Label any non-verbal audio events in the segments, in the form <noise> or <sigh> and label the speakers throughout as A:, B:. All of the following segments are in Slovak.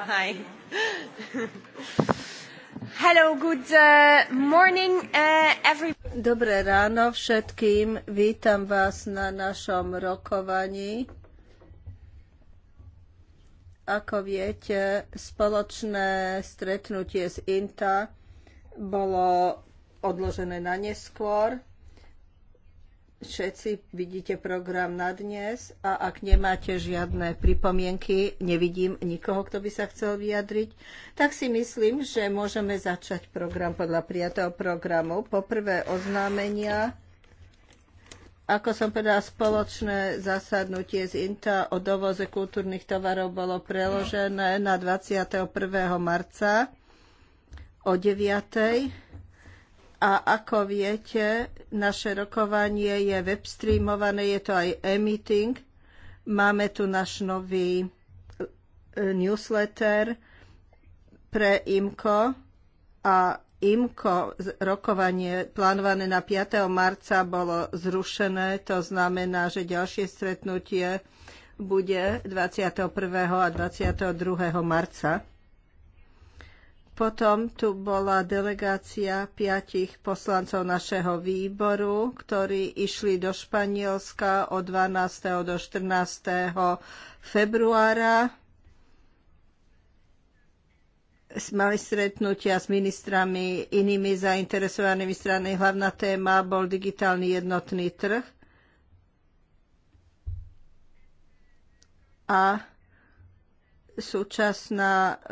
A: Hi.
B: Hello, good uh, morning, uh, every... Dobré ráno všetkým. Vítam vás na našom rokovaní. Ako viete, spoločné stretnutie z INTA bolo odložené na neskôr Všetci vidíte program na dnes a ak nemáte žiadne pripomienky, nevidím nikoho, kto by sa chcel vyjadriť, tak si myslím, že môžeme začať program podľa prijatého programu. Poprvé oznámenia. Ako som povedala, spoločné zasadnutie z INTA o dovoze kultúrnych tovarov bolo preložené na 21. marca o 9. A ako viete, naše rokovanie je webstreamované, je to aj emitting. Máme tu náš nový e, newsletter pre IMCO a IMCO rokovanie plánované na 5. marca bolo zrušené. To znamená, že ďalšie stretnutie bude 21. a 22. marca. Potom tu bola delegácia piatich poslancov našeho výboru, ktorí išli do Španielska od 12. do 14. februára. Mali stretnutia s ministrami, inými zainteresovanými strany, Hlavná téma bol digitálny jednotný trh. A súčasná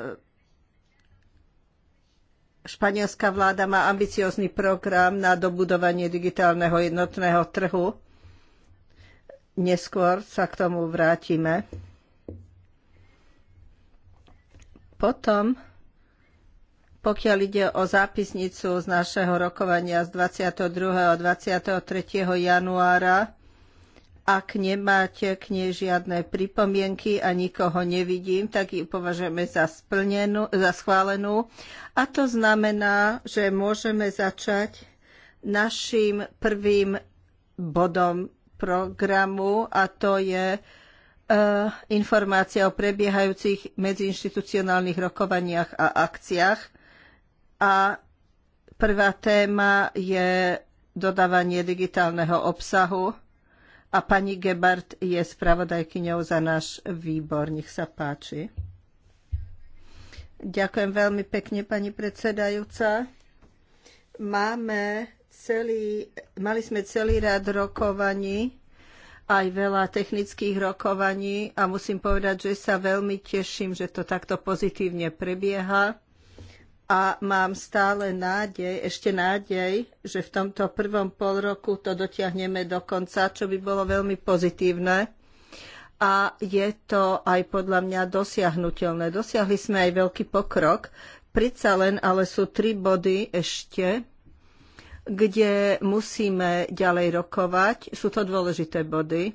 B: Španielská vláda má ambiciózny program na dobudovanie digitálneho jednotného trhu. Neskôr sa k tomu vrátime. Potom, pokiaľ ide o zápisnicu z našeho rokovania z 22. a 23. januára, ak nemáte k nej žiadne pripomienky a nikoho nevidím, tak ju považujeme za, splnenú, za schválenú. A to znamená, že môžeme začať našim prvým bodom programu a to je e, informácia o prebiehajúcich medziinštitucionálnych rokovaniach a akciách. A prvá téma je dodávanie digitálneho obsahu. A pani Gebart je spravodajkyňou za náš výbor. Nech sa páči. Ďakujem veľmi pekne, pani predsedajúca. Máme celý, mali sme celý rád rokovaní, aj veľa technických rokovaní a musím povedať, že sa veľmi teším, že to takto pozitívne prebieha a mám stále nádej, ešte nádej, že v tomto prvom pol roku to dotiahneme do konca, čo by bolo veľmi pozitívne. A je to aj podľa mňa dosiahnutelné. Dosiahli sme aj veľký pokrok. Prica len, ale sú tri body ešte, kde musíme ďalej rokovať. Sú to dôležité body.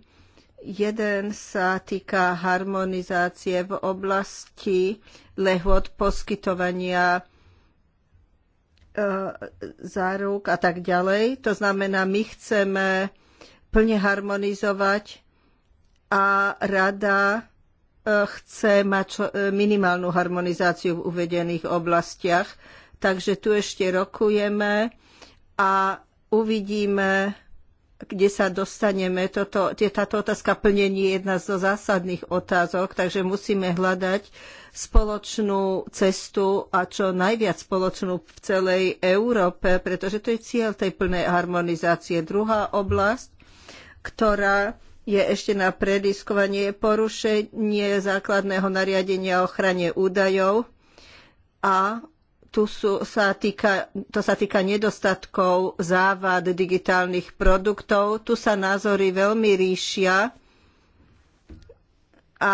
B: Jeden sa týka harmonizácie v oblasti lehôd poskytovania E, záruk a tak ďalej. To znamená, my chceme plne harmonizovať a rada e, chce mať e, minimálnu harmonizáciu v uvedených oblastiach. Takže tu ešte rokujeme a uvidíme, kde sa dostaneme. Toto, táto otázka plnení je jedna zo zásadných otázok, takže musíme hľadať spoločnú cestu a čo najviac spoločnú v celej Európe, pretože to je cieľ tej plnej harmonizácie. Druhá oblasť, ktorá je ešte na prediskovanie, je porušenie základného nariadenia o ochrane údajov a tu sú, sa týka, to sa týka nedostatkov závad digitálnych produktov. Tu sa názory veľmi ríšia a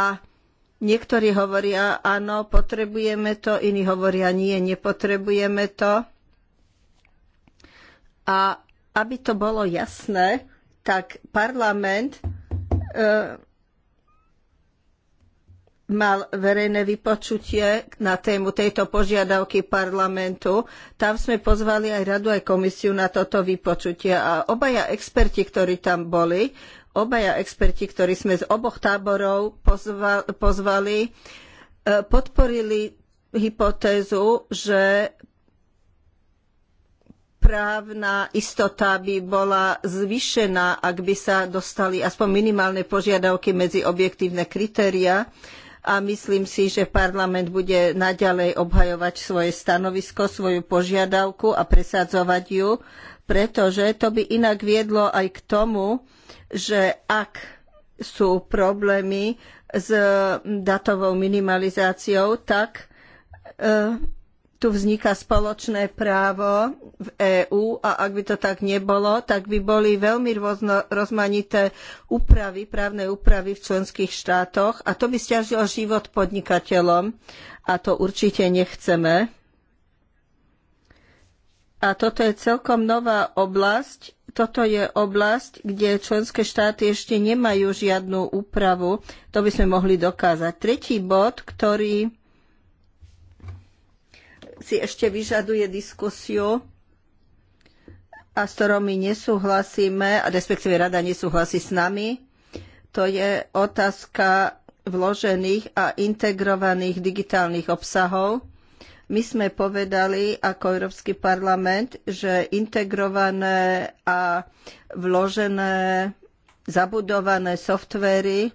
B: niektorí hovoria, áno, potrebujeme to, iní hovoria, nie, nepotrebujeme to. A aby to bolo jasné, tak parlament e, mal verejné vypočutie na tému tejto požiadavky parlamentu. Tam sme pozvali aj radu, aj komisiu na toto vypočutie a obaja experti, ktorí tam boli, obaja experti, ktorí sme z oboch táborov pozva, pozvali, e, podporili hypotézu, že právna istota by bola zvýšená, ak by sa dostali aspoň minimálne požiadavky medzi objektívne kritériá a myslím si, že parlament bude naďalej obhajovať svoje stanovisko, svoju požiadavku a presadzovať ju, pretože to by inak viedlo aj k tomu, že ak sú problémy s datovou minimalizáciou, tak e, tu vzniká spoločné právo v EÚ a ak by to tak nebolo, tak by boli veľmi rôzno, rozmanité úpravy, právne úpravy v členských štátoch a to by stiažilo život podnikateľom a to určite nechceme. A toto je celkom nová oblasť. Toto je oblasť, kde členské štáty ešte nemajú žiadnu úpravu. To by sme mohli dokázať. Tretí bod, ktorý si ešte vyžaduje diskusiu a s ktorou my nesúhlasíme, a respektíve rada nesúhlasí s nami, to je otázka vložených a integrovaných digitálnych obsahov. My sme povedali ako Európsky parlament, že integrované a vložené, zabudované softvery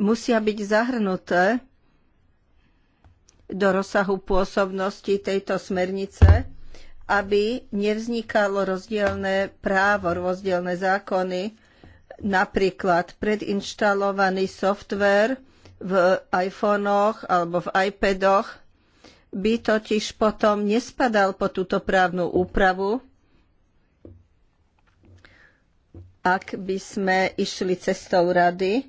B: musia byť zahrnuté do rozsahu pôsobnosti tejto smernice, aby nevznikalo rozdielne právo, rozdielne zákony, napríklad predinštalovaný software v iPhonoch alebo v iPadoch by totiž potom nespadal po túto právnu úpravu, ak by sme išli cestou rady,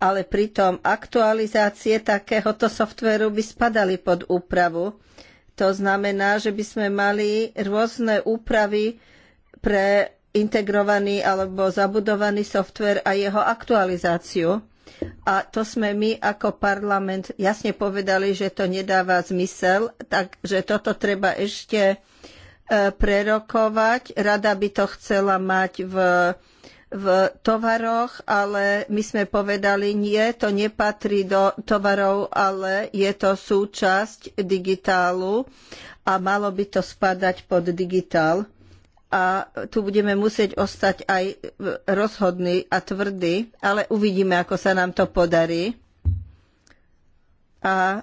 B: ale pritom aktualizácie takéhoto softvéru by spadali pod úpravu. To znamená, že by sme mali rôzne úpravy pre integrovaný alebo zabudovaný softvér a jeho aktualizáciu. A to sme my ako parlament jasne povedali, že to nedáva zmysel, takže toto treba ešte e, prerokovať. Rada by to chcela mať v v tovaroch, ale my sme povedali, nie, to nepatrí do tovarov, ale je to súčasť digitálu a malo by to spadať pod digitál. A tu budeme musieť ostať aj rozhodní a tvrdí, ale uvidíme, ako sa nám to podarí. A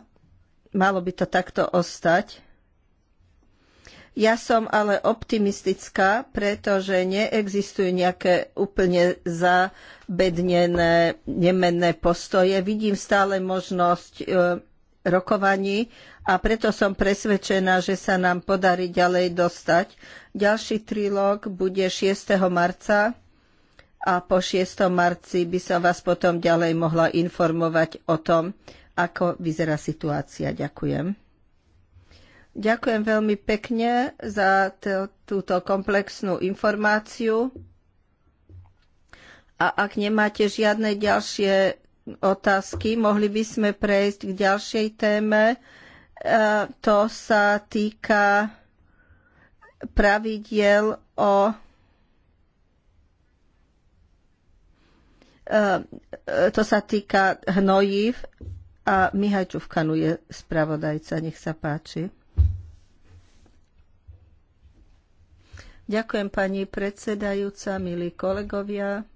B: malo by to takto ostať. Ja som ale optimistická, pretože neexistujú nejaké úplne zabednené nemenné postoje. Vidím stále možnosť e, rokovaní a preto som presvedčená, že sa nám podarí ďalej dostať. Ďalší trilóg bude 6. marca a po 6. marci by som vás potom ďalej mohla informovať o tom, ako vyzerá situácia. Ďakujem. Ďakujem veľmi pekne za túto komplexnú informáciu. A ak nemáte žiadne ďalšie otázky, mohli by sme prejsť k ďalšej téme. E, to sa týka pravidiel o e, e, to sa týka hnojív a Mihaj je spravodajca, nech sa páči. Ďakujem pani predsedajúca, milí kolegovia.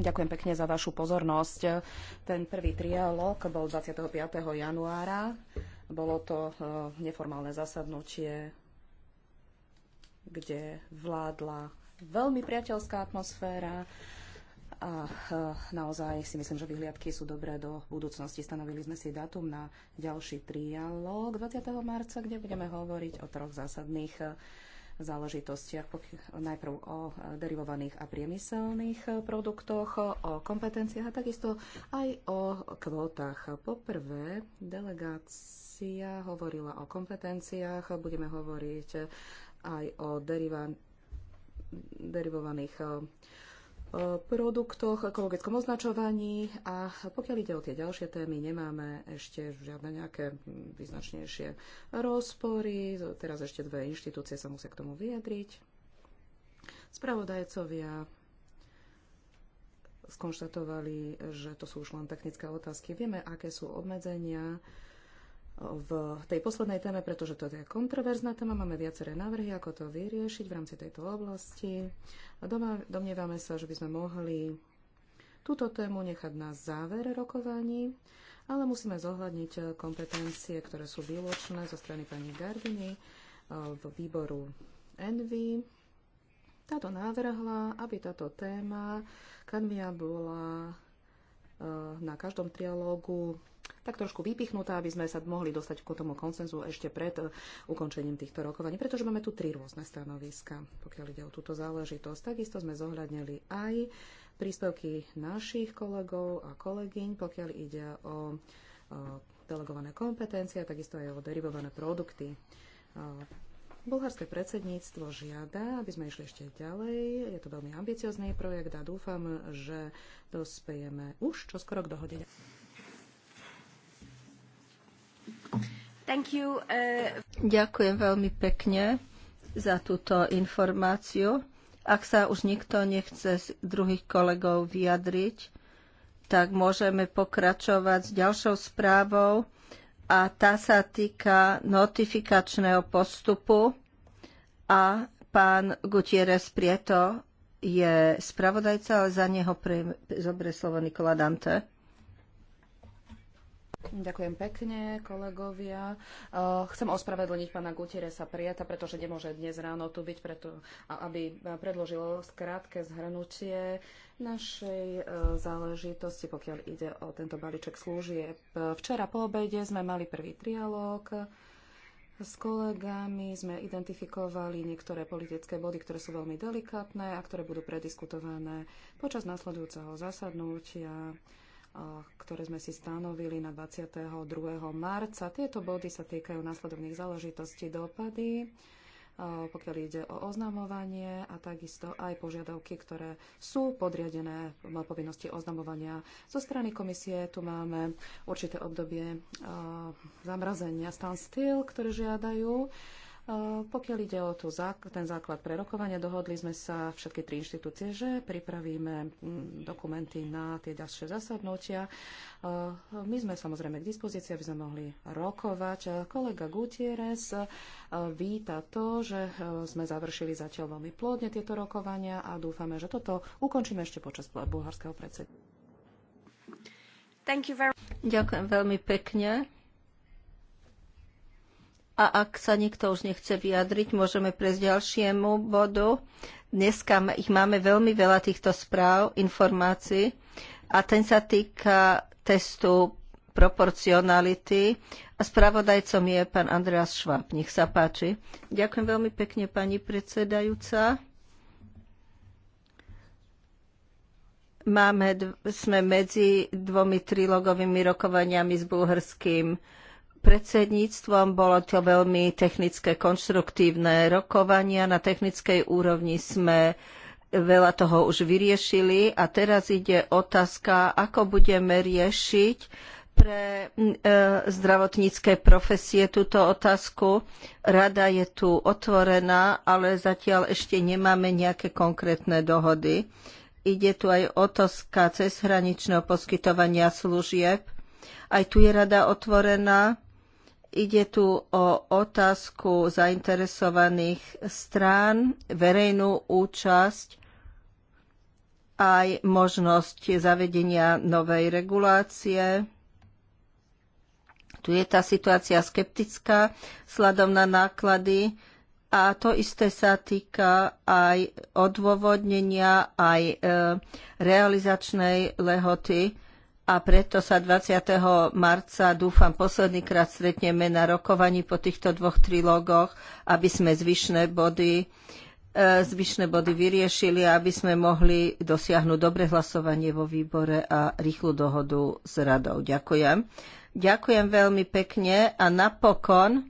C: Ďakujem pekne za vašu pozornosť. Ten prvý trialog bol 25. januára. Bolo to eh, neformálne zasadnutie, kde vládla veľmi priateľská atmosféra a e, naozaj si myslím, že vyhliadky sú dobré do budúcnosti. Stanovili sme si dátum na ďalší trialóg 20. marca, kde budeme hovoriť o troch zásadných e, záležitostiach, najprv o e, derivovaných a priemyselných produktoch, o kompetenciách a takisto aj o kvótach. Poprvé, delegácia hovorila o kompetenciách, budeme hovoriť aj o derivovaných derivovaných eh, produktoch, ekologickom označovaní a pokiaľ ide o tie ďalšie témy, nemáme ešte žiadne nejaké význačnejšie rozpory. Teraz ešte dve inštitúcie sa musia k tomu vyjadriť. Spravodajcovia skonštatovali, že to sú už len technické otázky. Vieme, aké sú obmedzenia v tej poslednej téme, pretože to je kontroverzná téma, máme viaceré návrhy, ako to vyriešiť v rámci tejto oblasti. A doma, domnievame sa, že by sme mohli túto tému nechať na záver rokovaní, ale musíme zohľadniť kompetencie, ktoré sú výločné zo strany pani Gardiny eh, v výboru Envy. Táto návrhla, aby táto téma kadmia bola eh, na každom trialógu tak trošku vypichnutá, aby sme sa mohli dostať k tomu koncenzu ešte pred e, ukončením týchto rokovaní, pretože máme tu tri rôzne stanoviska, pokiaľ ide o túto záležitosť. Takisto sme zohľadnili aj príspevky našich kolegov a kolegyň, pokiaľ ide o, o e, delegované kompetencie a takisto aj o derivované produkty. E, bulharské predsedníctvo žiada, aby sme išli ešte ďalej. Je to veľmi ambiciozný projekt a dúfam, že dospejeme už čoskoro k dohode.
B: Uh, Ďakujem veľmi pekne za túto informáciu. Ak sa už nikto nechce z druhých kolegov vyjadriť, tak môžeme pokračovať s ďalšou správou a tá sa týka notifikačného postupu a pán Gutierrez Prieto je spravodajca, ale za neho pre, zobre slovo Nikola Dante.
C: Ďakujem pekne, kolegovia. Eh, chcem ospravedlniť pána Gutieresa Prieta, pretože nemôže dnes ráno tu byť, preto, aby predložil krátke zhrnutie našej eh, záležitosti, pokiaľ ide o tento balíček služieb. Včera po obede sme mali prvý trialóg. S kolegami sme identifikovali niektoré politické body, ktoré sú veľmi delikátne a ktoré budú prediskutované počas následujúceho zasadnutia ktoré sme si stanovili na 22. marca. Tieto body sa týkajú následovných záležitostí dopady, pokiaľ ide o oznamovanie a takisto aj požiadavky, ktoré sú podriadené povinnosti oznamovania. Zo strany komisie tu máme určité obdobie zamrazenia standstill, ktoré žiadajú Eh, pokiaľ ide o tú, ten základ pre rokovanie, dohodli sme sa všetky tri inštitúcie, že pripravíme mm, dokumenty na tie ďalšie zasadnutia. Eh, my sme samozrejme k dispozícii, aby sme mohli rokovať. Eh, kolega Gutierrez víta to, že sme završili zatiaľ veľmi plodne tieto rokovania a dúfame, že toto
B: ukončíme ešte počas bulharského predsedníctva. Ďakujem veľmi pekne. A ak sa nikto už nechce vyjadriť, môžeme prejsť ďalšiemu bodu. Dneska ich máme veľmi veľa týchto správ, informácií a ten sa týka testu proporcionality a spravodajcom je pán Andreas Šváb. Nech sa páči. Ďakujem veľmi pekne, pani predsedajúca. Máme, sme medzi dvomi trilogovými rokovaniami s bulharským predsedníctvom. Bolo to veľmi technické, konštruktívne rokovania. Na technickej úrovni sme veľa toho už vyriešili a teraz ide otázka, ako budeme riešiť pre e, zdravotnícke profesie túto otázku. Rada je tu otvorená, ale zatiaľ ešte nemáme nejaké konkrétne dohody. Ide tu aj otázka cezhraničného poskytovania služieb. Aj tu je rada otvorená. Ide tu o otázku zainteresovaných strán, verejnú účasť aj možnosť zavedenia novej regulácie. Tu je tá situácia skeptická, sladom na náklady a to isté sa týka aj odôvodnenia, aj e, realizačnej lehoty a preto sa 20. marca dúfam poslednýkrát stretneme na rokovaní po týchto dvoch trilógoch, aby sme zvyšné body, e, zvyšné body vyriešili a aby sme mohli dosiahnuť dobre hlasovanie vo výbore a rýchlu dohodu s radou. Ďakujem. Ďakujem veľmi pekne a napokon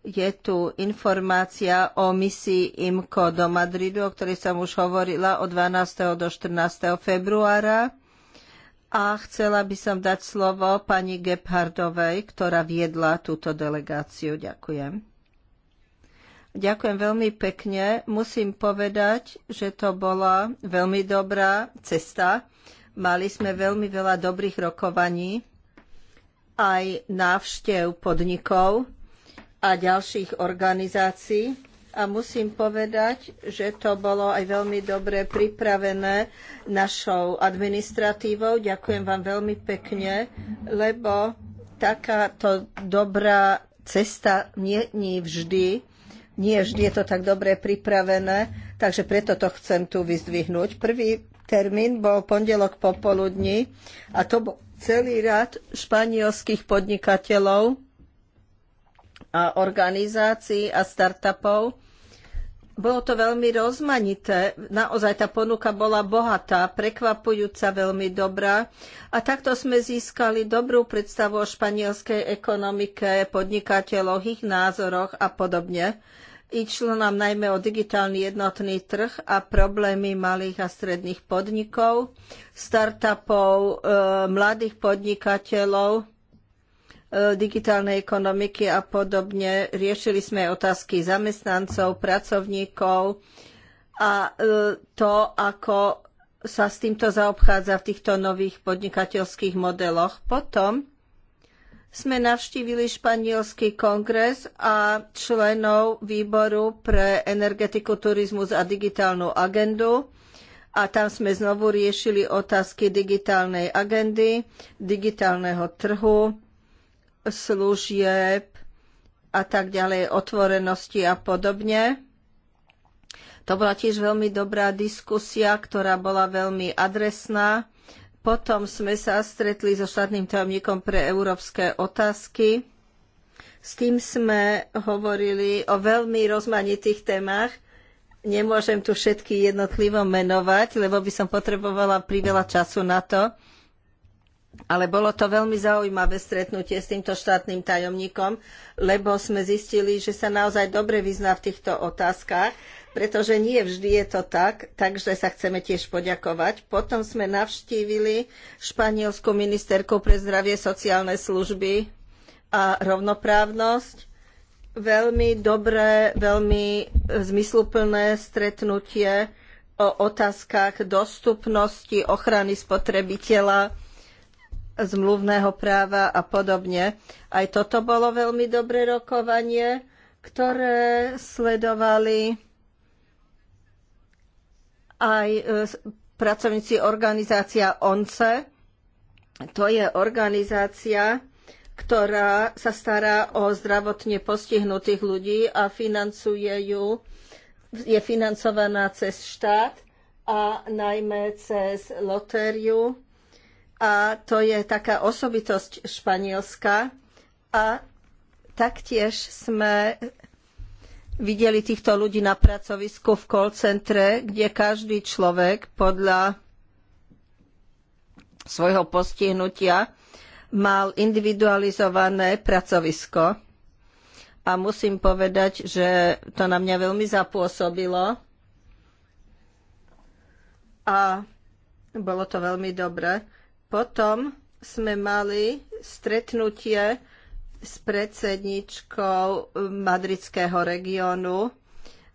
B: je tu informácia o misii IMCO do Madridu, o ktorej som už hovorila od 12. do 14. februára a chcela by som dať slovo pani Gebhardovej, ktorá viedla túto delegáciu. Ďakujem. Ďakujem veľmi pekne. Musím povedať, že to bola veľmi dobrá cesta. Mali sme veľmi veľa dobrých rokovaní, aj návštev podnikov a ďalších organizácií a musím povedať, že to bolo aj veľmi dobre pripravené našou administratívou. Ďakujem vám veľmi pekne, lebo takáto dobrá cesta nie, nie vždy, nie vždy je to tak dobre pripravené, takže preto to chcem tu vyzdvihnúť. Prvý termín bol pondelok popoludní a to bol celý rad španielských podnikateľov, a organizácií a startupov, bolo to veľmi rozmanité, naozaj tá ponuka bola bohatá, prekvapujúca, veľmi dobrá. A takto sme získali dobrú predstavu o španielskej ekonomike, podnikateľoch, ich názoroch a podobne. Išlo nám najmä o digitálny jednotný trh a problémy malých a stredných podnikov, startupov, e, mladých podnikateľov, E, digitálnej ekonomiky a podobne. Riešili sme otázky zamestnancov, pracovníkov a e, to, ako sa s týmto zaobchádza v týchto nových podnikateľských modeloch. Potom sme navštívili Španielský kongres a členov výboru pre energetiku, turizmus a digitálnu agendu a tam sme znovu riešili otázky digitálnej agendy, digitálneho trhu, služieb a tak ďalej, otvorenosti a podobne. To bola tiež veľmi dobrá diskusia, ktorá bola veľmi adresná. Potom sme sa stretli so štátnym tajomníkom pre európske otázky. S tým sme hovorili o veľmi rozmanitých témach. Nemôžem tu všetky jednotlivo menovať, lebo by som potrebovala priveľa času na to. Ale bolo to veľmi zaujímavé stretnutie s týmto štátnym tajomníkom, lebo sme zistili, že sa naozaj dobre vyzná v týchto otázkach, pretože nie vždy je to tak, takže sa chceme tiež poďakovať. Potom sme navštívili španielskú ministerku pre zdravie, sociálne služby a rovnoprávnosť. Veľmi dobré, veľmi zmysluplné stretnutie o otázkach dostupnosti, ochrany spotrebiteľa zmluvného práva a podobne. Aj toto bolo veľmi dobré rokovanie, ktoré sledovali aj e, pracovníci organizácia ONCE. To je organizácia, ktorá sa stará o zdravotne postihnutých ľudí a financuje ju, je financovaná cez štát a najmä cez lotériu a to je taká osobitosť Španielska. A taktiež sme videli týchto ľudí na pracovisku v call centre, kde každý človek podľa svojho postihnutia mal individualizované pracovisko. A musím povedať, že to na mňa veľmi zapôsobilo. A bolo to veľmi dobré potom sme mali stretnutie s predsedničkou madridského regiónu.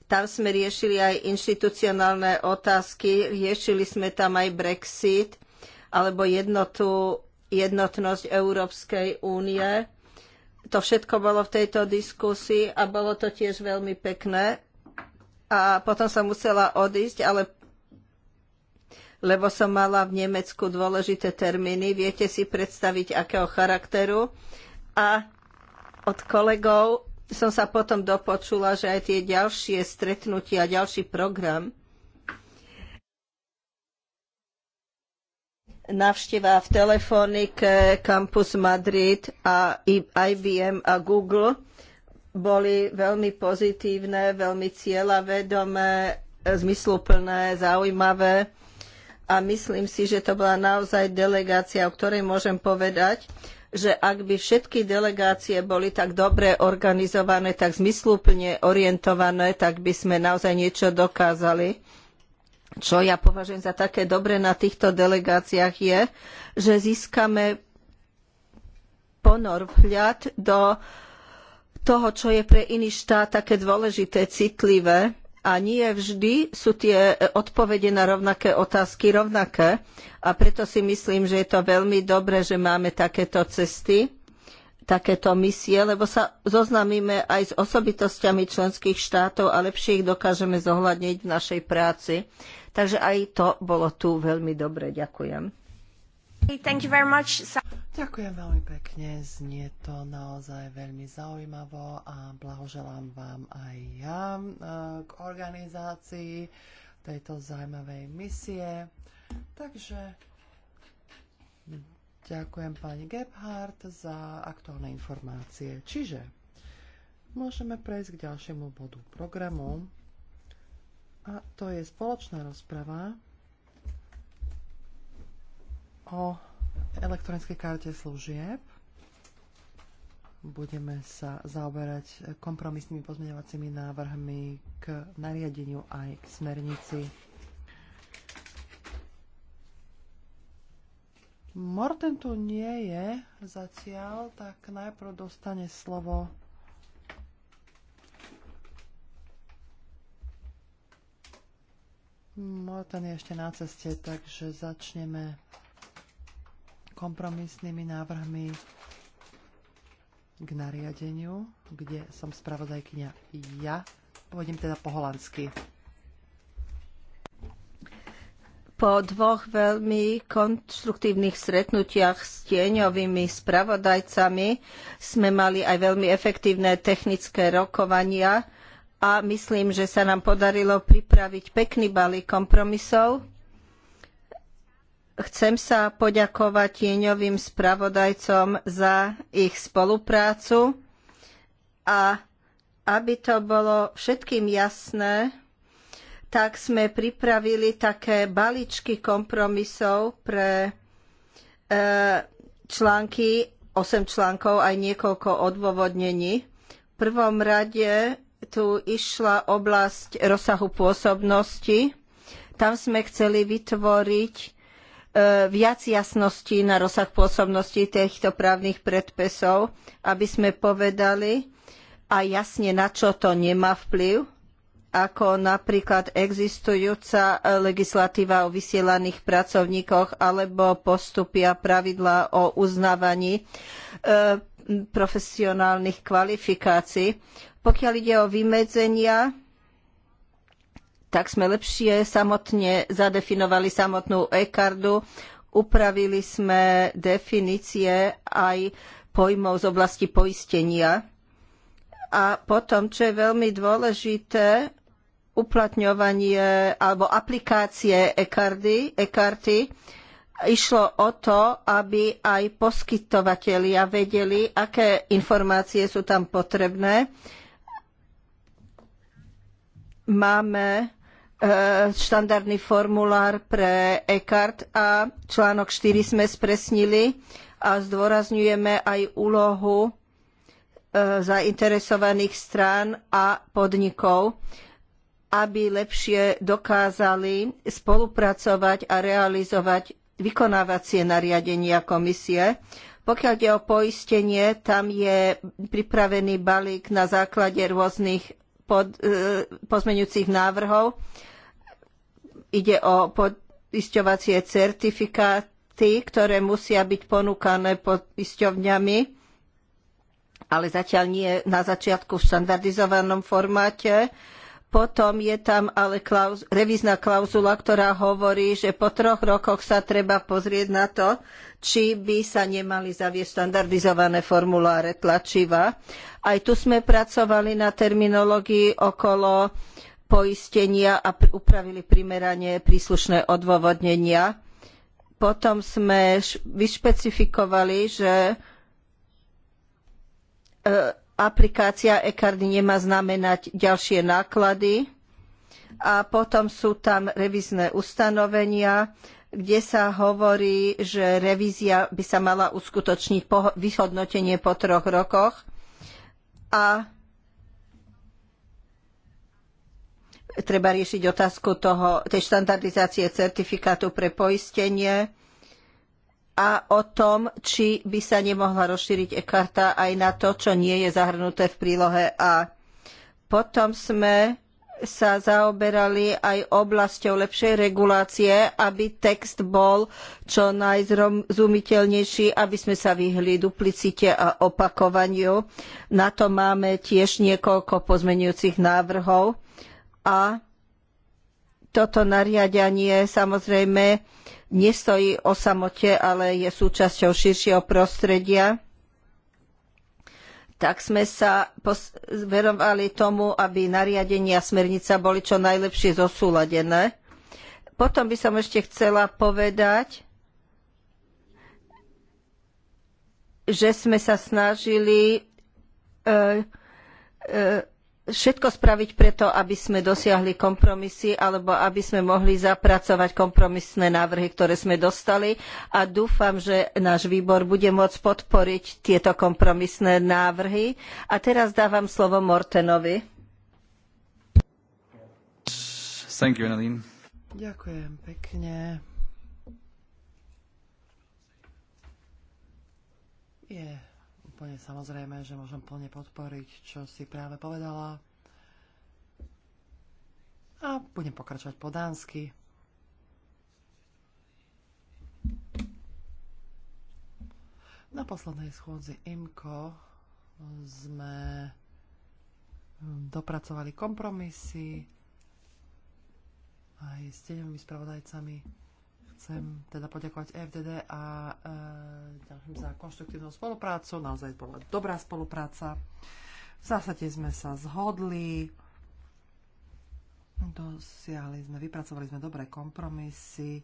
B: Tam sme riešili aj inštitucionálne otázky, riešili sme tam aj Brexit alebo jednotu, jednotnosť Európskej únie. To všetko bolo v tejto diskusii a bolo to tiež veľmi pekné. A potom som musela odísť, ale lebo som mala v Nemecku dôležité termíny. Viete si predstaviť, akého charakteru. A od kolegov som sa potom dopočula, že aj tie ďalšie stretnutia, ďalší program návšteva v telefónike Campus Madrid a IBM a Google boli veľmi pozitívne, veľmi cieľavedomé, zmysluplné, zaujímavé a myslím si, že to bola naozaj delegácia, o ktorej môžem povedať, že ak by všetky delegácie boli tak dobre organizované, tak zmysluplne orientované, tak by sme naozaj niečo dokázali. Čo ja považujem za také dobre na týchto delegáciách je, že získame ponor vhľad do toho, čo je pre iný štát také dôležité, citlivé a nie vždy sú tie e, odpovede na rovnaké otázky rovnaké. A preto si myslím, že je to veľmi dobré, že máme takéto cesty, takéto misie, lebo sa zoznamíme aj s osobitosťami členských štátov a lepšie ich dokážeme zohľadniť v našej práci. Takže aj to bolo tu veľmi dobre. Ďakujem.
A: Ďakujem veľmi
D: pekne, znie to naozaj veľmi zaujímavo a blahoželám vám aj ja eh, k organizácii tejto zaujímavej misie. Takže ďakujem pani Gebhardt za aktuálne informácie. Čiže môžeme prejsť k ďalšiemu bodu programu a to je spoločná rozprava o elektronickej karte služieb. Budeme sa zaoberať kompromisnými pozmeňovacími návrhmi k nariadeniu aj k smernici. Morten tu nie je zatiaľ, tak najprv dostane slovo Morten je ešte na ceste, takže začneme kompromisnými návrhmi k nariadeniu, kde som spravodajkynia ja.
B: Pôjdem teda po holandsky. Po dvoch veľmi konštruktívnych stretnutiach s tieňovými spravodajcami sme mali aj veľmi efektívne technické rokovania a myslím, že sa nám podarilo pripraviť pekný balík kompromisov, Chcem sa poďakovať tieňovým spravodajcom za ich spoluprácu a aby to bolo všetkým jasné, tak sme pripravili také balíčky kompromisov pre e, články, 8 článkov aj niekoľko odôvodnení. V prvom rade tu išla oblasť rozsahu pôsobnosti. Tam sme chceli vytvoriť Eh, viac jasností na rozsah pôsobnosti týchto právnych predpisov, aby sme povedali a jasne, na čo to nemá vplyv, ako napríklad existujúca legislatíva o vysielaných pracovníkoch alebo postupy a pravidlá o uznávaní e, profesionálnych kvalifikácií. Pokiaľ ide o vymedzenia, tak sme lepšie samotne zadefinovali samotnú e-kardu, upravili sme definície aj pojmov z oblasti poistenia. A potom, čo je veľmi dôležité, uplatňovanie alebo aplikácie e-karty, e-karty išlo o to, aby aj poskytovatelia vedeli, aké informácie sú tam potrebné. Máme E, štandardný formulár pre e-card a článok 4 sme spresnili a zdôrazňujeme aj úlohu e, zainteresovaných strán a podnikov, aby lepšie dokázali spolupracovať a realizovať vykonávacie nariadenia komisie. Pokiaľ ide o poistenie, tam je pripravený balík na základe rôznych pod, e, pozmeňujúcich návrhov Ide o poisťovacie certifikáty, ktoré musia byť ponúkané poisťovňami, ale zatiaľ nie na začiatku v štandardizovanom formáte. Potom je tam ale klauz, revízna klauzula, ktorá hovorí, že po troch rokoch sa treba pozrieť na to, či by sa nemali zaviesť štandardizované formuláre tlačiva. Aj tu sme pracovali na terminológii okolo poistenia a upravili primerane príslušné odôvodnenia. Potom sme vyšpecifikovali, že e, aplikácia e-kardy nemá znamenať ďalšie náklady a potom sú tam revízne ustanovenia, kde sa hovorí, že revízia by sa mala uskutočniť po vyhodnotenie po troch rokoch a treba riešiť otázku toho, tej štandardizácie certifikátu pre poistenie a o tom, či by sa nemohla rozšíriť e-karta aj na to, čo nie je zahrnuté v prílohe A. Potom sme sa zaoberali aj oblasťou lepšej regulácie, aby text bol čo najzrozumiteľnejší, aby sme sa vyhli duplicite a opakovaniu. Na to máme tiež niekoľko pozmenujúcich návrhov a toto nariadenie samozrejme nestojí o samote, ale je súčasťou širšieho prostredia, tak sme sa verovali tomu, aby nariadenia a smernica boli čo najlepšie zosúladené. Potom by som ešte chcela povedať, že sme sa snažili e, e, všetko spraviť preto, aby sme dosiahli kompromisy alebo aby sme mohli zapracovať kompromisné návrhy, ktoré sme dostali a dúfam, že náš výbor bude môcť podporiť tieto kompromisné návrhy. A teraz dávam slovo Mortenovi.
A: You,
D: Ďakujem pekne úplne samozrejme, že môžem plne podporiť, čo si práve povedala. A budem pokračovať po dánsky. Na poslednej schôdzi IMKO sme dopracovali kompromisy aj s tenovými spravodajcami Chcem teda poďakovať FDD a e, ďakujem za konštruktívnu spoluprácu. Naozaj bola dobrá spolupráca. V zásade sme sa zhodli. Dosiahli sme, vypracovali sme dobré kompromisy.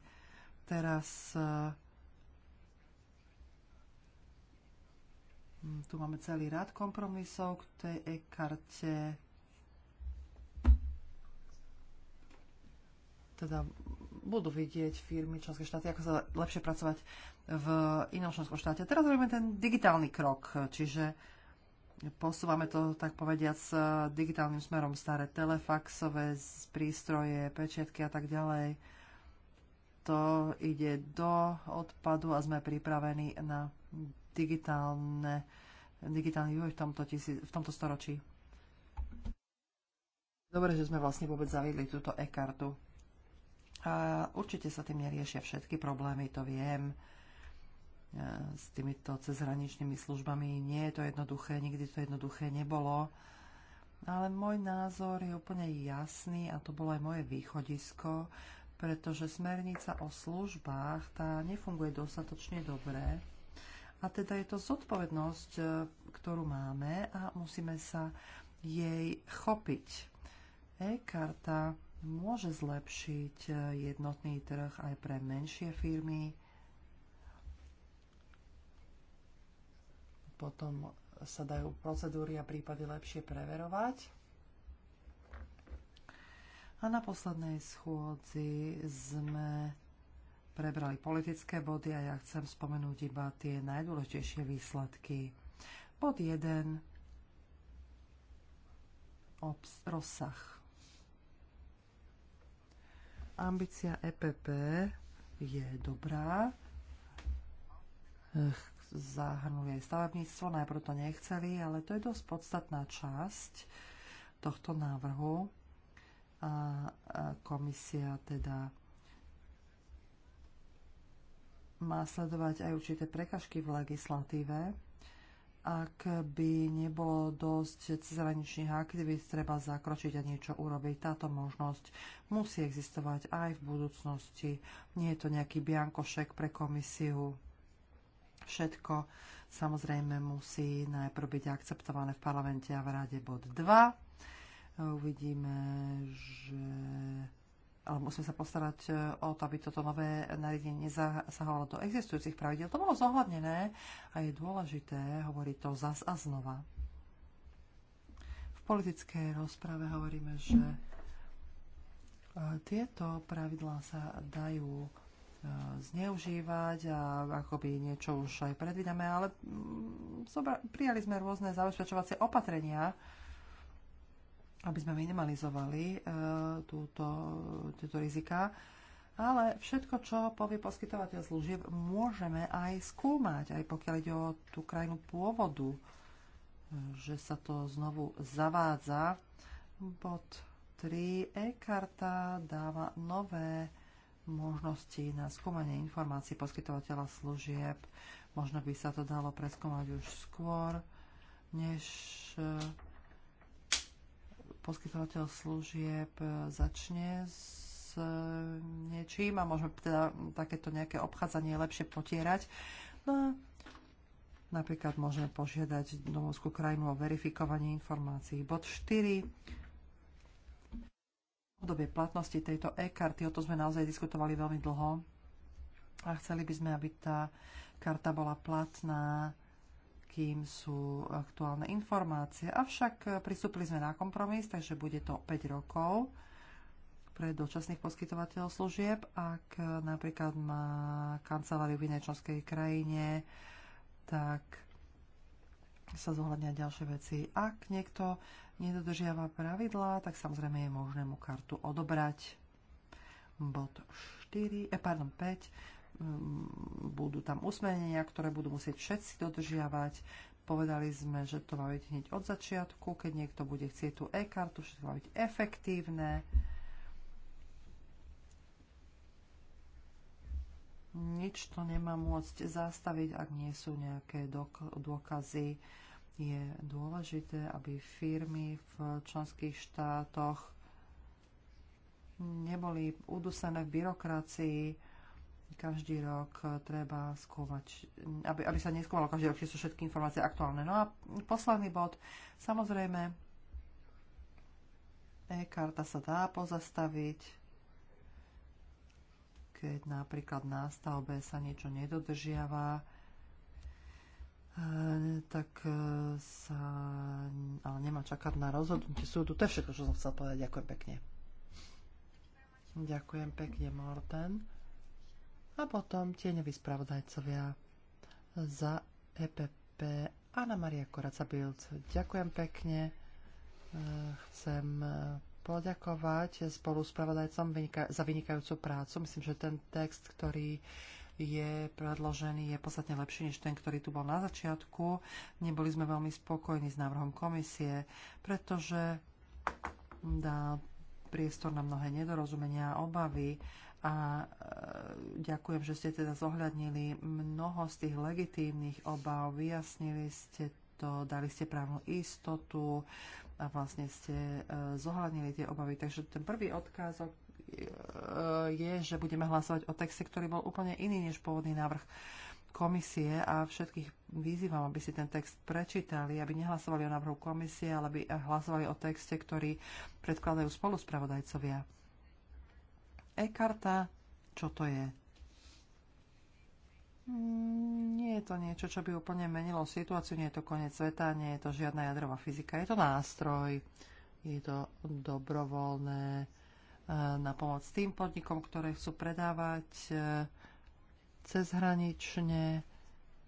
D: Teraz e, tu máme celý rád kompromisov k tej e-karte. Teda budú vidieť firmy členské štáty, ako sa lepšie pracovať v inom členskom štáte. Teraz robíme ten digitálny krok, čiže posúvame to, tak povediať, s digitálnym smerom staré telefaxové prístroje, pečiatky a tak ďalej. To ide do odpadu a sme pripravení na digitálne, digitálny vývoj v tomto, v tomto storočí. Dobre, že sme vlastne vôbec zaviedli túto e-kartu. A určite sa tým neriešia všetky problémy, to viem. E, s týmito cezhraničnými službami nie je to jednoduché, nikdy to jednoduché nebolo. Ale môj názor je úplne jasný a to bolo aj moje východisko, pretože smernica o službách tá nefunguje dostatočne dobre. A teda je to zodpovednosť, e, ktorú máme a musíme sa jej chopiť. E-karta môže zlepšiť e, jednotný trh aj pre menšie firmy. Potom sa dajú procedúry a prípady lepšie preverovať. A na poslednej schôdzi sme prebrali politické body a ja chcem spomenúť iba tie najdôležitejšie výsledky. Bod 1. Obs- rozsah ambícia EPP je dobrá. aj stavebníctvo, najprv to nechceli, ale to je dosť podstatná časť tohto návrhu. A komisia teda má sledovať aj určité prekažky v legislatíve ak by nebolo dosť cezhraničných aktivít, treba zakročiť a niečo urobiť. Táto možnosť musí existovať aj v budúcnosti. Nie je to nejaký biankošek pre komisiu. Všetko samozrejme musí najprv byť akceptované v parlamente a v rade bod 2. Uvidíme, že musíme sa postarať e, o to, aby toto nové nariadenie nezasahovalo do existujúcich pravidel. To bolo zohľadnené a je dôležité hovoriť to zas a znova. V politickej rozprave hovoríme, že e, tieto pravidlá sa dajú e, zneužívať a akoby niečo už aj predvídame, ale mm, prijali sme rôzne zabezpečovacie opatrenia, aby sme minimalizovali e, túto, tieto rizika. Ale všetko, čo povie poskytovateľ služieb, môžeme aj skúmať, aj pokiaľ ide o tú krajinu pôvodu, e, že sa to znovu zavádza. Bod 3. E-karta dáva nové možnosti na skúmanie informácií poskytovateľa služieb. Možno by sa to dalo preskúmať už skôr, než e, poskytovateľ služieb e, začne s e, niečím a môžeme teda takéto nejaké obchádzanie lepšie potierať. No, Napríklad môžeme požiadať domovskú krajinu o verifikovanie informácií. Bod 4. Obdobie platnosti tejto e-karty, o to sme naozaj diskutovali veľmi dlho a chceli by sme, aby tá karta bola platná kým sú aktuálne informácie. Avšak eh, pristúpili sme na kompromis, takže bude to 5 rokov pre dočasných poskytovateľov služieb. Ak eh, napríklad má kanceláriu v inej členskej krajine, tak sa zohľadňa ďalšie veci. Ak niekto nedodržiava pravidlá, tak samozrejme je možné mu kartu odobrať. Bod 4, eh, pardon, 5 Ehm, budú tam usmernenia, ktoré budú musieť všetci dodržiavať. Povedali sme, že to má byť hneď od začiatku, keď niekto bude chcieť tú e-kartu, všetko má byť efektívne. Nič to nemá môcť zastaviť, ak nie sú nejaké dôkazy. Je dôležité, aby firmy v členských štátoch neboli udusené v byrokracii, každý rok eh, treba skúmať, aby, aby sa neskúmalo každý rok, či sú všetky informácie aktuálne. No a posledný bod, samozrejme, e-karta sa dá pozastaviť, keď napríklad na stavbe sa niečo nedodržiava, eh, tak eh, sa ale nemá čakať na rozhodnutie súdu. To je všetko, čo som chcel povedať. Ďakujem pekne. Ďakujem pekne, Morten a potom tieňoví spravodajcovia za EPP Anna Maria Koraca Bild. Ďakujem pekne. E, chcem e, poďakovať spolu spravodajcom za vynikajúcu prácu. Myslím, že ten text, ktorý je predložený, je podstatne lepší než ten, ktorý tu bol na začiatku. Neboli sme veľmi spokojní s návrhom komisie, pretože dá priestor na mnohé nedorozumenia a obavy a e, ďakujem, že ste teda zohľadnili mnoho z tých legitímnych obav. vyjasnili ste to, dali ste právnu istotu a vlastne ste e, zohľadnili tie obavy. Takže ten prvý odkázok e, je, že budeme hlasovať o texte, ktorý bol úplne iný než pôvodný návrh komisie a všetkých vyzývam, aby si ten text prečítali, aby nehlasovali o návrhu komisie, ale aby hlasovali o texte, ktorý predkladajú spoluspravodajcovia e-karta, čo to je? Mm, nie je to niečo, čo by úplne menilo situáciu, nie je to koniec sveta, nie je to žiadna jadrová fyzika, je to nástroj, je to dobrovoľné e, na pomoc tým podnikom, ktoré chcú predávať e, cezhranične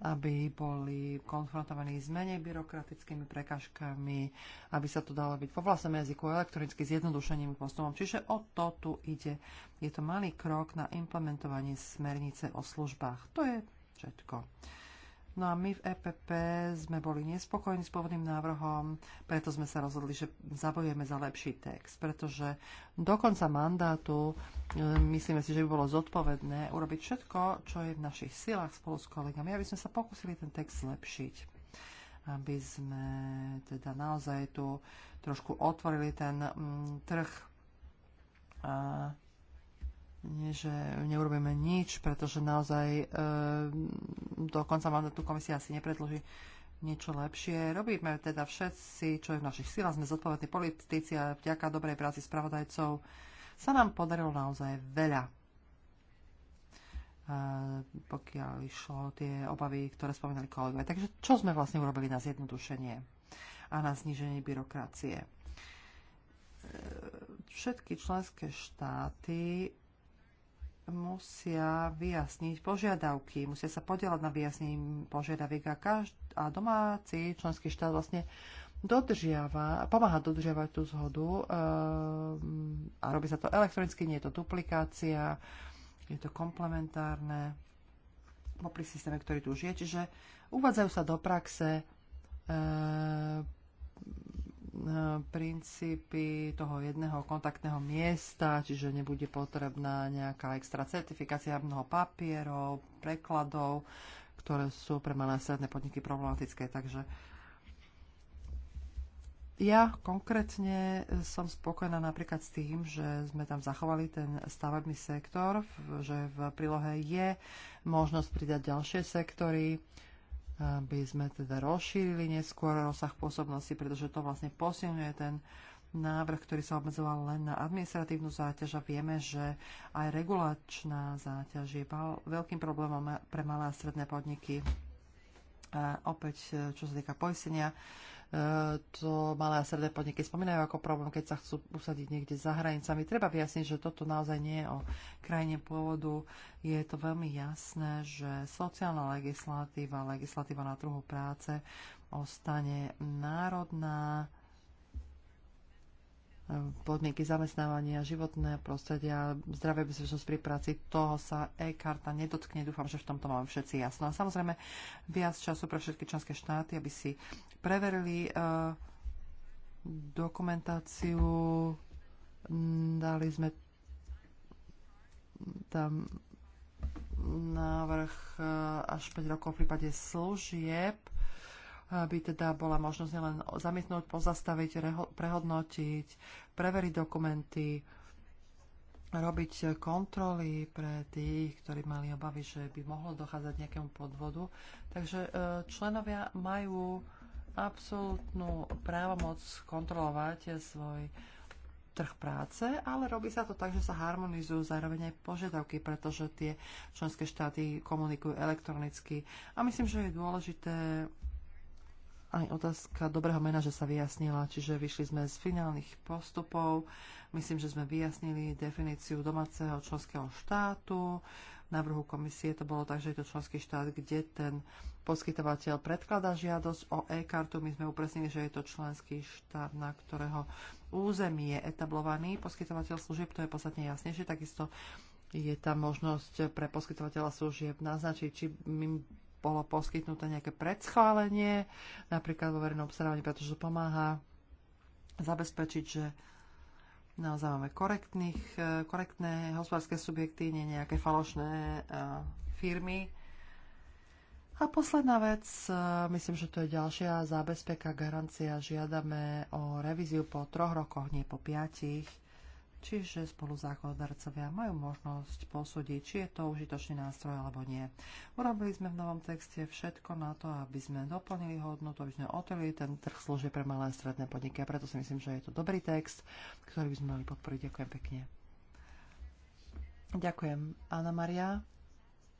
D: aby boli konfrontovaní s menej byrokratickými prekažkami, aby sa to dalo byť po vlastnom jazyku elektronicky zjednodušeným postupom. Čiže o to tu ide. Je to malý krok na implementovanie smernice o službách. To je všetko. No a my v EPP sme boli nespokojní s pôvodným návrhom, preto sme sa rozhodli, že zabojujeme za lepší text, pretože do konca mandátu e, myslíme si, že by bolo zodpovedné urobiť všetko, čo je v našich silách spolu s kolegami, aby sme sa pokúsili ten text zlepšiť aby sme teda naozaj tu trošku otvorili ten mm, trh že neurobíme nič, pretože naozaj e, do konca mandátu komisia asi nepredloží niečo lepšie. Robíme teda všetci, čo je v našich silách, sme zodpovední politici a vďaka dobrej práci spravodajcov sa nám podarilo naozaj veľa. E, pokiaľ išlo tie obavy, ktoré spomínali kolegovia. Takže čo sme vlastne urobili na zjednodušenie a na zníženie byrokracie? E, všetky členské štáty musia vyjasniť požiadavky, musia sa podielať na vyjasnení požiadaviek a, každ- a domáci členský štát vlastne dodržiava, pomáha dodržiavať tú zhodu ehm, a robí sa to elektronicky, nie je to duplikácia, je to komplementárne popri systéme, ktorý tu už je. Čiže uvádzajú sa do praxe ehm, princípy toho jedného kontaktného miesta, čiže nebude potrebná nejaká extra certifikácia, mnoho papierov, prekladov, ktoré sú pre malé stredné podniky problematické. Takže ja konkrétne som spokojná napríklad s tým, že sme tam zachovali ten stavebný sektor, že v prílohe je možnosť pridať ďalšie sektory, aby sme teda rozšírili neskôr rozsah pôsobnosti, pretože to vlastne posilňuje ten návrh, ktorý sa obmedzoval len na administratívnu záťaž a vieme, že aj regulačná záťaž je veľkým problémom pre malé a stredné podniky. A opäť, čo sa týka poistenia, to malé a sredné podniky spomínajú ako problém, keď sa chcú usadiť niekde za hranicami. Treba vyjasniť, že toto naozaj nie je o krajine pôvodu. Je to veľmi jasné, že sociálna legislatíva, legislatíva na trhu práce ostane národná podmienky zamestnávania, životné prostredia, zdravie, bezpečnosť pri práci, toho sa e-karta nedotkne. Dúfam, že v tomto máme všetci jasno. A samozrejme viac času pre všetky členské štáty, aby si preverili eh, dokumentáciu. Dali sme tam návrh eh, až 5 rokov v prípade služieb aby teda bola možnosť nielen zamietnúť, pozastaviť, reho, prehodnotiť, preveriť dokumenty, robiť kontroly pre tých, ktorí mali obavy, že by mohlo dochádzať nejakému podvodu. Takže e, členovia majú absolútnu právomoc kontrolovať svoj trh práce, ale robí sa to tak, že sa harmonizujú zároveň aj požiadavky, pretože tie členské štáty komunikujú elektronicky. A myslím, že je dôležité aj otázka dobrého mena, že sa vyjasnila, čiže vyšli sme z finálnych postupov. Myslím, že sme vyjasnili definíciu domáceho členského štátu. Na vrhu komisie to bolo tak, že je to členský štát, kde ten poskytovateľ predkladá žiadosť o e-kartu. My sme upresnili, že je to členský štát, na ktorého území je etablovaný poskytovateľ služieb. To je podstatne jasnejšie. Takisto je tam možnosť pre poskytovateľa služieb naznačiť, či bolo poskytnuté nejaké predschválenie, napríklad vo verejnom obstarávaní, pretože pomáha zabezpečiť, že naozaj máme korektných, e, korektné hospodárske subjekty, nie nejaké falošné e, firmy. A posledná vec, e, myslím, že to je ďalšia zábezpeka, garancia. Žiadame o revíziu po troch rokoch, nie po piatich. Čiže spoluzákonodarcovia majú možnosť posúdiť, či je to užitočný nástroj alebo nie. Urobili sme v novom texte všetko na to, aby sme doplnili hodnotu, aby sme otvorili ten trh služie pre malé a stredné podniky. A preto si myslím, že je to dobrý text, ktorý by sme mali podporiť. Ďakujem pekne. Ďakujem. Anna Maria,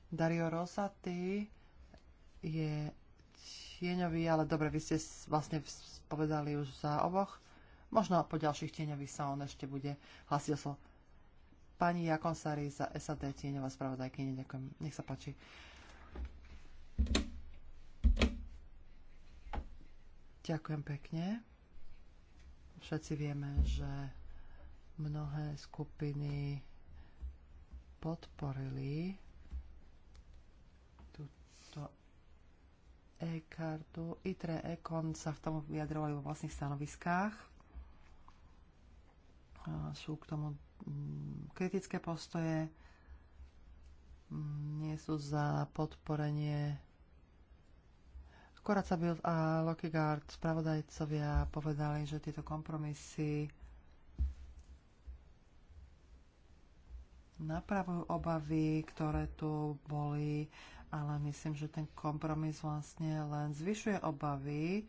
D: Dario Rosati je tieňový, ale dobre, vy ste vlastne povedali už za oboch. Možno po ďalších tieňových sa on ešte bude hlasiť oslo. Pani Jakonsari za SAD tieňová spravodajkyne. Ďakujem. Nech sa páči. Ďakujem pekne. Všetci vieme, že mnohé skupiny podporili túto e-kartu. ITRE Econ sa v tom vyjadrovali vo vlastných stanoviskách sú k tomu mm, kritické postoje, mm, nie sú za podporenie Koraca Bild a Lockigard spravodajcovia povedali, že tieto kompromisy napravujú obavy, ktoré tu boli, ale myslím, že ten kompromis vlastne len zvyšuje obavy,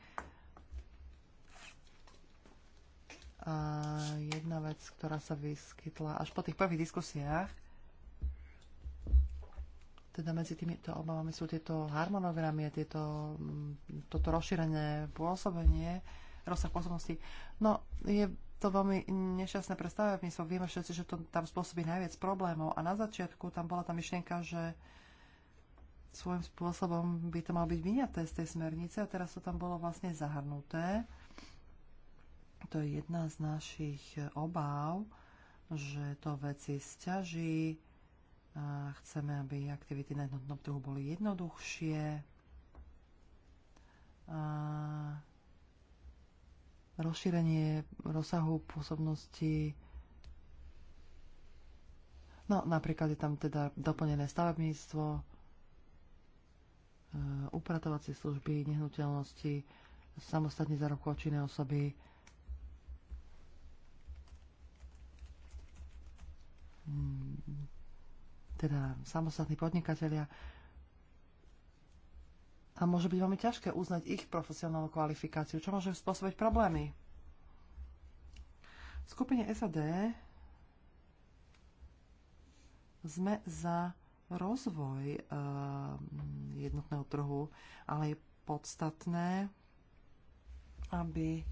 D: Eh, jedna vec, ktorá sa vyskytla až po tých prvých diskusiách, teda medzi týmito obavami sú tieto harmonogramy, tieto, mm, toto rozšírené pôsobenie, rozsah pôsobnosti. No, je to veľmi nešťastné pre stavebníctvo. Vieme všetci, že to tam spôsobí najviac problémov. A na začiatku tam bola tá myšlienka, že svojím spôsobom by to malo byť vyňaté z tej smernice a teraz to tam bolo vlastne zahrnuté. To je jedna z našich eh, obáv, že to veci stiaží. A chceme, aby aktivity na jednotnom trhu boli jednoduchšie. A rozšírenie rozsahu pôsobnosti No, napríklad je tam teda doplnené stavebníctvo, eh, upratovacie služby, nehnuteľnosti, samostatne zárobkovo činné osoby, Mm, teda samostatní podnikatelia. A môže byť veľmi ťažké uznať ich profesionálnu kvalifikáciu, čo môže spôsobiť problémy. V skupine SAD sme za rozvoj uh, jednotného trhu, ale je podstatné, aby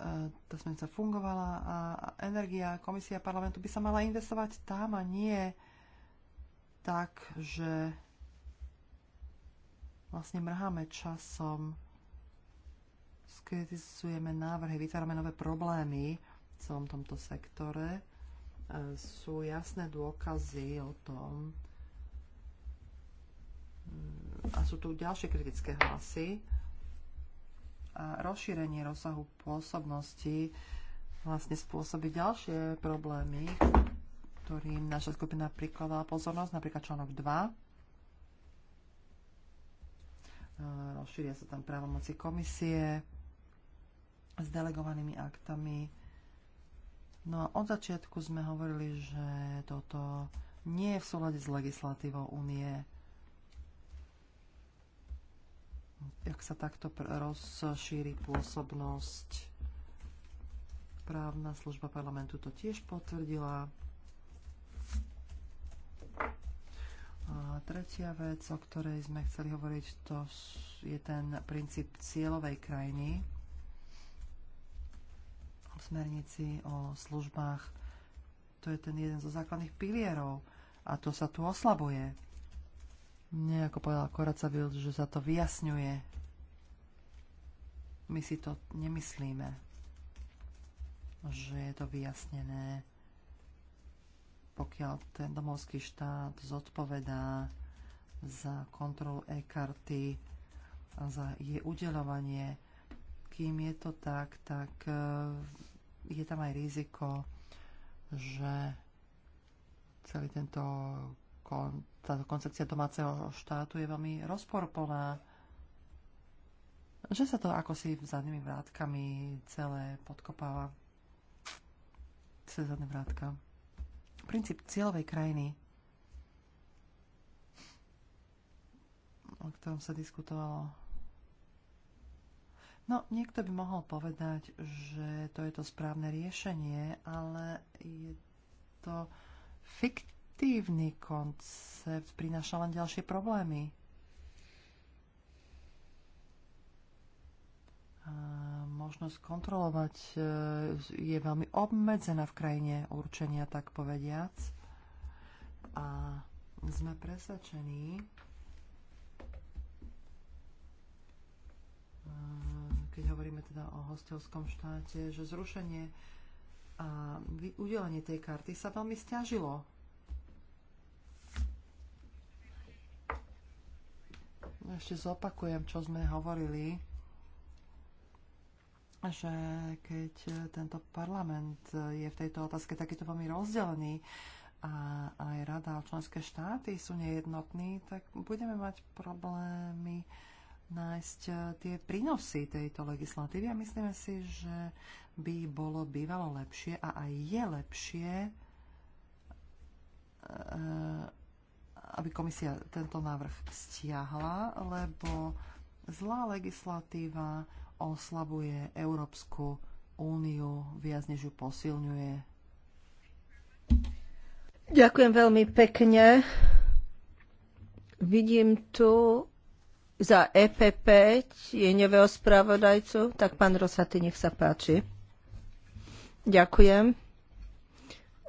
D: E, tá smernica fungovala a energia komisia parlamentu by sa mala investovať tam a nie tak, že vlastne mrháme časom, skritizujeme návrhy, vytvárame nové problémy v celom tomto sektore. E, sú jasné dôkazy o tom mm, a sú tu ďalšie kritické hlasy a rozšírenie rozsahu pôsobnosti vlastne spôsobí ďalšie problémy, ktorým naša skupina prikladala pozornosť, napríklad článok 2. Rozšíria sa tam právomoci komisie s delegovanými aktami. No a od začiatku sme hovorili, že toto nie je v súlade s legislatívou únie ak sa takto rozšíri pôsobnosť. Právna služba parlamentu to tiež potvrdila. A tretia vec, o ktorej sme chceli hovoriť, to je ten princíp cieľovej krajiny v smernici o službách. To je ten jeden zo základných pilierov a to sa tu oslabuje. Nie, ako povedal Koraca že sa to vyjasňuje. My si to nemyslíme, že je to vyjasnené, pokiaľ ten domovský štát zodpovedá za kontrolu e-karty a za jej udelovanie. Kým je to tak, tak e, je tam aj riziko, že celý tento kon, táto koncepcia domáceho štátu je veľmi rozporplná. Že sa to ako si zadnými vrátkami celé podkopáva. Cez zadné vrátka. Princíp cieľovej krajiny, o ktorom sa diskutovalo. No, niekto by mohol povedať, že to je to správne riešenie, ale je to fiktívne restriktívny koncept prináša len ďalšie problémy. A možnosť kontrolovať e, je veľmi obmedzená v krajine určenia, tak povediac. A sme presvedčení, e, keď hovoríme teda o hostelskom štáte, že zrušenie a udelenie tej karty sa veľmi stiažilo Ešte zopakujem, čo sme hovorili, že keď tento parlament je v tejto otázke takýto veľmi rozdelený a aj rada a členské štáty sú nejednotní, tak budeme mať problémy nájsť tie prínosy tejto legislatívy a myslíme si, že by bolo bývalo lepšie a aj je lepšie e, aby komisia tento návrh stiahla, lebo zlá legislatíva oslabuje Európsku úniu, viac než ju posilňuje.
B: Ďakujem veľmi pekne. Vidím tu za EPP nového spravodajcu. Tak pán Rosaty, nech sa páči. Ďakujem.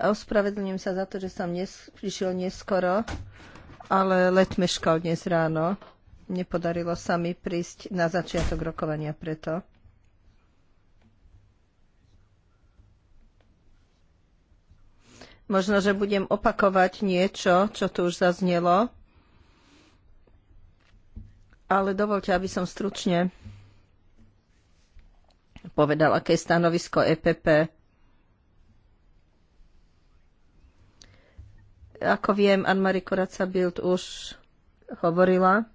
B: Ospravedlňujem sa za to, že som nes- prišiel neskoro, ale let meškal dnes ráno. Nepodarilo sa mi prísť na začiatok rokovania preto. Možno, že budem opakovať niečo, čo tu už zaznelo, ale dovolte, aby som stručne povedala, aké je stanovisko EPP Ako viem, Anne-Marie Koraca-Bild už hovorila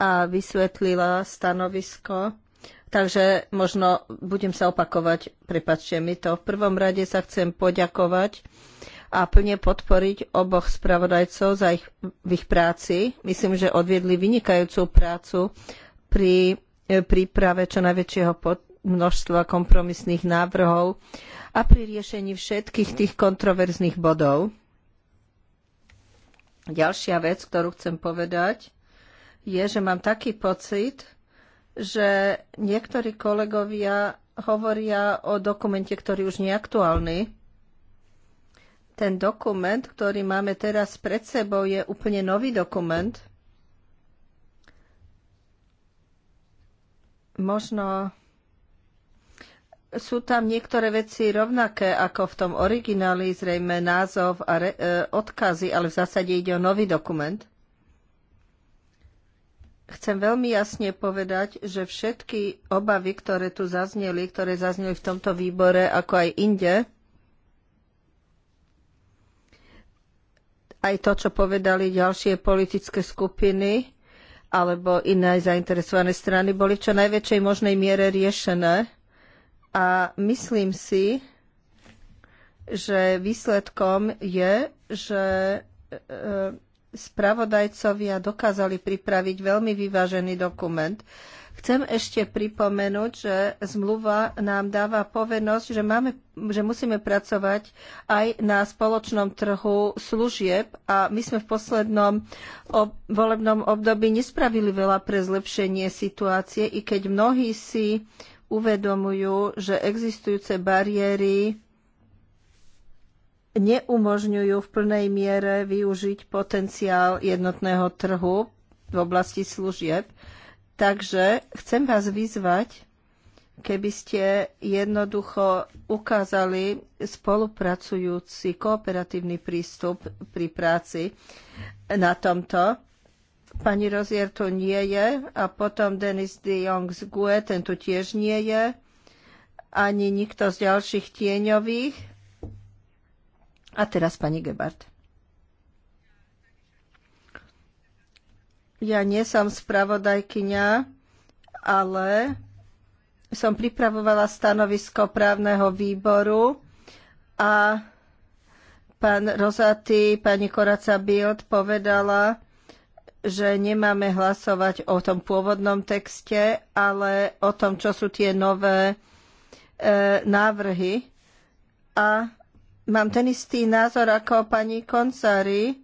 B: a vysvetlila stanovisko. Takže možno budem sa opakovať, prepačte mi to. V prvom rade sa chcem poďakovať a plne podporiť oboch spravodajcov za ich, v ich práci. Myslím, že odviedli vynikajúcu prácu pri e, príprave čo najväčšieho množstva kompromisných návrhov a pri riešení všetkých tých kontroverzných bodov. Ďalšia vec, ktorú chcem povedať, je, že mám taký pocit, že niektorí kolegovia hovoria o dokumente, ktorý už nie je aktuálny. Ten dokument, ktorý máme teraz pred sebou, je úplne nový dokument. Možno sú tam niektoré veci rovnaké ako v tom origináli, zrejme názov a re, e, odkazy, ale v zásade ide o nový dokument. Chcem veľmi jasne povedať, že všetky obavy, ktoré tu zazneli, ktoré zazneli v tomto výbore, ako aj inde, aj to, čo povedali ďalšie politické skupiny alebo iné zainteresované strany, boli v čo najväčšej možnej miere riešené a myslím si, že výsledkom je, že e, spravodajcovia dokázali pripraviť veľmi vyvážený dokument. Chcem ešte pripomenúť, že zmluva nám dáva povinnosť, že, máme, že musíme pracovať aj na spoločnom trhu služieb a my sme v poslednom ob- volebnom období nespravili veľa pre zlepšenie situácie, i keď mnohí si uvedomujú, že existujúce bariéry neumožňujú v plnej miere využiť potenciál jednotného trhu v oblasti služieb. Takže chcem vás vyzvať, keby ste jednoducho ukázali spolupracujúci kooperatívny prístup pri práci na tomto. Pani Rozier tu nie je a potom Denis de Jong z GUE, ten tu tiež nie je. Ani nikto z ďalších tieňových. A teraz pani Gebart. Ja nie som spravodajkyňa, ale som pripravovala stanovisko právneho výboru a pán Rozaty, pani Koraca Bild povedala, že nemáme hlasovať o tom pôvodnom texte, ale o tom, čo sú tie nové e, návrhy. A mám ten istý názor ako pani Koncari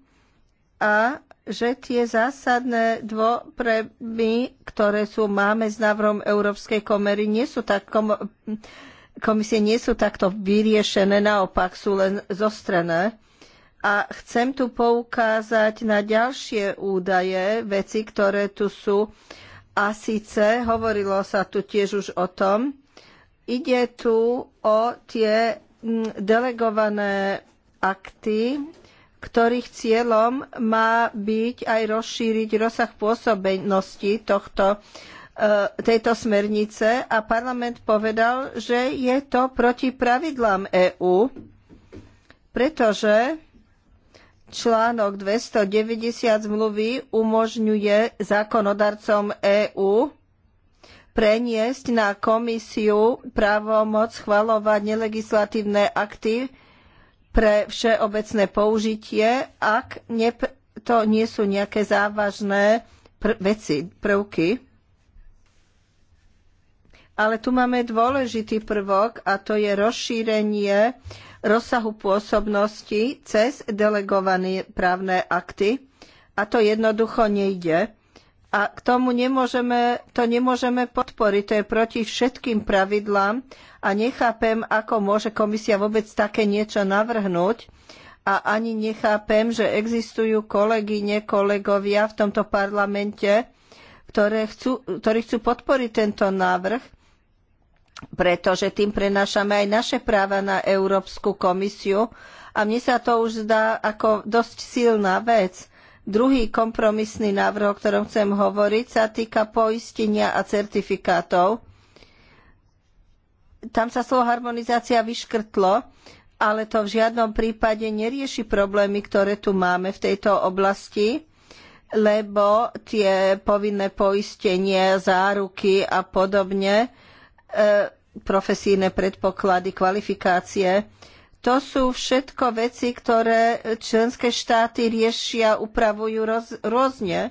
B: a že tie zásadné dvopreby, ktoré sú máme s návrhom Európskej komery, nie sú tak kom- komisie nie sú takto vyriešené, naopak sú len zostrené. A chcem tu poukázať na ďalšie údaje, veci, ktoré tu sú. A síce, hovorilo sa tu tiež už o tom, ide tu o tie mm, delegované akty, ktorých cieľom má byť aj rozšíriť rozsah pôsobenosti tohto, e, tejto smernice a parlament povedal, že je to proti pravidlám EÚ, pretože Článok 290 zmluvy umožňuje zákonodarcom EÚ preniesť na komisiu právomoc schvalovať nelegislatívne akty pre všeobecné použitie, ak to nie sú nejaké závažné pr- veci, prvky. Ale tu máme dôležitý prvok a to je rozšírenie rozsahu pôsobnosti cez delegované právne akty a to jednoducho nejde. A k tomu nemôžeme, to nemôžeme podporiť. To je proti všetkým pravidlám a nechápem, ako môže komisia vôbec také niečo navrhnúť a ani nechápem, že existujú kolegyne, kolegovia v tomto parlamente, ktoré chcú, ktorí chcú podporiť tento návrh pretože tým prenášame aj naše práva na Európsku komisiu a mne sa to už zdá ako dosť silná vec. Druhý kompromisný návrh, o ktorom chcem hovoriť, sa týka poistenia a certifikátov. Tam sa slovo harmonizácia vyškrtlo, ale to v žiadnom prípade nerieši problémy, ktoré tu máme v tejto oblasti, lebo tie povinné poistenie, záruky a podobne, E, profesíne predpoklady, kvalifikácie. To sú všetko veci, ktoré členské štáty riešia, upravujú roz, rôzne.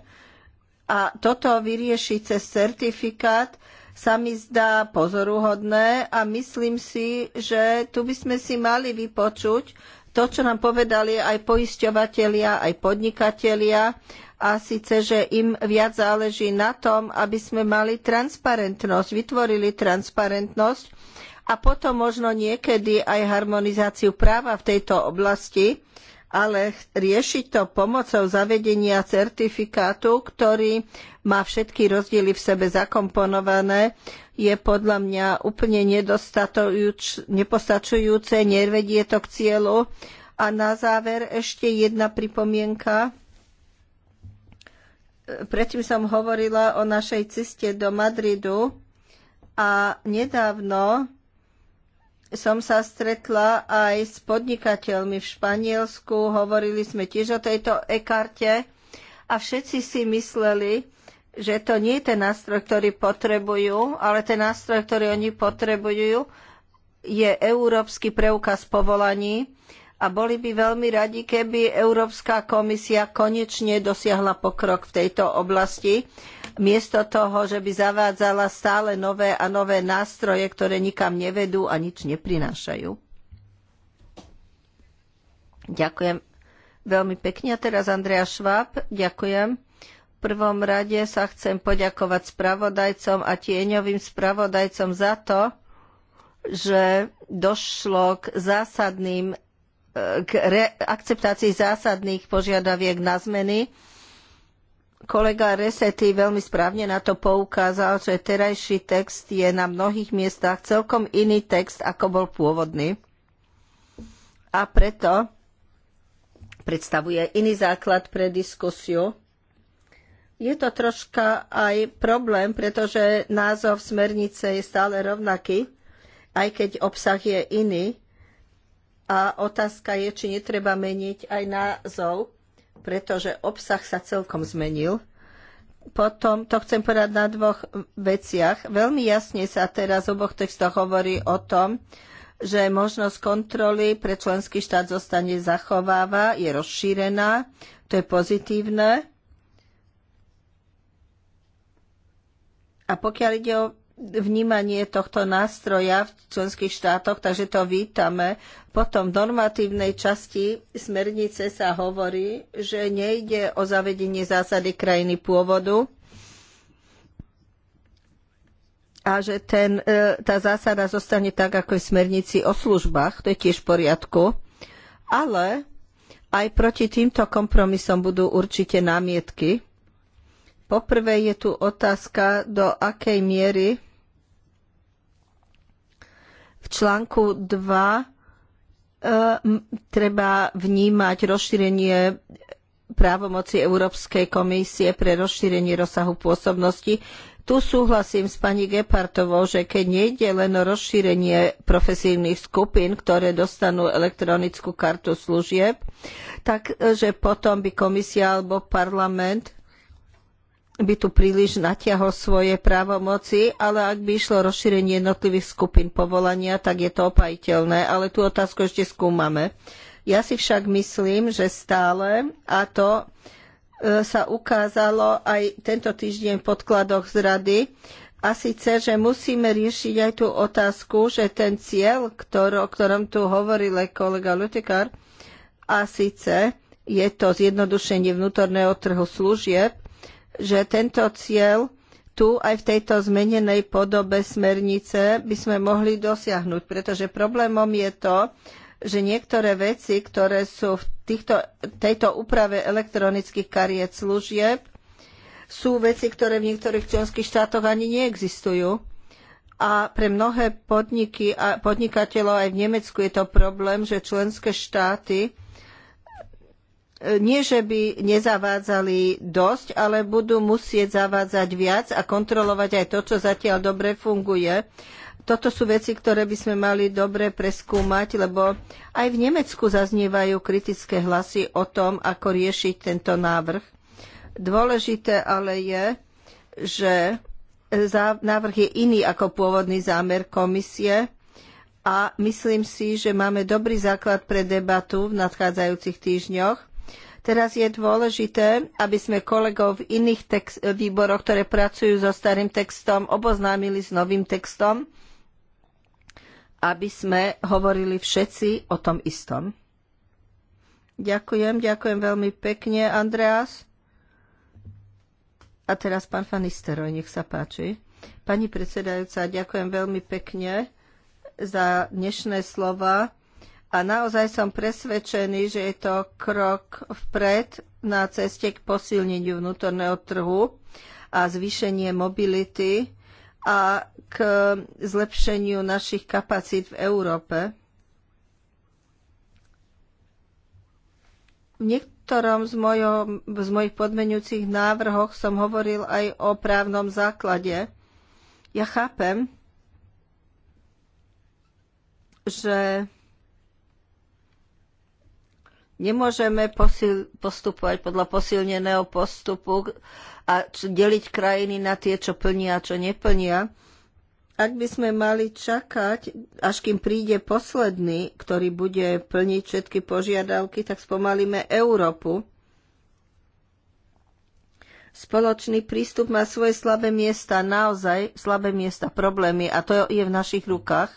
B: A toto vyriešiť cez certifikát sa mi zdá pozoruhodné a myslím si, že tu by sme si mali vypočuť to, čo nám povedali aj poisťovatelia, aj podnikatelia, a síce, že im viac záleží na tom, aby sme mali transparentnosť, vytvorili transparentnosť a potom možno niekedy aj harmonizáciu práva v tejto oblasti, ale riešiť to pomocou zavedenia certifikátu, ktorý má všetky rozdiely v sebe zakomponované, je podľa mňa úplne nepostačujúce, nevedie to k cieľu. A na záver ešte jedna pripomienka. Predtým som hovorila o našej ceste do Madridu a nedávno som sa stretla aj s podnikateľmi v Španielsku, hovorili sme tiež o tejto e-karte a všetci si mysleli, že to nie je ten nástroj, ktorý potrebujú, ale ten nástroj, ktorý oni potrebujú, je Európsky preukaz povolaní a boli by veľmi radi, keby Európska komisia konečne dosiahla pokrok v tejto oblasti, miesto toho, že by zavádzala stále nové a nové nástroje, ktoré nikam nevedú a nič neprinášajú. Ďakujem veľmi pekne. A teraz Andrea Šváb. Ďakujem prvom rade sa chcem poďakovať spravodajcom a tieňovým spravodajcom za to, že došlo k zásadným e, k akceptácii zásadných požiadaviek na zmeny. Kolega Resety veľmi správne na to poukázal, že terajší text je na mnohých miestach celkom iný text, ako bol pôvodný. A preto predstavuje iný základ pre diskusiu je to troška aj problém, pretože názov smernice je stále rovnaký, aj keď obsah je iný. A otázka je, či netreba meniť aj názov, pretože obsah sa celkom zmenil. Potom to chcem povedať na dvoch veciach. Veľmi jasne sa teraz v oboch textoch hovorí o tom, že možnosť kontroly pre členský štát zostane zachováva, je rozšírená, to je pozitívne A pokiaľ ide o vnímanie tohto nástroja v členských štátoch, takže to vítame. Potom v normatívnej časti smernice sa hovorí, že nejde o zavedenie zásady krajiny pôvodu a že ten, e, tá zásada zostane tak, ako je v smernici o službách, to je tiež v poriadku. Ale aj proti týmto kompromisom budú určite námietky, Poprvé je tu otázka, do akej miery v článku 2 e, treba vnímať rozšírenie právomoci Európskej komisie pre rozšírenie rozsahu pôsobnosti. Tu súhlasím s pani Gepartovou, že keď nejde len o rozšírenie profesívnych skupín, ktoré dostanú elektronickú kartu služieb, takže e, potom by komisia alebo parlament by tu príliš natiahol svoje právomoci, ale ak by išlo rozšírenie jednotlivých skupín povolania, tak je to opajiteľné, ale tú otázku ešte skúmame. Ja si však myslím, že stále, a to e, sa ukázalo aj tento týždeň v podkladoch z rady, a síce, že musíme riešiť aj tú otázku, že ten cieľ, o ktorom tu hovoril aj kolega Lutikar, a síce je to zjednodušenie vnútorného trhu služieb, že tento cieľ tu aj v tejto zmenenej podobe smernice by sme mohli dosiahnuť, pretože problémom je to, že niektoré veci, ktoré sú v týchto, tejto úprave elektronických kariet služieb, sú veci, ktoré v niektorých členských štátoch ani neexistujú. A pre mnohé podniky a podnikateľov aj v Nemecku je to problém, že členské štáty nie, že by nezavádzali dosť, ale budú musieť zavádzať viac a kontrolovať aj to, čo zatiaľ dobre funguje. Toto sú veci, ktoré by sme mali dobre preskúmať, lebo aj v Nemecku zaznievajú kritické hlasy o tom, ako riešiť tento návrh. Dôležité ale je, že návrh je iný ako pôvodný zámer komisie a myslím si, že máme dobrý základ pre debatu v nadchádzajúcich týždňoch Teraz je dôležité, aby sme kolegov v iných výboroch, ktoré pracujú so starým textom, oboznámili s novým textom, aby sme hovorili všetci o tom istom. Ďakujem, ďakujem veľmi pekne, Andreas. A teraz pán Fanisteroj, nech sa páči. Pani predsedajúca, ďakujem veľmi pekne za dnešné slova a naozaj som presvedčený, že je to krok vpred na ceste k posilneniu vnútorného trhu a zvýšenie mobility a k zlepšeniu našich kapacít v Európe. V niektorom z, mojo, z mojich podmenujúcich návrhoch som hovoril aj o právnom základe. Ja chápem, že Nemôžeme posil, postupovať podľa posilneného postupu a deliť krajiny na tie, čo plnia a čo neplnia. Ak by sme mali čakať, až kým príde posledný, ktorý bude plniť všetky požiadavky, tak spomalíme Európu. Spoločný prístup má svoje slabé miesta, naozaj slabé miesta, problémy a to je v našich rukách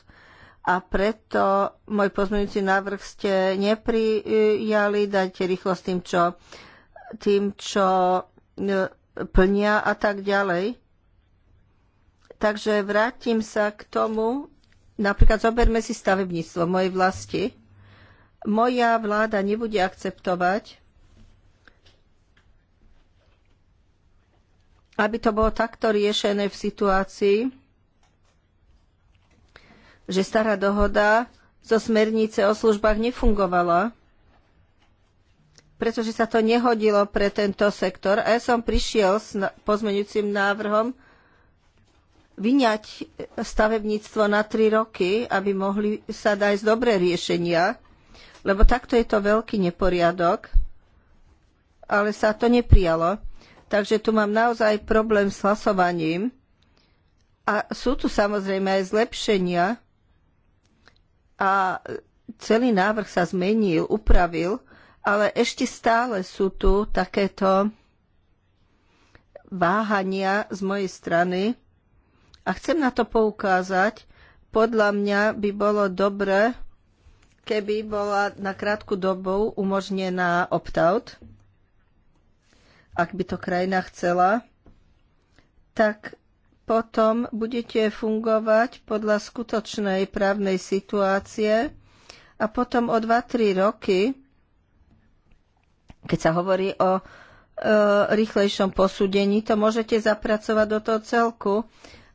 B: a preto môj pozmeňujúci návrh ste neprijali, dajte rýchlosť tým, čo, tým, čo e, plnia a tak ďalej. Takže vrátim sa k tomu, napríklad zoberme si stavebníctvo mojej vlasti. Moja vláda nebude akceptovať, aby to bolo takto riešené v situácii, že stará dohoda zo smernice o službách nefungovala, pretože sa to nehodilo pre tento sektor. A ja som prišiel s pozmeňujúcim návrhom vyňať stavebníctvo na tri roky, aby mohli sa dať dobré riešenia, lebo takto je to veľký neporiadok, ale sa to neprijalo. Takže tu mám naozaj problém s hlasovaním. A sú tu samozrejme aj zlepšenia, a celý návrh sa zmenil, upravil, ale ešte stále sú tu takéto váhania z mojej strany a chcem na to poukázať. Podľa mňa by bolo dobre, keby bola na krátku dobu umožnená opt-out, ak by to krajina chcela, tak potom budete fungovať podľa skutočnej právnej situácie a potom o 2-3 roky, keď sa hovorí o e, rýchlejšom posúdení, to môžete zapracovať do toho celku.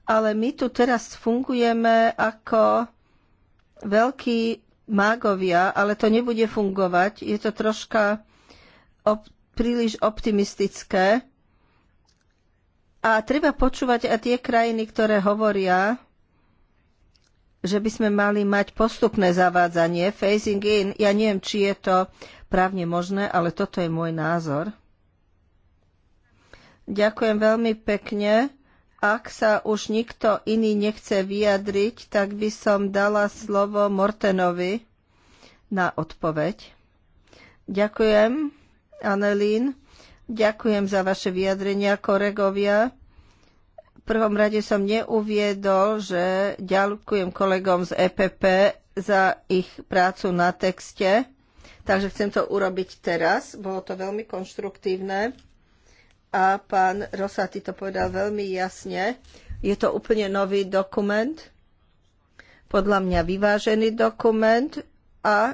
B: Ale my tu teraz fungujeme ako veľkí mágovia, ale to nebude fungovať. Je to troška op- príliš optimistické a treba počúvať aj tie krajiny, ktoré hovoria, že by sme mali mať postupné zavádzanie, phasing in. Ja neviem, či je to právne možné, ale toto je môj názor. Ďakujem veľmi pekne. Ak sa už nikto iný nechce vyjadriť, tak by som dala slovo Mortenovi na odpoveď. Ďakujem, Annelín. Ďakujem za vaše vyjadrenia, koregovia. V prvom rade som neuviedol, že ďakujem kolegom z EPP za ich prácu na texte, takže chcem to urobiť teraz. Bolo to veľmi konštruktívne a pán Rosati to povedal veľmi jasne. Je to úplne nový dokument, podľa mňa vyvážený dokument a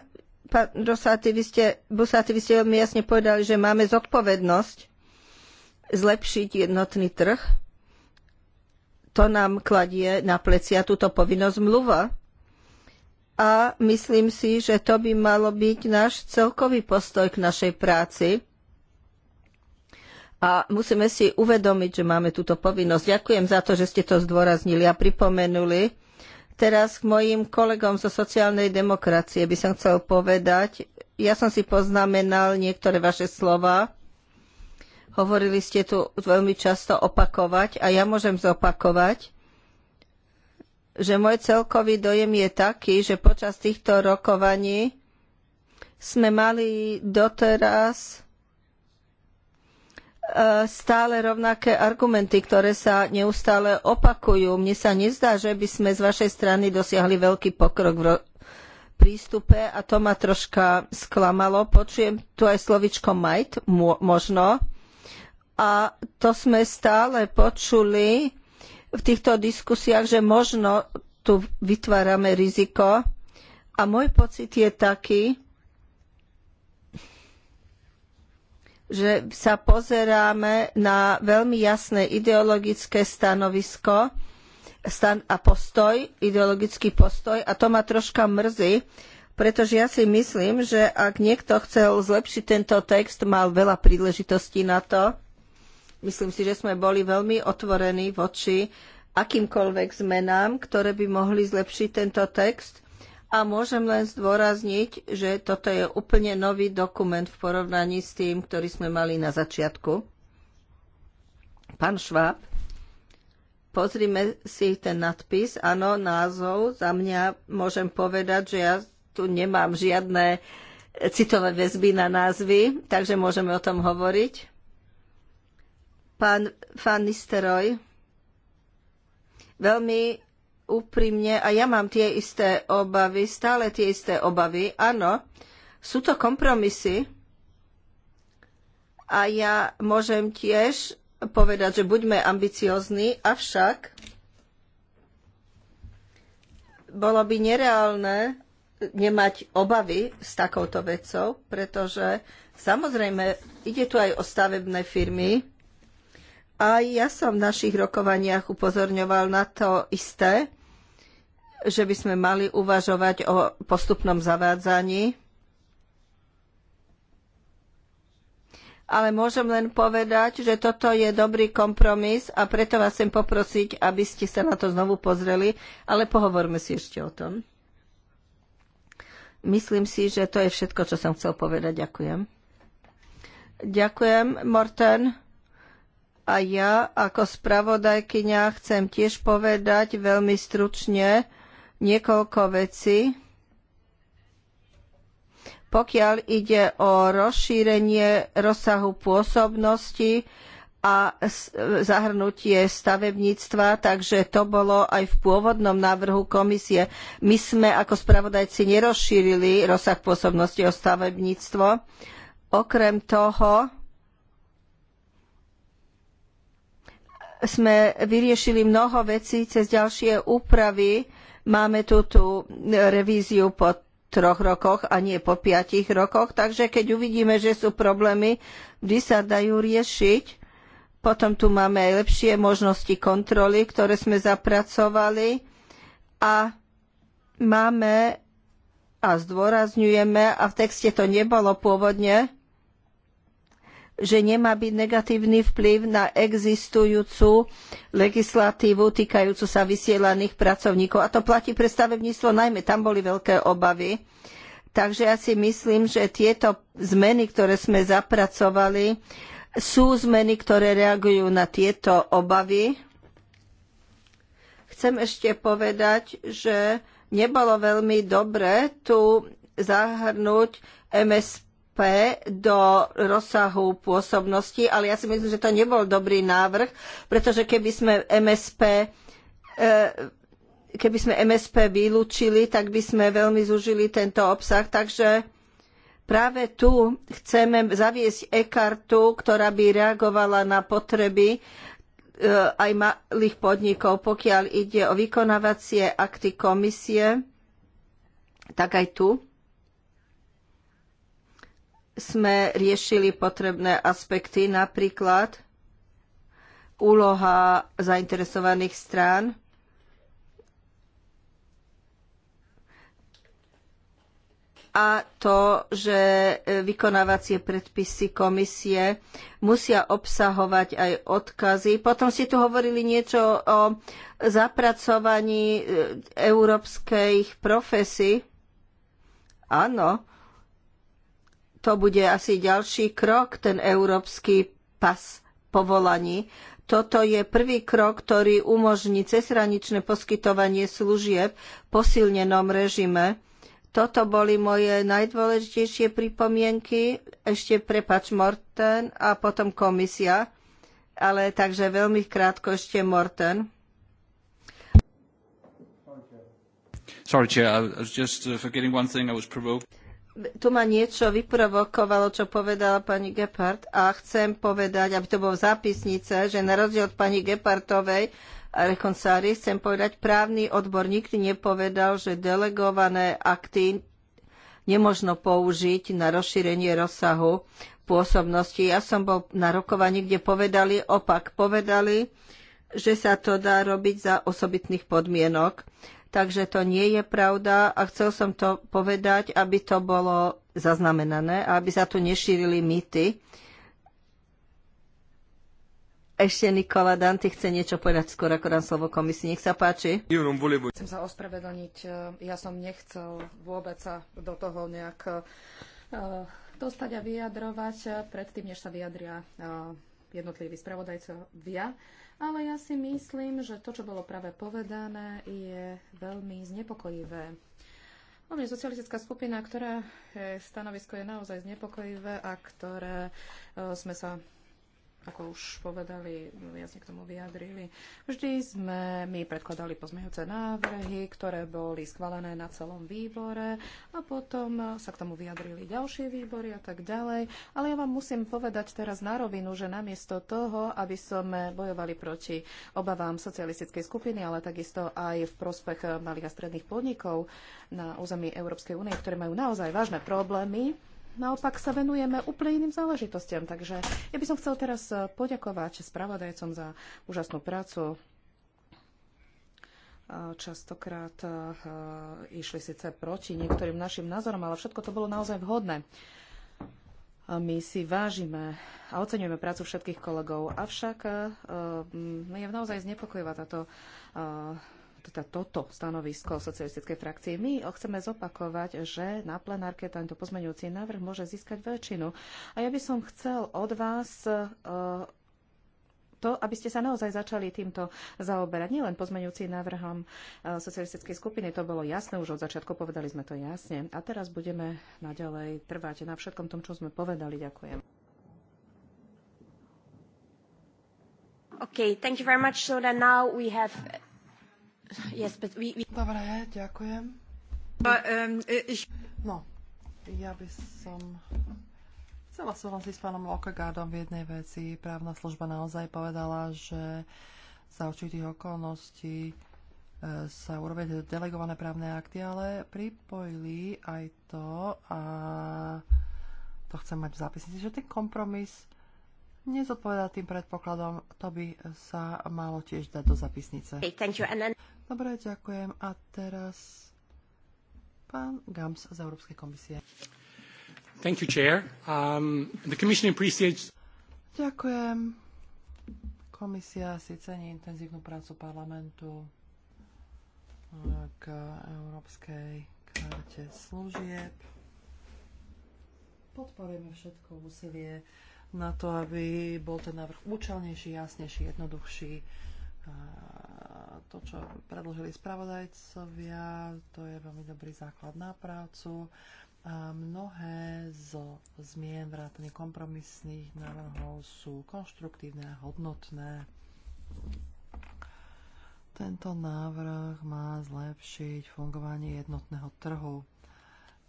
B: Pán Rosati, vy ste, Busati, vy ste veľmi jasne povedali, že máme zodpovednosť zlepšiť jednotný trh. To nám kladie na plecia túto povinnosť mluva. A myslím si, že to by malo byť náš celkový postoj k našej práci. A musíme si uvedomiť, že máme túto povinnosť. Ďakujem za to, že ste to zdôraznili a pripomenuli Teraz k mojim kolegom zo sociálnej demokracie by som chcel povedať, ja som si poznamenal niektoré vaše slova. Hovorili ste tu veľmi často opakovať a ja môžem zopakovať, že môj celkový dojem je taký, že počas týchto rokovaní sme mali doteraz stále rovnaké argumenty, ktoré sa neustále opakujú. Mne sa nezdá, že by sme z vašej strany dosiahli veľký pokrok v prístupe a to ma troška sklamalo. Počujem tu aj slovičko might, možno. A to sme stále počuli v týchto diskusiách, že možno tu vytvárame riziko. A môj pocit je taký, že sa pozeráme na veľmi jasné ideologické stanovisko a postoj, ideologický postoj a to ma troška mrzí, pretože ja si myslím, že ak niekto chcel zlepšiť tento text, mal veľa príležitostí na to. Myslím si, že sme boli veľmi otvorení voči akýmkoľvek zmenám, ktoré by mohli zlepšiť tento text. A môžem len zdôrazniť, že toto je úplne nový dokument v porovnaní s tým, ktorý sme mali na začiatku. Pán Šváb, pozrime si ten nadpis. Áno, názov. Za mňa môžem povedať, že ja tu nemám žiadne citové väzby na názvy, takže môžeme o tom hovoriť. Pán Van veľmi úprimne, a ja mám tie isté obavy, stále tie isté obavy, áno, sú to kompromisy a ja môžem tiež povedať, že buďme ambiciozní, avšak bolo by nereálne nemať obavy s takouto vecou, pretože samozrejme ide tu aj o stavebné firmy. A ja som v našich rokovaniach upozorňoval na to isté, že by sme mali uvažovať o postupnom zavádzaní. Ale môžem len povedať, že toto je dobrý kompromis a preto vás chcem poprosiť, aby ste sa na to znovu pozreli, ale pohovorme si ešte o tom. Myslím si, že to je všetko, čo som chcel povedať. Ďakujem. Ďakujem, Morten. A ja ako spravodajkyňa chcem tiež povedať veľmi stručne, niekoľko vecí. Pokiaľ ide o rozšírenie rozsahu pôsobnosti a zahrnutie stavebníctva, takže to bolo aj v pôvodnom návrhu komisie. My sme ako spravodajci nerozšírili rozsah pôsobnosti o stavebníctvo. Okrem toho, sme vyriešili mnoho vecí cez ďalšie úpravy Máme tu tú e, revíziu po troch rokoch a nie po piatich rokoch, takže keď uvidíme, že sú problémy, vždy sa dajú riešiť. Potom tu máme aj lepšie možnosti kontroly, ktoré sme zapracovali a máme a zdôrazňujeme, a v texte to nebolo pôvodne, že nemá byť negatívny vplyv na existujúcu legislatívu týkajúcu sa vysielaných pracovníkov. A to platí pre stavebníctvo najmä, tam boli veľké obavy. Takže ja si myslím, že tieto zmeny, ktoré sme zapracovali, sú zmeny, ktoré reagujú na tieto obavy. Chcem ešte povedať, že nebolo veľmi dobre tu zahrnúť MSP Európe do rozsahu pôsobnosti, ale ja si myslím, že to nebol dobrý návrh, pretože keby sme MSP e, keby sme MSP vylúčili, tak by sme veľmi zužili tento obsah. Takže práve tu chceme zaviesť e-kartu, ktorá by reagovala na potreby e, aj malých podnikov, pokiaľ ide o vykonávacie akty komisie, tak aj tu sme riešili potrebné aspekty, napríklad úloha zainteresovaných strán, a to, že vykonávacie predpisy komisie musia obsahovať aj odkazy. Potom si tu hovorili niečo o zapracovaní e, európskych profesí. Áno, to bude asi ďalší krok, ten európsky pas povolaní. Toto je prvý krok, ktorý umožní cezhraničné poskytovanie služieb v posilnenom režime. Toto boli moje najdôležitejšie pripomienky. Ešte prepač Morten a potom komisia. Ale takže veľmi krátko ešte Morten. Sorry, Chair, I was just uh, forgetting one
A: thing. I was provoked
B: tu ma niečo vyprovokovalo, čo povedala pani Gepard a chcem povedať, aby to bolo v zápisnice, že na rozdiel od pani Gepardovej a rekonsári chcem povedať, právny odbor nikdy nepovedal, že delegované akty nemožno použiť na rozšírenie rozsahu pôsobnosti. Ja som bol na rokovaní, kde povedali opak. Povedali, že sa to dá robiť za osobitných podmienok. Takže to nie je pravda a chcel som to povedať, aby to bolo zaznamenané a aby sa tu nešírili mýty. Ešte Nikola Danty chce niečo povedať skôr, ako dám slovo komisii. Nech sa páči. Chcem
C: sa ospravedlniť. Ja som nechcel vôbec sa do toho nejak eh, dostať a vyjadrovať predtým, než sa vyjadria eh, jednotliví spravodajcovia. Ale ja si myslím, že to, čo bolo práve povedané, je veľmi znepokojivé. O socialistická skupina, ktorá eh, stanovisko je naozaj znepokojivé a ktoré eh, sme sa ako už povedali, jasne k tomu vyjadrili. Vždy sme my predkladali pozmeňujúce návrhy, ktoré boli schválené na celom výbore a potom sa k tomu vyjadrili ďalšie výbory a tak ďalej. Ale ja vám musím povedať teraz na rovinu, že namiesto toho, aby sme bojovali proti obavám socialistickej skupiny, ale takisto aj v prospech malých a stredných podnikov na území Európskej únie, ktoré majú naozaj vážne problémy, naopak sa venujeme úplne iným záležitostiam. Takže ja by som chcel teraz eh, poďakovať spravodajcom za úžasnú prácu. Eh, častokrát eh, išli síce proti niektorým našim názorom, ale všetko to bolo naozaj vhodné. My si vážime a oceňujeme prácu všetkých kolegov, avšak je naozaj znepokojivá táto teda toto stanovisko socialistickej frakcie. My chceme zopakovať, že na plenárke tento pozmeňujúci návrh môže získať väčšinu. A ja by som chcel od vás e, to, aby ste sa naozaj začali týmto zaoberať. Nielen pozmeňujúci návrhom e, socialistickej skupiny, to bolo jasné už od začiatku, povedali sme to jasne. A teraz budeme naďalej trvať na všetkom tom, čo sme povedali. Ďakujem.
A: Okay, thank you very much. So then now we have Dobre, ďakujem. E,
D: no, ja by som chcela súhlasiť s pánom Lokagardom v jednej veci. Právna služba naozaj povedala, že za určitých okolností e, sa urobia delegované právne akty, ale pripojili aj to, a to chcem mať v zápisnici, že ten kompromis nezodpovedá tým predpokladom, to by sa malo tiež dať do zapisnice. Okay, thank you. And then... Dobre, ďakujem. A teraz pán Gams z Európskej komisie. Thank you, Chair. Um, the Commission appreciates... Ďakujem. Komisia si cení intenzívnu prácu parlamentu k Európskej karte služieb. Podporujeme všetko úsilie na to, aby bol ten návrh účelnejší, jasnejší, jednoduchší. A to, čo predložili spravodajcovia, to je veľmi dobrý základ na prácu. A mnohé zo zmien vrátane kompromisných návrhov sú konštruktívne a hodnotné. Tento návrh má zlepšiť fungovanie jednotného trhu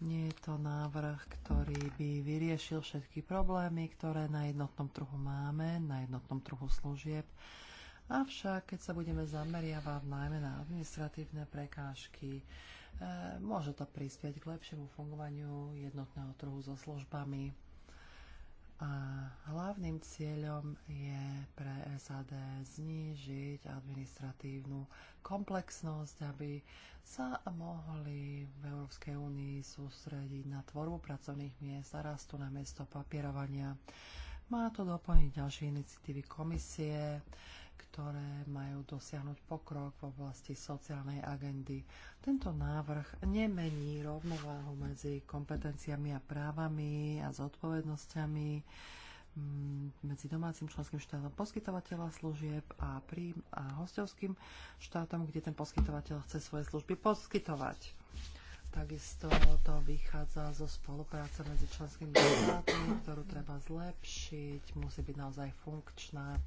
D: nie je to návrh, ktorý by vyriešil všetky problémy, ktoré na jednotnom trhu máme, na jednotnom trhu služieb. Avšak, keď sa budeme zameriavať najmä na administratívne prekážky, e, môže to prispieť k lepšiemu fungovaniu jednotného trhu so službami a hlavným cieľom je pre SAD znížiť administratívnu komplexnosť, aby sa mohli v Európskej únii sústrediť na tvorbu pracovných miest a rastu na miesto papierovania. Má to doplniť ďalšie iniciatívy komisie, ktoré majú dosiahnuť pokrok v oblasti sociálnej agendy. Tento návrh nemení rovnováhu medzi kompetenciami a právami a zodpovednosťami mm, medzi domácim členským štátom poskytovateľa služieb a, a hostovským štátom, kde ten poskytovateľ chce svoje služby poskytovať. Takisto to vychádza zo spolupráce medzi členskými štátmi, ktorú treba zlepšiť, musí byť naozaj funkčná.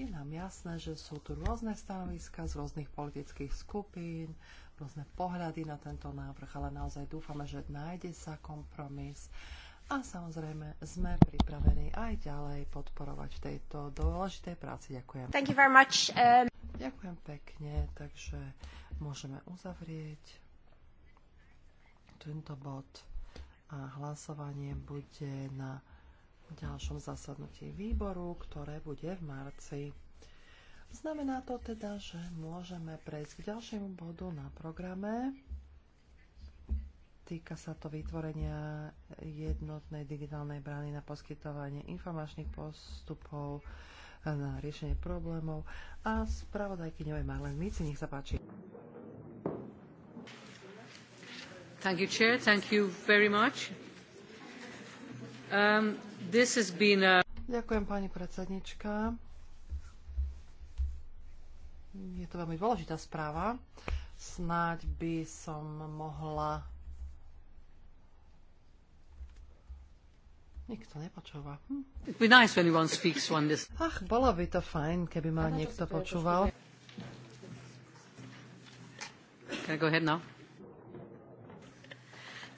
D: Je nám jasné, že sú tu rôzne stanoviska z rôznych politických skupín, rôzne pohľady na tento návrh, ale naozaj dúfame, že nájde sa kompromis. A samozrejme sme pripravení aj ďalej podporovať v tejto dôležitej práci. Ďakujem. Thank you very much. Um... Ďakujem pekne, takže môžeme uzavrieť tento bod a hlasovanie bude na ďalšom zasadnutí výboru, ktoré bude v marci. Znamená to teda, že môžeme prejsť k ďalšiemu bodu na programe. Týka sa to vytvorenia jednotnej digitálnej brány na poskytovanie informačných postupov na riešenie problémov. A spravodajky je Marlen Mici, nech sa páči. Thank you, Chair. Thank you very much. Um, a... Ďakujem, pani predsednička. Je to veľmi dôležitá správa. Snáď by som mohla... Nikto nepočúva. Hm. Nice Ach, bolo by to fajn, keby ma niekto počúval.
C: Can I go ahead now?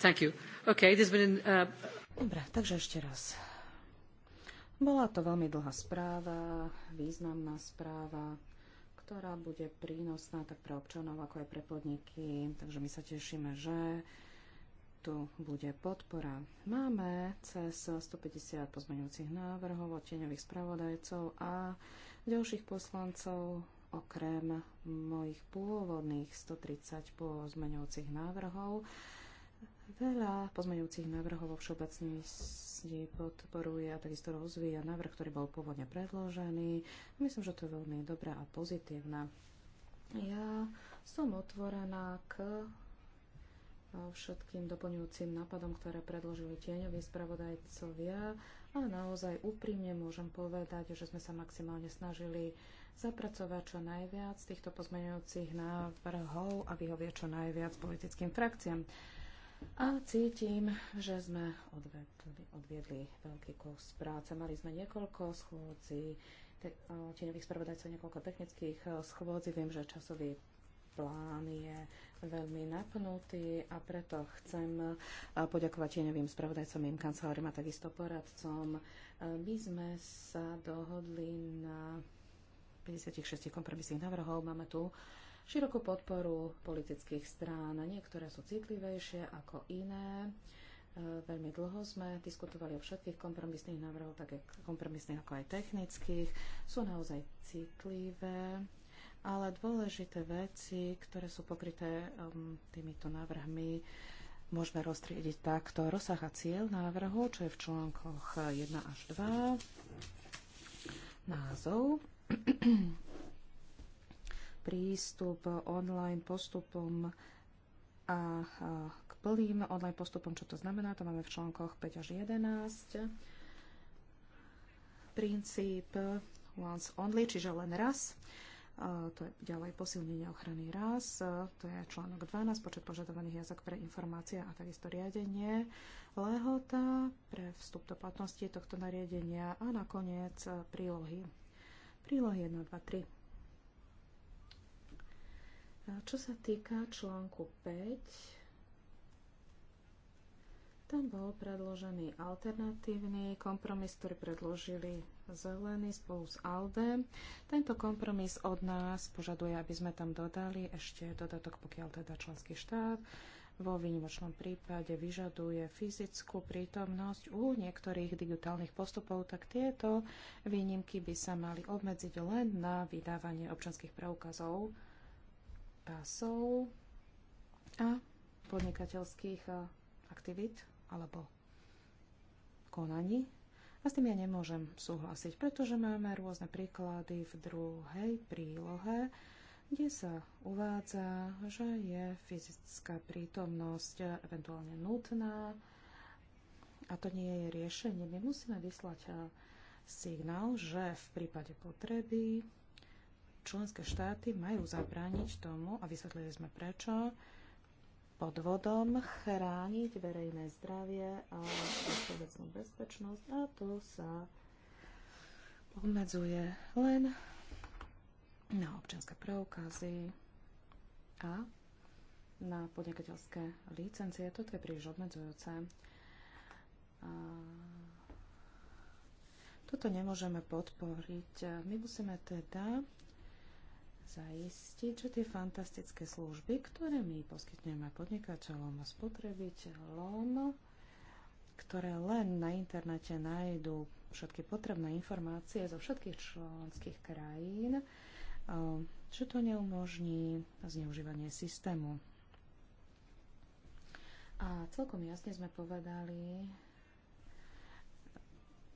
C: Thank you. Okay, been uh, Dobre, takže ešte raz. Bola to veľmi dlhá správa, významná správa, ktorá bude prínosná tak pre občanov, ako aj pre podniky. Takže my sa tešíme, že tu bude podpora. Máme cez 150 pozmeňujúcich návrhov od tieňových spravodajcov a ďalších poslancov okrem mojich pôvodných 130 pozmeňujúcich návrhov Veľa pozmeňujúcich návrhov vo všeobecnosti podporuje a takisto rozvíja návrh, ktorý bol pôvodne predložený. Myslím, že to je veľmi dobrá a pozitívna. Ja som otvorená k všetkým doplňujúcim nápadom, ktoré predložili tieňoví spravodajcovia a naozaj úprimne môžem povedať, že sme sa maximálne snažili zapracovať čo najviac týchto pozmeňujúcich návrhov a vyhovieť čo najviac politickým frakciám. A cítim, že sme odvedli, odviedli veľký kus práce. Mali sme niekoľko schôdzi, tieňových spravodajcov, niekoľko technických e, schôdzi. Viem, že časový plán je veľmi napnutý a preto chcem e, poďakovať tieňovým spravodajcom, im kancelárim a takisto poradcom. E, my sme sa dohodli na 56 kompromisných návrhov. Máme tu širokú podporu politických strán. Niektoré sú citlivejšie ako iné. E, veľmi dlho sme diskutovali o všetkých kompromisných návrhoch, tak kompromisných ako aj technických. Sú naozaj citlivé, ale dôležité veci, ktoré sú pokryté um, týmito návrhmi, môžeme roztriediť takto rozsah a cieľ návrhu, čo je v článkoch 1 až 2. Názov prístup online postupom a k plným online postupom, čo to znamená, to máme v článkoch 5 až 11. Princíp once only, čiže len raz. To je ďalej posilnenie ochrany raz, to je článok 12, počet požadovaných jazyk pre informácie a takisto riadenie, lehota pre vstup do platnosti tohto nariadenia a nakoniec prílohy. Prílohy 1, 2, 3. Čo sa týka článku 5, tam bol predložený alternatívny kompromis, ktorý predložili zelený spolu s ALDE. Tento kompromis od nás požaduje, aby sme tam dodali ešte dodatok, pokiaľ teda členský štát vo výnimočnom prípade vyžaduje fyzickú prítomnosť u niektorých digitálnych postupov, tak tieto výnimky by sa mali obmedziť len na vydávanie občanských preukazov pásov a podnikateľských eh, aktivít alebo konaní. A s tým ja nemôžem súhlasiť, pretože máme rôzne príklady v druhej prílohe, kde sa uvádza, že je fyzická prítomnosť eventuálne nutná a to nie je riešenie. My musíme vyslať eh, signál, že v prípade potreby členské štáty majú zabrániť tomu, a vysvetlili sme prečo, podvodom chrániť verejné zdravie a všeobecnú bezpečnosť a to sa obmedzuje len na občianské preukazy a na podnikateľské licencie. Toto je príliš obmedzujúce. A toto nemôžeme podporiť. My musíme teda zaistiť, že tie fantastické služby, ktoré my poskytneme podnikateľom a spotrebiteľom, ktoré len na internete nájdú všetky potrebné informácie zo všetkých členských krajín, čo to neumožní zneužívanie systému. A celkom jasne sme povedali,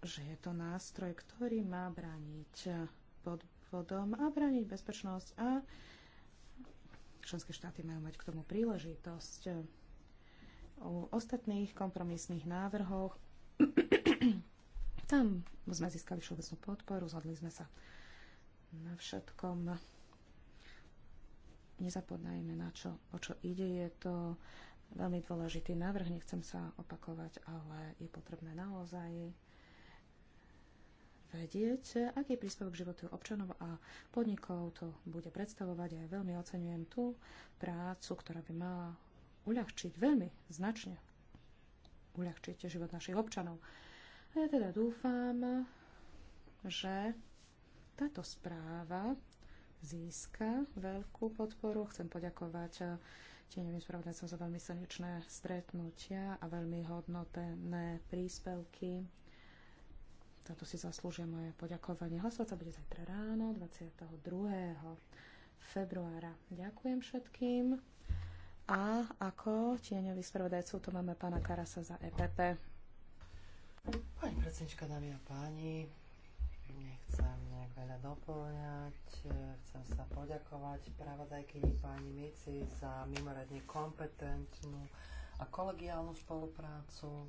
C: že je to nástroj, ktorý má brániť pod obchodom a brániť bezpečnosť a členské štáty majú mať k tomu príležitosť. O ostatných kompromisných návrhoch <clears throat> tam sme získali všeobecnú podporu, zhodli sme sa na všetkom. Nezapodnajme na čo, o čo ide. Je to veľmi dôležitý návrh, nechcem sa opakovať, ale je potrebné naozaj vedieť, aký príspevok životu občanov a podnikov to bude predstavovať. Ja veľmi oceňujem tú prácu, ktorá by mala uľahčiť veľmi značne uľahčiť život našich občanov. A ja teda dúfam, že táto správa získa veľkú podporu. Chcem poďakovať eh, tieňovým spravodajcom za veľmi slnečné stretnutia a veľmi hodnotné príspevky toto si zaslúžia moje poďakovanie. Hlasovať sa bude zajtra ráno, 22. februára. Ďakujem všetkým. A ako tieňový spravodajcu to máme pána Karasa za EPP. Pani predsednička, dámy a páni,
D: nechcem nejak veľa doplňať. Chcem sa poďakovať pravodajkyni pani Mici za mimoriadne kompetentnú a kolegiálnu spoluprácu.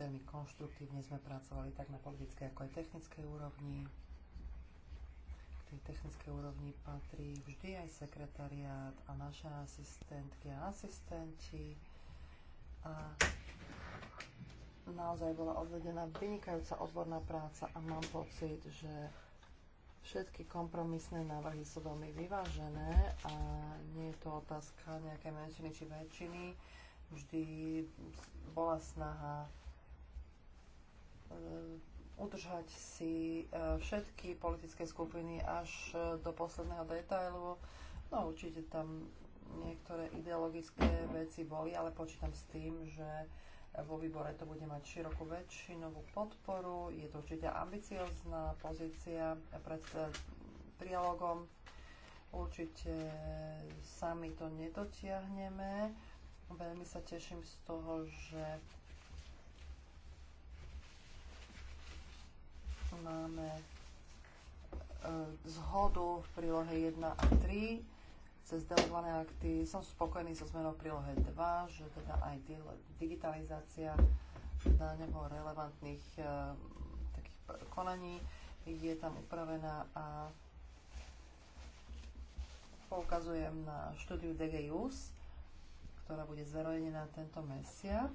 D: Veľmi konštruktívne sme pracovali tak na politickej, ako aj technickej úrovni. K tej technickej úrovni patrí vždy aj sekretariát a naše asistentky a asistenti. A naozaj bola odvedená vynikajúca odborná práca a mám pocit, že všetky kompromisné návrhy sú veľmi vyvážené a nie je to otázka nejaké menšiny či väčšiny. Vždy bola snaha Eh, udržať si eh, všetky politické skupiny až eh, do posledného detailu. No určite tam niektoré ideologické veci boli, ale počítam s tým, že vo výbore to bude mať širokú väčšinovú podporu. Je to určite ambiciozná pozícia pred trialogom. Určite sami to nedotiahneme. Veľmi sa teším z toho, že máme e, zhodu v prílohe 1 a 3 cez delegované akty. Som spokojný so zmenou prílohe 2, že teda aj digitalizácia nebo relevantných e, takých konaní je tam upravená a poukazujem na štúdiu DGUS, ktorá bude zverejnená tento mesiac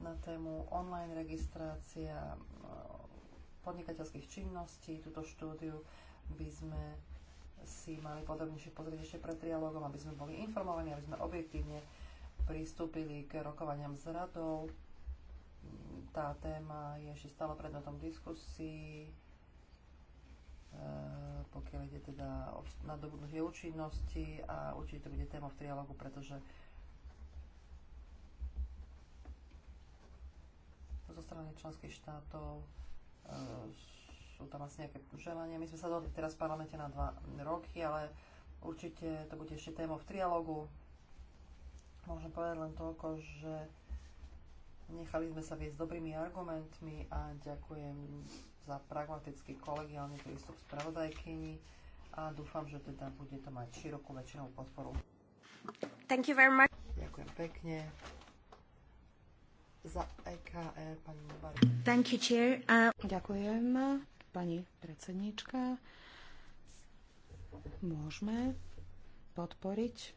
D: na tému online registrácia e, podnikateľských činností. Túto štúdiu by sme si mali podrobnejšie pozrieť ešte pred trialógom, aby sme boli informovaní, aby sme objektívne pristúpili k rokovaniam s radou. Tá téma je ešte stále predmetom diskusí, e, pokiaľ ide teda o nadobudnutie účinnosti a určite to bude téma v trialógu, pretože zo strany členských štátov sú tam asi nejaké želania. My sme sa dohodli teraz v parlamente na dva roky, ale určite to bude ešte téma v trialógu. Môžem povedať len toľko, že nechali sme sa viesť dobrými argumentmi a ďakujem za pragmatický kolegiálny prístup spravodajkyni a dúfam, že teda bude to mať širokú väčšinou podporu.
A: Thank
C: you very much.
D: Ďakujem pekne za EKR, e, pani Mubarak.
C: Thank you, chair. Uh... Ďakujem, pani predsedníčka. Môžeme podporiť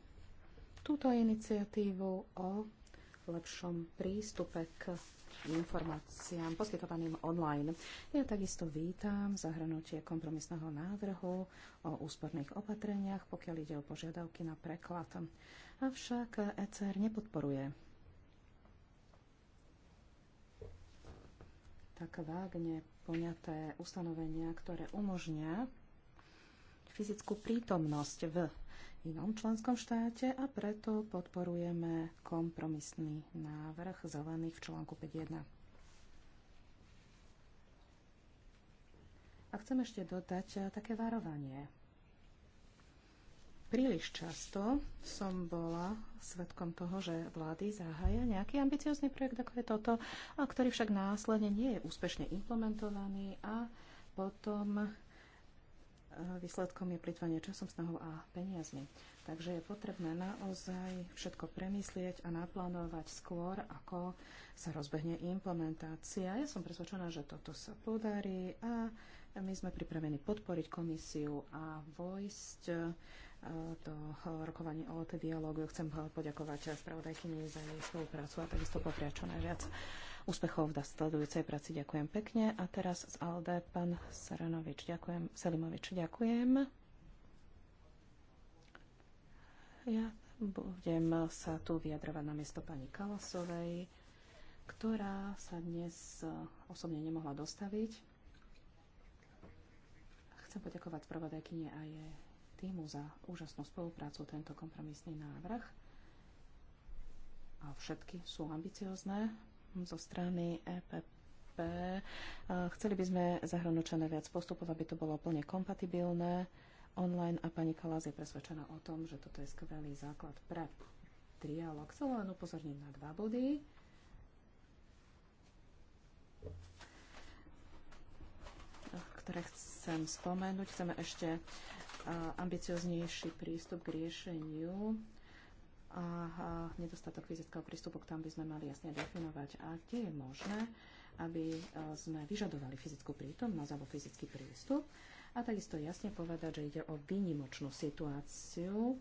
C: túto iniciatívu o lepšom prístupe k informáciám poskytovaným online. Ja takisto vítam zahrnutie kompromisného návrhu o úsporných opatreniach, pokiaľ ide o požiadavky na preklad. Avšak ECR nepodporuje tak vágne poňaté ustanovenia, ktoré umožnia fyzickú prítomnosť v inom členskom štáte a preto podporujeme kompromisný návrh zelených v článku 5.1. A chcem ešte dodať eh, také varovanie Príliš často som bola svetkom toho, že vlády zahája nejaký ambiciózny projekt, ako je toto, a ktorý však následne nie je úspešne implementovaný a potom e, výsledkom je plýtvanie časom, snahou a peniazmi. Takže je potrebné naozaj všetko premyslieť a naplánovať skôr, ako sa rozbehne implementácia. Ja som presvedčená, že toto sa podarí a my sme pripravení podporiť komisiu a vojsť to rokovanie o dialógu. Chcem poďakovať spravodajkyni za jej spoluprácu a takisto popriať čo najviac úspechov v sledujúcej práci. Ďakujem pekne. A teraz z ALDE pán Saranovič. Ďakujem. Selimovič, ďakujem. Ja budem sa tu vyjadrovať na miesto pani Kalasovej, ktorá sa dnes osobne nemohla dostaviť. Chcem poďakovať spravodajkyni a jej týmu za úžasnú spoluprácu tento kompromisný návrh. A všetky sú ambiciozne zo strany EPP. Chceli by sme čo viac postupov, aby to bolo plne kompatibilné online a pani Kalás je presvedčená o tom, že toto je skvelý základ pre trialog. Chcem len upozorniť na dva body. ktoré chcem spomenúť. Chceme ešte ambicioznejší prístup k riešeniu a nedostatok fyzického prístupu, tam by sme mali jasne definovať, a kde je možné, aby e, sme vyžadovali fyzickú prítomnosť alebo fyzický prístup a takisto jasne povedať, že ide o výnimočnú situáciu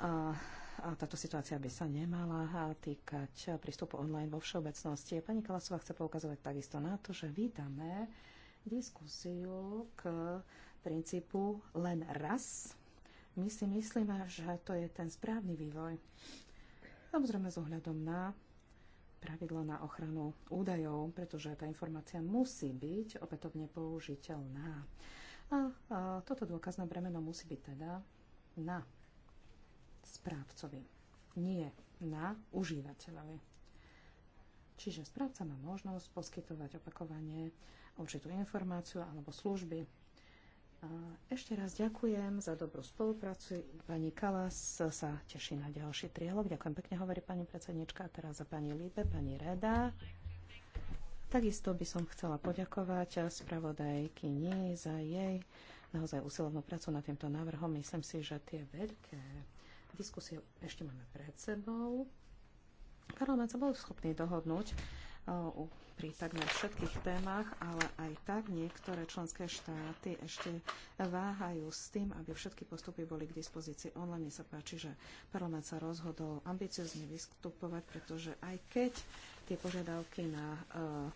C: a, a táto situácia by sa nemala týkať prístupu online vo všeobecnosti. Pani Kalasová chce poukazovať takisto na to, že vítame diskusiu k princípu len raz, my si myslíme, že to je ten správny vývoj. Samozrejme s ohľadom na pravidlo na ochranu údajov, pretože tá informácia musí byť opätovne použiteľná. A, a toto dôkazné bremeno musí byť teda na správcovi, nie na užívateľovi. Čiže správca má možnosť poskytovať opakovanie určitú informáciu alebo služby ešte raz ďakujem za dobrú spoluprácu. Pani Kalas sa teší na ďalší trialog. Ďakujem pekne, hovorí pani predsednička. A teraz za pani Líbe, pani Reda. Takisto by som chcela poďakovať spravodajkyni za jej naozaj usilovnú prácu nad týmto návrhom. Myslím si, že tie veľké diskusie ešte máme pred sebou. Parlament sa bol schopný dohodnúť pri takmer všetkých témach, ale aj tak niektoré členské štáty ešte váhajú s tým, aby všetky postupy boli k dispozícii online. Mne sa páči, že parlament sa rozhodol ambiciozne vystupovať, pretože aj keď tie požiadavky na uh,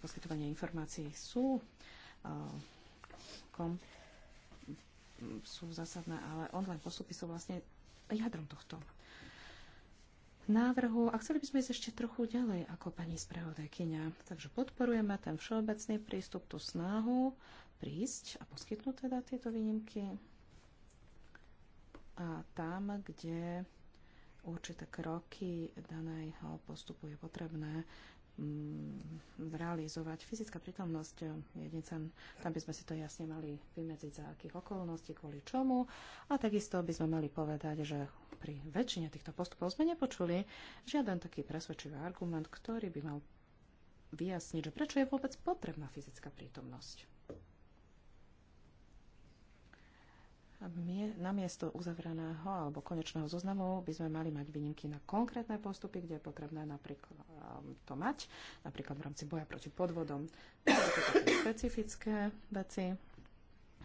C: poskytovanie informácií sú, uh, kom, sú zásadné, ale online postupy sú vlastne jadrom tohto návrhu a chceli by sme ísť ešte trochu ďalej ako pani spravodajkyňa. Takže podporujeme ten všeobecný prístup, tú snahu prísť a poskytnúť teda tieto výnimky. A tam, kde určité kroky daného postupu je potrebné mm, realizovať. Fyzická prítomnosť jedincem. tam by sme si to jasne mali vymedziť, za akých okolností, kvôli čomu. A takisto by sme mali povedať, že pri väčšine týchto postupov sme nepočuli žiaden taký presvedčivý argument, ktorý by mal vyjasniť, že prečo je vôbec potrebná fyzická prítomnosť. Namiesto uzavraného alebo konečného zoznamu by sme mali mať výnimky na konkrétne postupy, kde je potrebné napríklad um, to mať, napríklad v rámci boja proti podvodom. To sú také špecifické veci,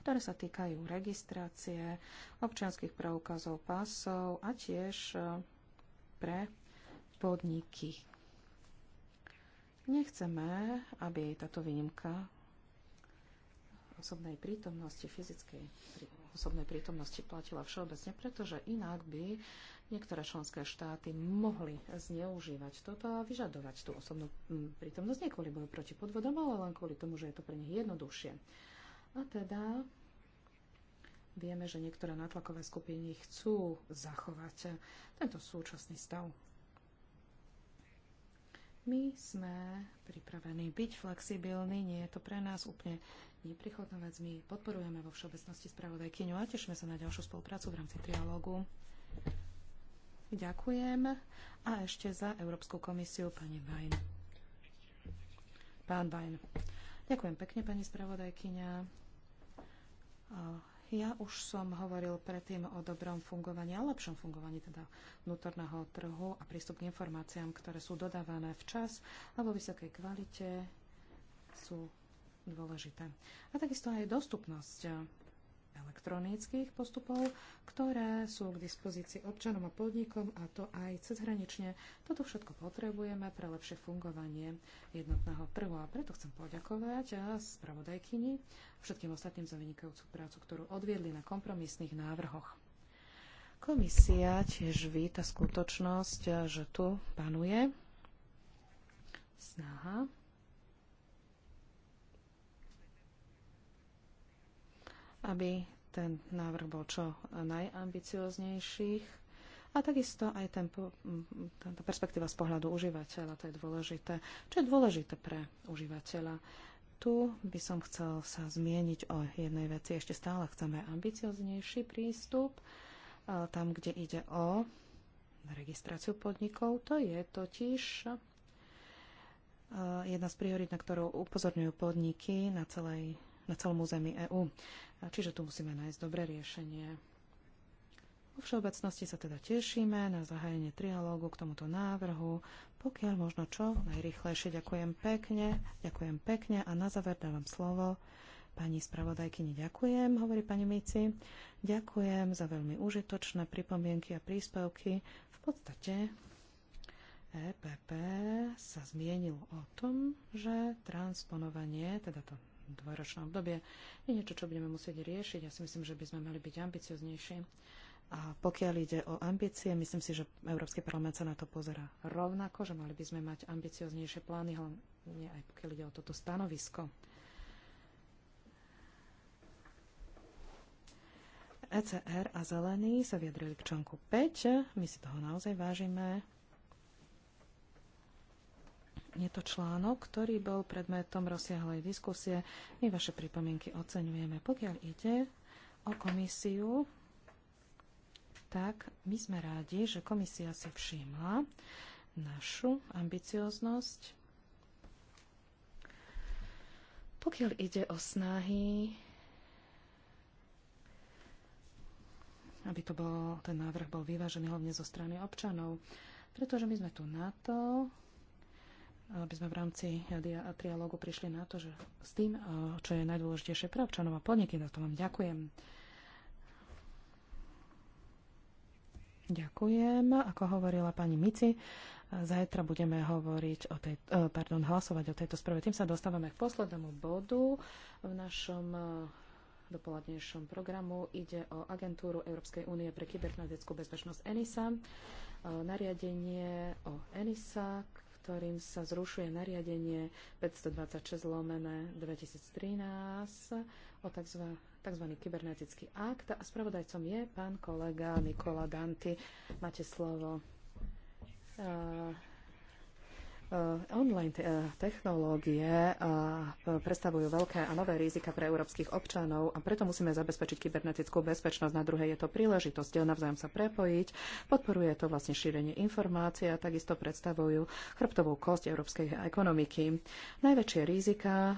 C: ktoré sa týkajú registrácie, občianských preukazov, pásov a tiež e, pre podniky. Nechceme, aby táto výnimka osobnej prítomnosti, fyzickej osobnej prítomnosti platila všeobecne, pretože inak by niektoré členské štáty mohli zneužívať toto a vyžadovať tú osobnú prítomnosť nie kvôli boju proti podvodom, ale len kvôli tomu, že je to pre nich jednoduchšie. A teda vieme, že niektoré natlakové skupiny chcú zachovať tento súčasný stav. My sme pripravení byť flexibilní, nie je to pre nás úplne neprichodná vec. My podporujeme vo všeobecnosti spravodajkyňu a tešíme sa na ďalšiu spoluprácu v rámci trialógu. Ďakujem. A ešte za Európsku komisiu pani Vajn. Pán Vajn. Ďakujem pekne, pani spravodajkyňa. Eh, ja už som hovoril predtým o dobrom fungovaní a lepšom fungovaní teda vnútorného trhu a prístup k informáciám, ktoré sú dodávané včas a vo vysokej kvalite sú dôležité. A takisto aj dostupnosť elektronických postupov, ktoré sú k dispozícii občanom a podnikom a to aj cezhranične. Toto všetko potrebujeme pre lepšie fungovanie jednotného trhu a preto chcem poďakovať a spravodajkyni všetkým ostatným za vynikajúcu prácu, ktorú odviedli na kompromisných návrhoch. Komisia tiež víta skutočnosť, že tu panuje snaha aby ten návrh bol čo najambicioznejších a takisto aj ten, tá perspektíva z pohľadu užívateľa, to je dôležité. Čo je dôležité pre užívateľa? Tu by som chcel sa zmieniť o jednej veci. Ešte stále chceme ambicioznejší prístup e, tam, kde ide o registráciu podnikov. To je totiž e, jedna z priorít, na ktorú upozorňujú podniky na celej na celom území EÚ. Čiže tu musíme nájsť dobré riešenie. Vo všeobecnosti sa teda tešíme na zahájenie trialógu k tomuto návrhu. Pokiaľ možno čo, najrychlejšie ďakujem pekne, ďakujem pekne a na záver dávam slovo pani spravodajkyni. Ďakujem, hovorí pani Mici. Ďakujem za veľmi užitočné pripomienky a príspevky. V podstate EPP sa zmienil o tom, že transponovanie, teda to dvojročné obdobie, je niečo, čo budeme musieť riešiť. Ja si myslím, že by sme mali byť ambicioznejší. A pokiaľ ide o ambície, myslím si, že Európsky parlament sa na to pozera rovnako, že mali by sme mať ambicioznejšie plány, hlavne aj pokiaľ ide o toto stanovisko. ECR a Zelení sa vyjadrili k článku 5. My si toho naozaj vážime je to článok, ktorý bol predmetom rozsiahlej diskusie. My vaše pripomienky oceňujeme. Pokiaľ ide o komisiu, tak my sme rádi, že komisia si všimla našu ambicioznosť. Pokiaľ ide o snahy, aby to bol, ten návrh bol vyvážený hlavne zo strany občanov, pretože my sme tu na to, aby sme v rámci trialógu prišli na to, že s tým, čo je najdôležitejšie pre občanov a podniky, za to vám ďakujem. Ďakujem. Ako hovorila pani Mici, zajtra budeme hovoriť o tej, e, pardon, hlasovať o tejto správe. Tým sa dostávame k poslednému bodu v našom e, dopoladnejšom programu. Ide o agentúru Európskej únie pre kybernetickú bezpečnosť ENISA, e, nariadenie o ENISA, ktorým sa zrušuje nariadenie 526 lomené 2013 o tzv. tzv. kybernetický akt. A spravodajcom je pán kolega Nikola Danti. Máte slovo. Uh, Eh, online eh, technológie eh, predstavujú veľké a nové rizika pre európskych občanov a preto musíme zabezpečiť kybernetickú bezpečnosť. Na druhej je to príležitosť navzájom sa prepojiť. Podporuje to vlastne šírenie informácií a takisto predstavujú chrbtovú kosť európskej ekonomiky. Najväčšie rizika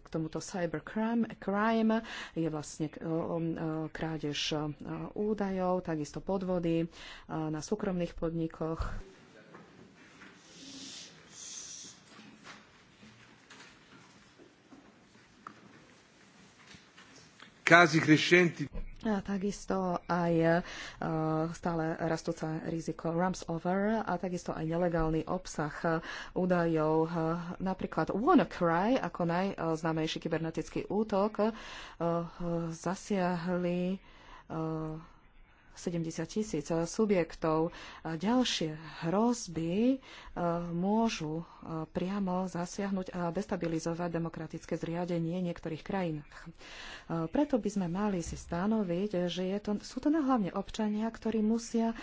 C: k tomuto cybercrime crime je vlastne um, krádež údajov, takisto podvody na súkromných podnikoch
B: casi crescenti
C: a takisto aj e, stále rastúce riziko ramps over a takisto aj nelegálny obsah údajov. E, napríklad WannaCry ako najznámejší kybernetický útok e, zasiahli 70 tisíc subjektov. Ďalšie hrozby e, môžu e, priamo zasiahnuť a destabilizovať demokratické zriadenie niektorých krajín. E, preto by sme mali si stanoviť, že je to, sú to hlavne občania, ktorí musia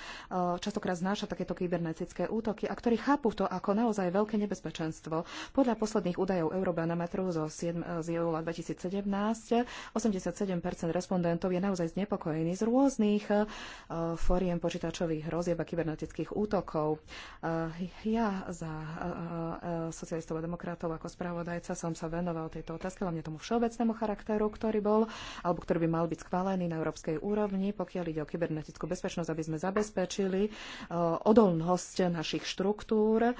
C: častokrát znášať takéto kybernetické útoky a ktorí chápu to ako naozaj veľké nebezpečenstvo. Podľa posledných údajov Eurobanometru zo 7, z júla 2017 87 respondentov je naozaj znepokojený z rôznych Eh, foriem počítačových hrozieb a kybernetických útokov. Eh, ja za eh, socialistov a demokratov ako spravodajca som sa venoval tejto otázke, hlavne tomu všeobecnému charakteru, ktorý bol, alebo ktorý by mal byť schválený na európskej úrovni, pokiaľ ide o kybernetickú bezpečnosť, aby sme zabezpečili odolnosť našich štruktúr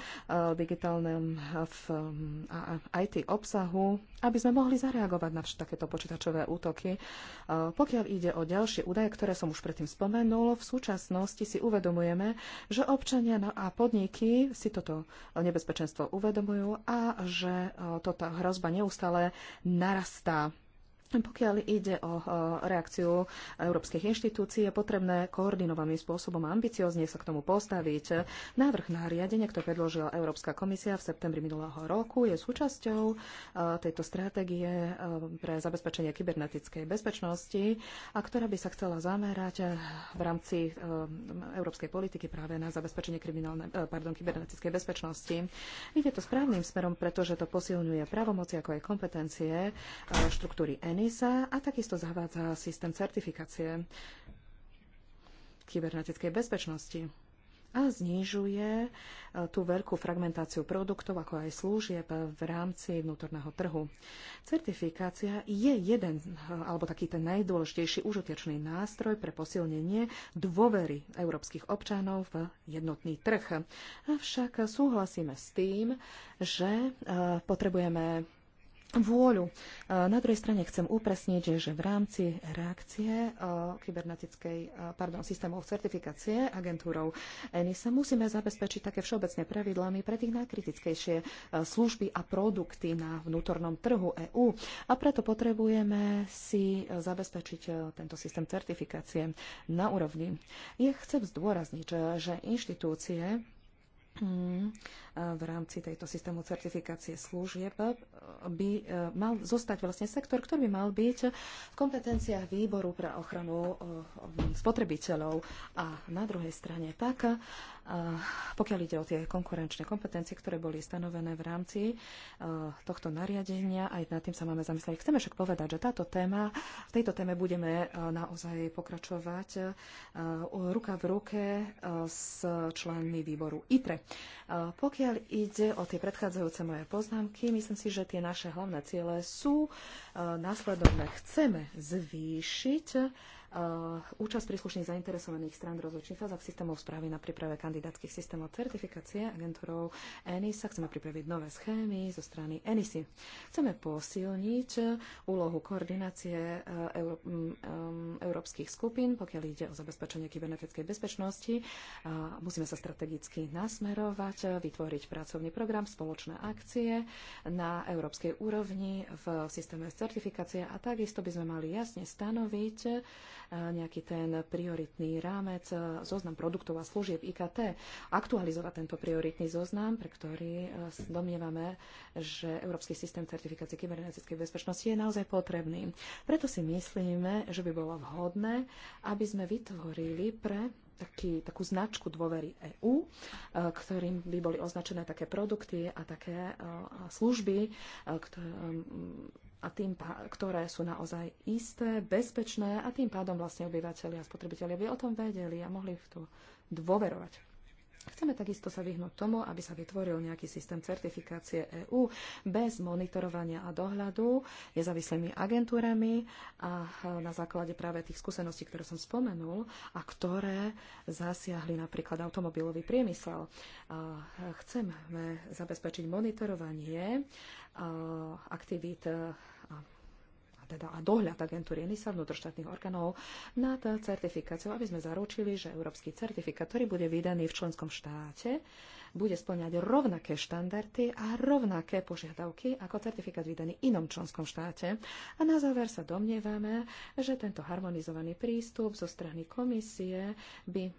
C: digitálnym v IT obsahu, aby sme mohli zareagovať na takéto počítačové útoky. Pokiaľ ide o ďalšie údaje, ktoré som už predtým spomenul, spomenul, v súčasnosti si uvedomujeme, že občania no a podniky si toto nebezpečenstvo uvedomujú a že e, toto hrozba neustále narastá. Pokiaľ ide o reakciu európskych inštitúcií, je potrebné koordinovaným spôsobom ambiciozne sa k tomu postaviť. Návrh nariadenia, ktoré predložila Európska komisia v septembri minulého roku, je súčasťou e, tejto stratégie e, pre zabezpečenie kybernetickej bezpečnosti, a ktorá by sa chcela zamerať e, v rámci európskej politiky práve na zabezpečenie pardon, kybernetickej bezpečnosti. Ide to správnym smerom, pretože to posilňuje právomoci ako aj kompetencie štruktúry N. ENISA a takisto zavádza systém certifikácie kybernetickej bezpečnosti a znižuje e, tú veľkú fragmentáciu produktov, ako aj služieb v rámci vnútorného trhu. Certifikácia je jeden, e, alebo taký ten najdôležitejší užitočný nástroj pre posilnenie dôvery európskych občanov v jednotný trh. Avšak súhlasíme s tým, že e, potrebujeme vôľu. E, na druhej strane chcem upresniť, že v rámci reakcie e, kybernetickej, e, pardon, systémov certifikácie agentúrou ENISA musíme zabezpečiť také všeobecné pravidlami pre tých najkritickejšie služby a produkty na vnútornom trhu EÚ. A preto potrebujeme si zabezpečiť tento systém certifikácie na úrovni. Ja chcem zdôrazniť, že inštitúcie Mm. v rámci tejto systému certifikácie služieb e, by e, mal zostať vlastne sektor, ktorý by mal byť v kompetenciách výboru pre ochranu e, spotrebiteľov a na druhej strane tak, pokiaľ ide o tie konkurenčné kompetencie, ktoré boli stanovené v rámci e, tohto nariadenia, aj nad tým sa máme zamyslieť. Chceme však povedať, že táto téma, v tejto téme budeme e, naozaj pokračovať e, ruka v ruke s členmi výboru ITRE. Pokiaľ ide o tie predchádzajúce moje poznámky, myslím si, že tie naše hlavné ciele sú následovné. Chceme zvýšiť Eh, účasť príslušných zainteresovaných strán rozličných fázach systémov správy na príprave kandidátskych systémov certifikácie agentúrov ENISA. Chceme pripraviť nové schémy zo strany ENISI. Chceme posilniť eh, úlohu koordinácie eh, euró mm, mm, európskych skupín, pokiaľ ide o zabezpečenie kybernetickej bezpečnosti. Musíme sa strategicky nasmerovať, vytvoriť pracovný program, spoločné akcie na európskej úrovni v systéme certifikácie a takisto by sme mali jasne stanoviť, E, nejaký ten prioritný rámec, e, zoznam produktov a služieb IKT, aktualizovať tento prioritný zoznam, pre ktorý e, domnievame, že Európsky systém certifikácie kybernetickej bezpečnosti je naozaj potrebný. Preto si myslíme, že by bolo vhodné, aby sme vytvorili pre taký, takú značku dôvery EÚ, ktorým by boli označené také produkty a také služby, ktoré, a tým, ktoré sú naozaj isté, bezpečné a tým pádom vlastne obyvateľi a spotrebitelia by o tom vedeli a mohli v to dôverovať. Chceme takisto sa vyhnúť tomu, aby sa vytvoril nejaký systém certifikácie EÚ bez monitorovania a dohľadu nezávislými agentúrami a na základe práve tých skúseností, ktoré som spomenul a ktoré zasiahli napríklad automobilový priemysel. chceme zabezpečiť monitorovanie aktivít teda a dohľad agentúry ENISA vnútroštátnych orgánov nad certifikáciou, aby sme zaručili, že európsky certifikát, ktorý bude vydaný v členskom štáte, bude splňať rovnaké štandardy a rovnaké požiadavky ako certifikát vydaný inom členskom štáte. A na záver sa domnievame, že tento harmonizovaný prístup zo strany komisie by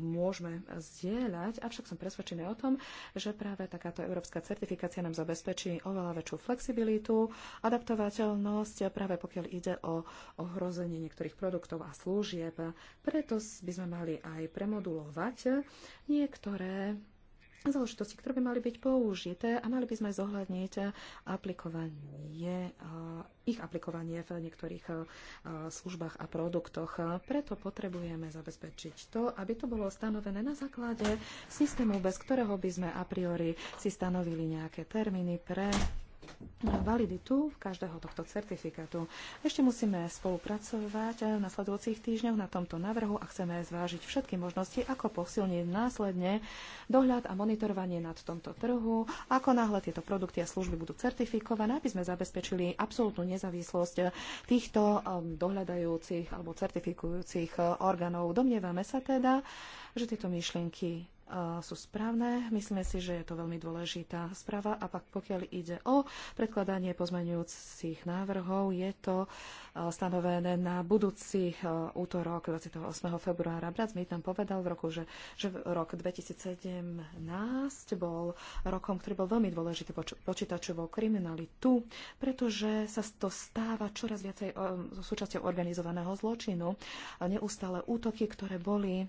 C: môžeme zdieľať, avšak som presvedčený o tom, že práve takáto európska certifikácia nám zabezpečí oveľa väčšiu flexibilitu, adaptovateľnosť, práve pokiaľ ide o ohrozenie niektorých produktov a služieb. Preto by sme mali aj premodulovať niektoré záležitosti, ktoré by mali byť použité a mali by sme zohľadniť aplikovanie, eh, ich aplikovanie v niektorých eh, službách a produktoch. Preto potrebujeme zabezpečiť to, aby to bolo stanovené na základe systému, bez ktorého by sme a priori si stanovili nejaké termíny pre validitu každého tohto certifikátu. Ešte musíme spolupracovať v nasledujúcich týždňoch na tomto návrhu a chceme zvážiť všetky možnosti, ako posilniť následne dohľad a monitorovanie nad tomto trhu, ako náhle tieto produkty a služby budú certifikované, aby sme zabezpečili absolútnu nezávislosť týchto um, dohľadajúcich alebo certifikujúcich uh, orgánov. Domnievame sa teda, že tieto myšlienky sú správne. Myslíme si, že je to veľmi dôležitá správa a pak pokiaľ ide o predkladanie pozmeňujúcich návrhov, je to stanovené na budúci útorok 28. februára. Brat mi tam povedal v roku, že, že rok 2017 bol rokom, ktorý bol veľmi dôležitý poč- počítačovou kriminalitu, pretože sa to stáva čoraz viacej súčasťou organizovaného zločinu. Neustále útoky, ktoré boli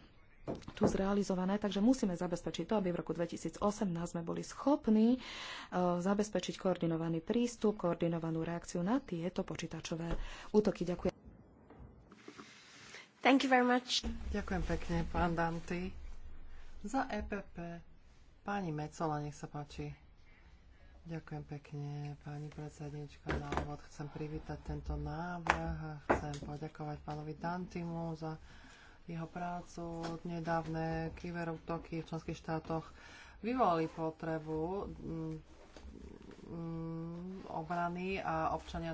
C: tu zrealizované, takže musíme zabezpečiť to, aby v roku 2018 sme boli schopní e, zabezpečiť koordinovaný prístup, koordinovanú reakciu na tieto počítačové útoky. Ďakujem. Thank you very much. Ďakujem pekne, pán Danty.
D: Za EPP pani Mecola, nech sa páči. Ďakujem pekne, pani predsednička. Na úvod chcem privítať tento návrh a chcem poďakovať pánovi Dantimu za jeho prácu. Nedávne kyberútoky v členských štátoch vyvolali potrebu mm, mm, obrany a občania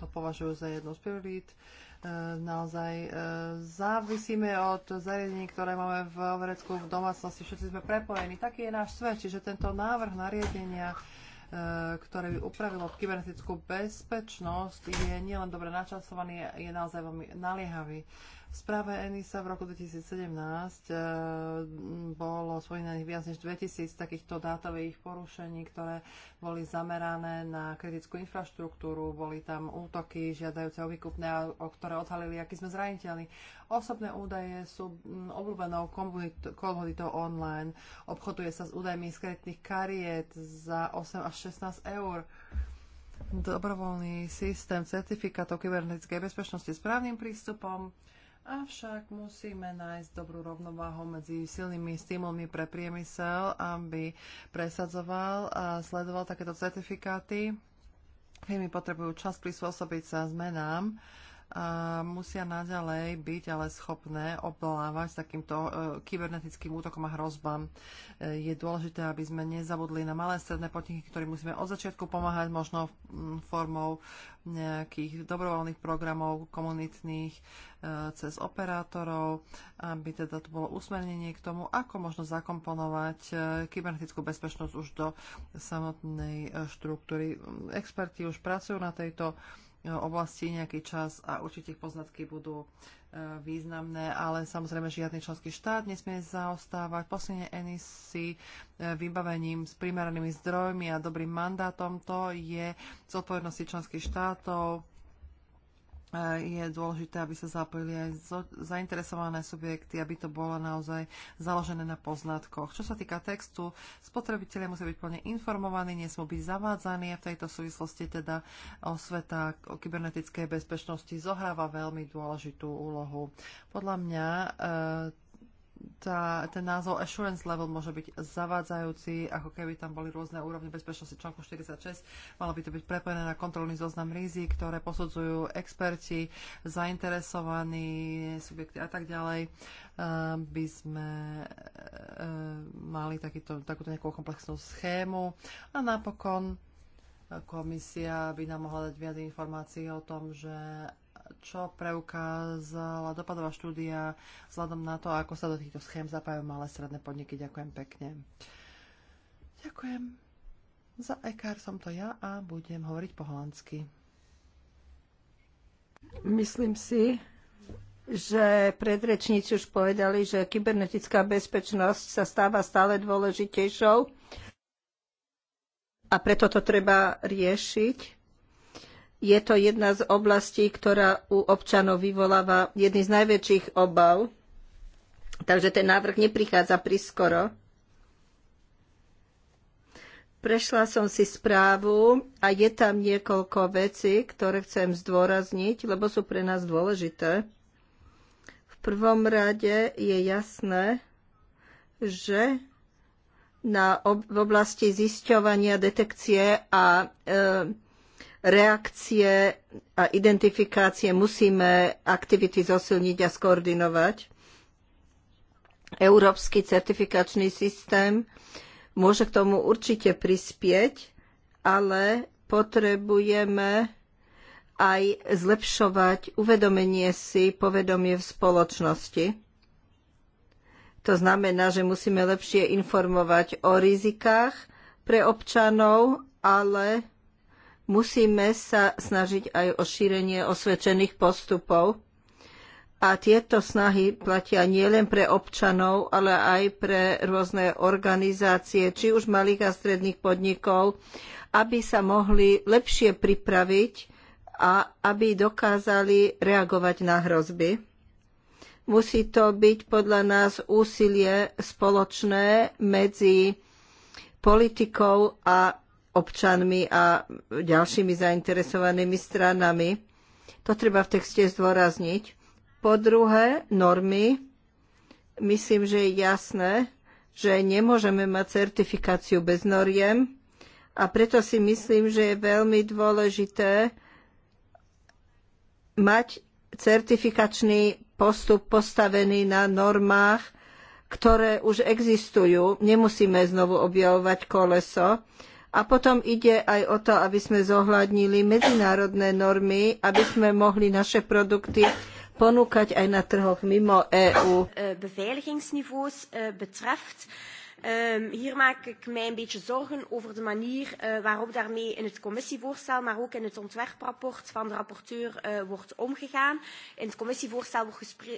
D: to považujú za jednu z priorít. E, naozaj e, závisíme od zariadení, ktoré máme v Overecku v domácnosti. Všetci sme prepojení. Taký je náš svet. Čiže tento návrh nariadenia e, ktoré by upravilo kybernetickú bezpečnosť, je nielen dobre načasovaný, je naozaj veľmi naliehavý. V správe ENISA v roku 2017 e, bolo spomínaných viac než 2000 takýchto dátových porušení, ktoré boli zamerané na kritickú infraštruktúru. Boli tam útoky žiadajúce o výkupné, o ktoré odhalili, aký sme zraniteľní. Osobné údaje sú obľúbenou komoditou online. Obchoduje sa s údajmi z kreditných kariet za 8 až 16 eur dobrovoľný systém certifikátov kybernetickej bezpečnosti s právnym prístupom Avšak musíme nájsť dobrú rovnováhu medzi silnými stimulmi pre priemysel, aby presadzoval a sledoval takéto certifikáty. Firmy potrebujú čas prispôsobiť sa zmenám a musia naďalej byť ale schopné obdolávať takýmto e, kybernetickým útokom a hrozbám. E, je dôležité, aby sme nezabudli na malé stredné podniky, ktorým musíme od začiatku pomáhať možno mm, formou nejakých dobrovoľných programov komunitných e, cez operátorov, aby teda to bolo usmernenie k tomu, ako možno zakomponovať kybernetickú bezpečnosť už do samotnej štruktúry. Experti už pracujú na tejto E, oblasti nejaký čas a určite ich poznatky budú e, významné, ale samozrejme žiadny členský štát nesmie zaostávať. Posledne NEC e, vybavením s primárnymi zdrojmi a dobrým mandátom to je z odpovednosti členských štátov Eh, je dôležité, aby sa zapojili aj zainteresované subjekty, aby to bolo naozaj založené na poznatkoch. Čo sa týka textu, spotrebitelia musia byť plne informovaní, nesmú byť zavádzaní a v tejto súvislosti teda osveta o kybernetickej bezpečnosti zohráva veľmi dôležitú úlohu. Podľa mňa e, tá, ten názov assurance level môže byť zavádzajúci, ako keby tam boli rôzne úrovne bezpečnosti článku 46. Malo by to byť prepojené na kontrolný zoznam rizik, ktoré posudzujú experti, zainteresovaní subjekty a tak ďalej. Ehm, by sme ehm, mali takýto, takúto nejakú komplexnú schému. A napokon e, komisia by nám mohla dať viac informácií o tom, že čo preukázala dopadová štúdia vzhľadom na to, ako sa do týchto schém zapájajú malé stredné podniky. Ďakujem pekne. Ďakujem. Za Ekár
B: som to ja a budem hovoriť po holandsky. Myslím si, že predrečníci už povedali, že kybernetická bezpečnosť sa stáva stále dôležitejšou a preto to treba riešiť je to jedna z oblastí, ktorá u občanov vyvoláva jedny z najväčších obav. Takže ten návrh neprichádza priskoro. Prešla som si správu a je tam niekoľko vecí, ktoré chcem zdôrazniť, lebo sú pre nás dôležité. V prvom rade je jasné, že na ob- v oblasti zisťovania, detekcie a e, reakcie a identifikácie musíme aktivity zosilniť a skoordinovať. Európsky certifikačný systém môže k tomu určite prispieť, ale potrebujeme aj zlepšovať uvedomenie si povedomie v spoločnosti. To znamená, že musíme lepšie informovať o rizikách pre občanov, ale Musíme sa snažiť aj o šírenie osvedčených postupov. A tieto snahy platia nielen pre občanov, ale aj pre rôzne organizácie, či už malých a stredných podnikov, aby sa mohli lepšie pripraviť a aby dokázali reagovať na hrozby. Musí to byť podľa nás úsilie spoločné medzi politikou a občanmi a ďalšími zainteresovanými stranami. To treba v texte zdôrazniť. Po druhé, normy. Myslím, že je jasné, že nemôžeme mať certifikáciu bez noriem a preto si myslím, že je veľmi dôležité mať certifikačný postup postavený na normách, ktoré už existujú. Nemusíme znovu objavovať koleso. A potom ide aj o to, aby sme zohľadnili medzinárodné normy, aby sme mohli naše produkty ponúkať aj na trhoch mimo EÚ.
A: Eh, beveiligingsniveaus eh, betreft. Ehm, hier maak ik mij een beetje zorgen over de manier eh, waarop daarmee in het commissievoorstel, maar ook in het ontwerprapport van de rapporteur wordt omgegaan. In het commissievoorstel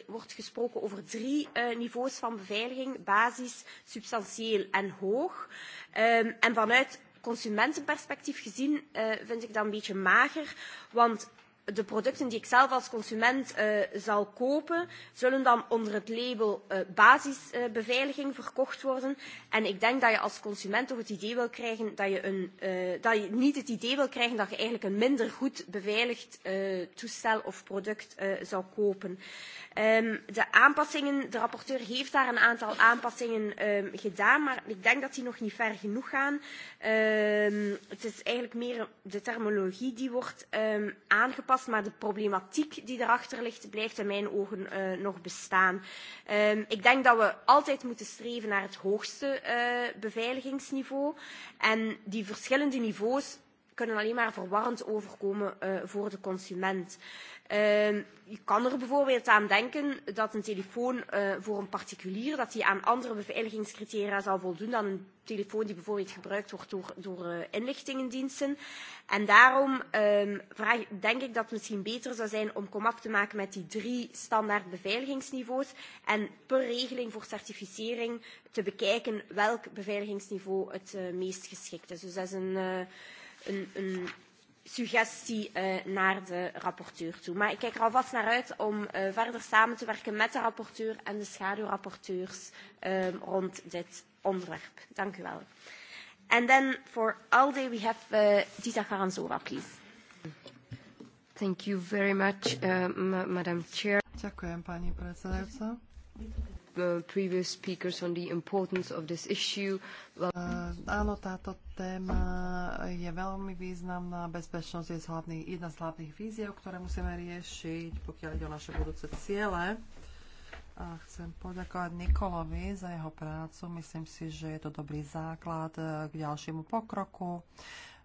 A: wordt gesproken over drie niveaus van beveiliging, basis, substantieel en hoog. Ehm, en vanuit consumentenperspectief gezien eh, vind ik dat een beetje mager. Want de producten die ik zelf als consument uh, eh, zal kopen, zullen dan onder het label uh, basisbeveiliging eh, verkocht worden. En ik denk dat je als consument toch het idee wil krijgen dat je, een, uh, dat je niet het idee wil krijgen dat je eigenlijk een minder goed beveiligd uh, toestel of product uh, zou kopen. Um, de aanpassingen, de rapporteur heeft daar een aantal aanpassingen um, gedaan, maar ik denk dat die nog niet ver genoeg gaan. Um, het is eigenlijk meer de terminologie die wordt um, aangepast aangepast, maar de problematiek die erachter ligt blijft in mijn ogen uh, nog bestaan. Uh, ik denk dat we altijd moeten streven naar het hoogste uh, beveiligingsniveau en die verschillende niveaus kunnen alleen maar verwarrend overkomen uh, voor de consument. Uh, je kan er bijvoorbeeld aan denken dat een telefoon uh, voor een particulier dat die aan andere beveiligingscriteria zal voldoen dan een telefoon die bijvoorbeeld gebruikt wordt door, door uh, inlichtingendiensten. En daarom uh, vraag, denk ik dat het misschien beter zou zijn om komaf te maken met die drie standaard beveiligingsniveaus en per regeling voor certificering te bekijken welk beveiligingsniveau het uh, meest geschikt is. Dus dat is een... Uh, een, een suggestie uh, naar de rapporteur toe. Maar ik kijk er alvast naar uit om uh, verder samen te werken met de rapporteur en de schaduwrapporteurs uh, rond dit onderwerp. Dank u wel. And then for ALDE we have uh, Dita Garanzova, please.
C: Thank you very much, uh,
D: Madam Chair. Ďakujem, pani predsedajúca previous speakers on the importance of this issue. Well... Uh, áno, táto téma je veľmi významná. Bezpečnosť je jedna z hlavných víziev, ktoré musíme riešiť, pokiaľ ide o naše budúce ciele. A chcem poďakovať Nikolovi za jeho prácu. Myslím si, že je to dobrý základ eh, k ďalšiemu pokroku.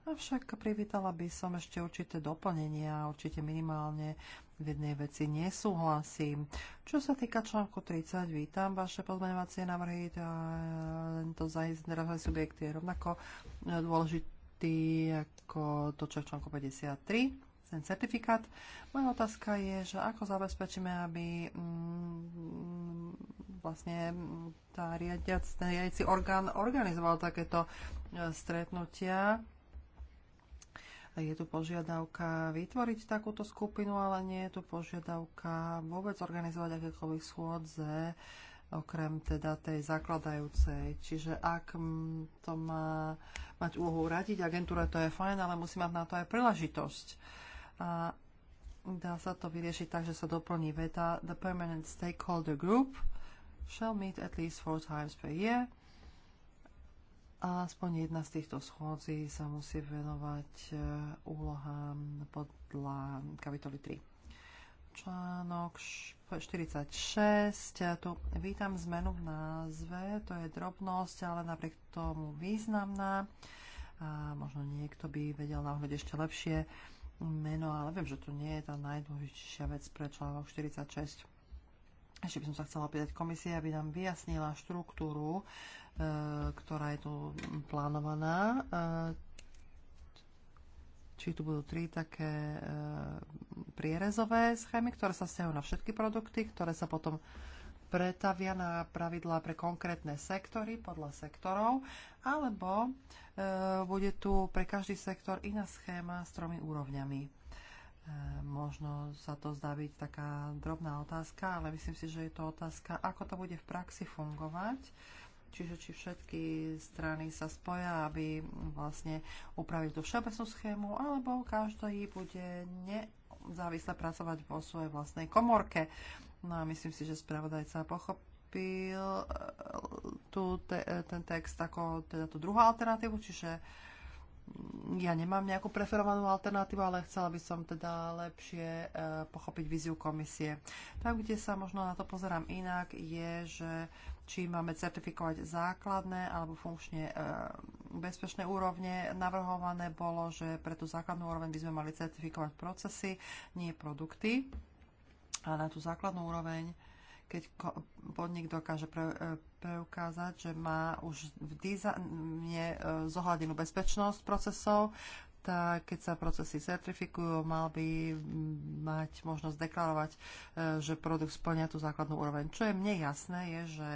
D: Avšak privítala by som ešte určité doplnenia, určite minimálne v jednej veci nesúhlasím. Čo sa týka článku 30, vítam vaše pozmeňovacie návrhy, to zaistné subjekt je rovnako e, dôležitý ako to, čo je v článku 53 ten certifikát. Moja otázka je, že ako zabezpečíme, aby mm, vlastne mm, tá riadiac, ten riadiaci orgán organizoval takéto e, stretnutia je tu požiadavka vytvoriť takúto skupinu, ale nie je tu požiadavka vôbec organizovať akékoľvek schôdze, okrem teda tej zakladajúcej. Čiže ak to má mať úlohu radiť agentúra, to je fajn, ale musí mať na to aj príležitosť. A dá sa to vyriešiť tak, že sa doplní veta The Permanent Stakeholder Group shall meet at least four times per year a aspoň jedna z týchto schôdzí sa musí venovať e, úlohám podľa kapitoly 3. Článok 46. E, tu vítam zmenu v názve, to je drobnosť, ale napriek tomu významná. A možno niekto by vedel náhľad ešte lepšie meno, ale viem, že to nie je tá najdôležitejšia vec pre článok 46. Ešte by som sa chcela opýtať komisie, aby nám vyjasnila štruktúru, e, ktorá je tu plánovaná. E, či tu budú tri také e, prierezové schémy, ktoré sa vzťahujú na všetky produkty, ktoré sa potom pretavia na pravidlá pre konkrétne sektory podľa sektorov, alebo bude tu pre každý sektor iná schéma s tromi úrovňami. Eh, možno sa to zdá byť taká drobná otázka, ale myslím si, že je to otázka, ako to bude v praxi fungovať. Čiže či všetky strany sa spoja, aby vlastne upravili tú všeobecnú schému, alebo každý bude nezávisle pracovať vo svojej vlastnej komorke. No a myslím si, že spravodajca pochopil eh, tú te, ten text ako teda tú druhú alternatívu, čiže uh, ja nemám nejakú preferovanú alternatívu, ale chcela by som teda lepšie e, pochopiť víziu komisie. Tam, kde sa možno na to pozerám inak, je, že či máme certifikovať základné alebo funkčne e, bezpečné úrovne. Navrhované bolo, že pre tú základnú úroveň by sme mali certifikovať procesy, nie produkty. A na tú základnú úroveň keď podnik dokáže pre, e, preukázať, že má už v dizajne e, zohľadenú bezpečnosť procesov, tak keď sa procesy certifikujú, mal by mať možnosť deklarovať, e, že produkt splňa tú základnú úroveň. Čo je mne jasné, je, že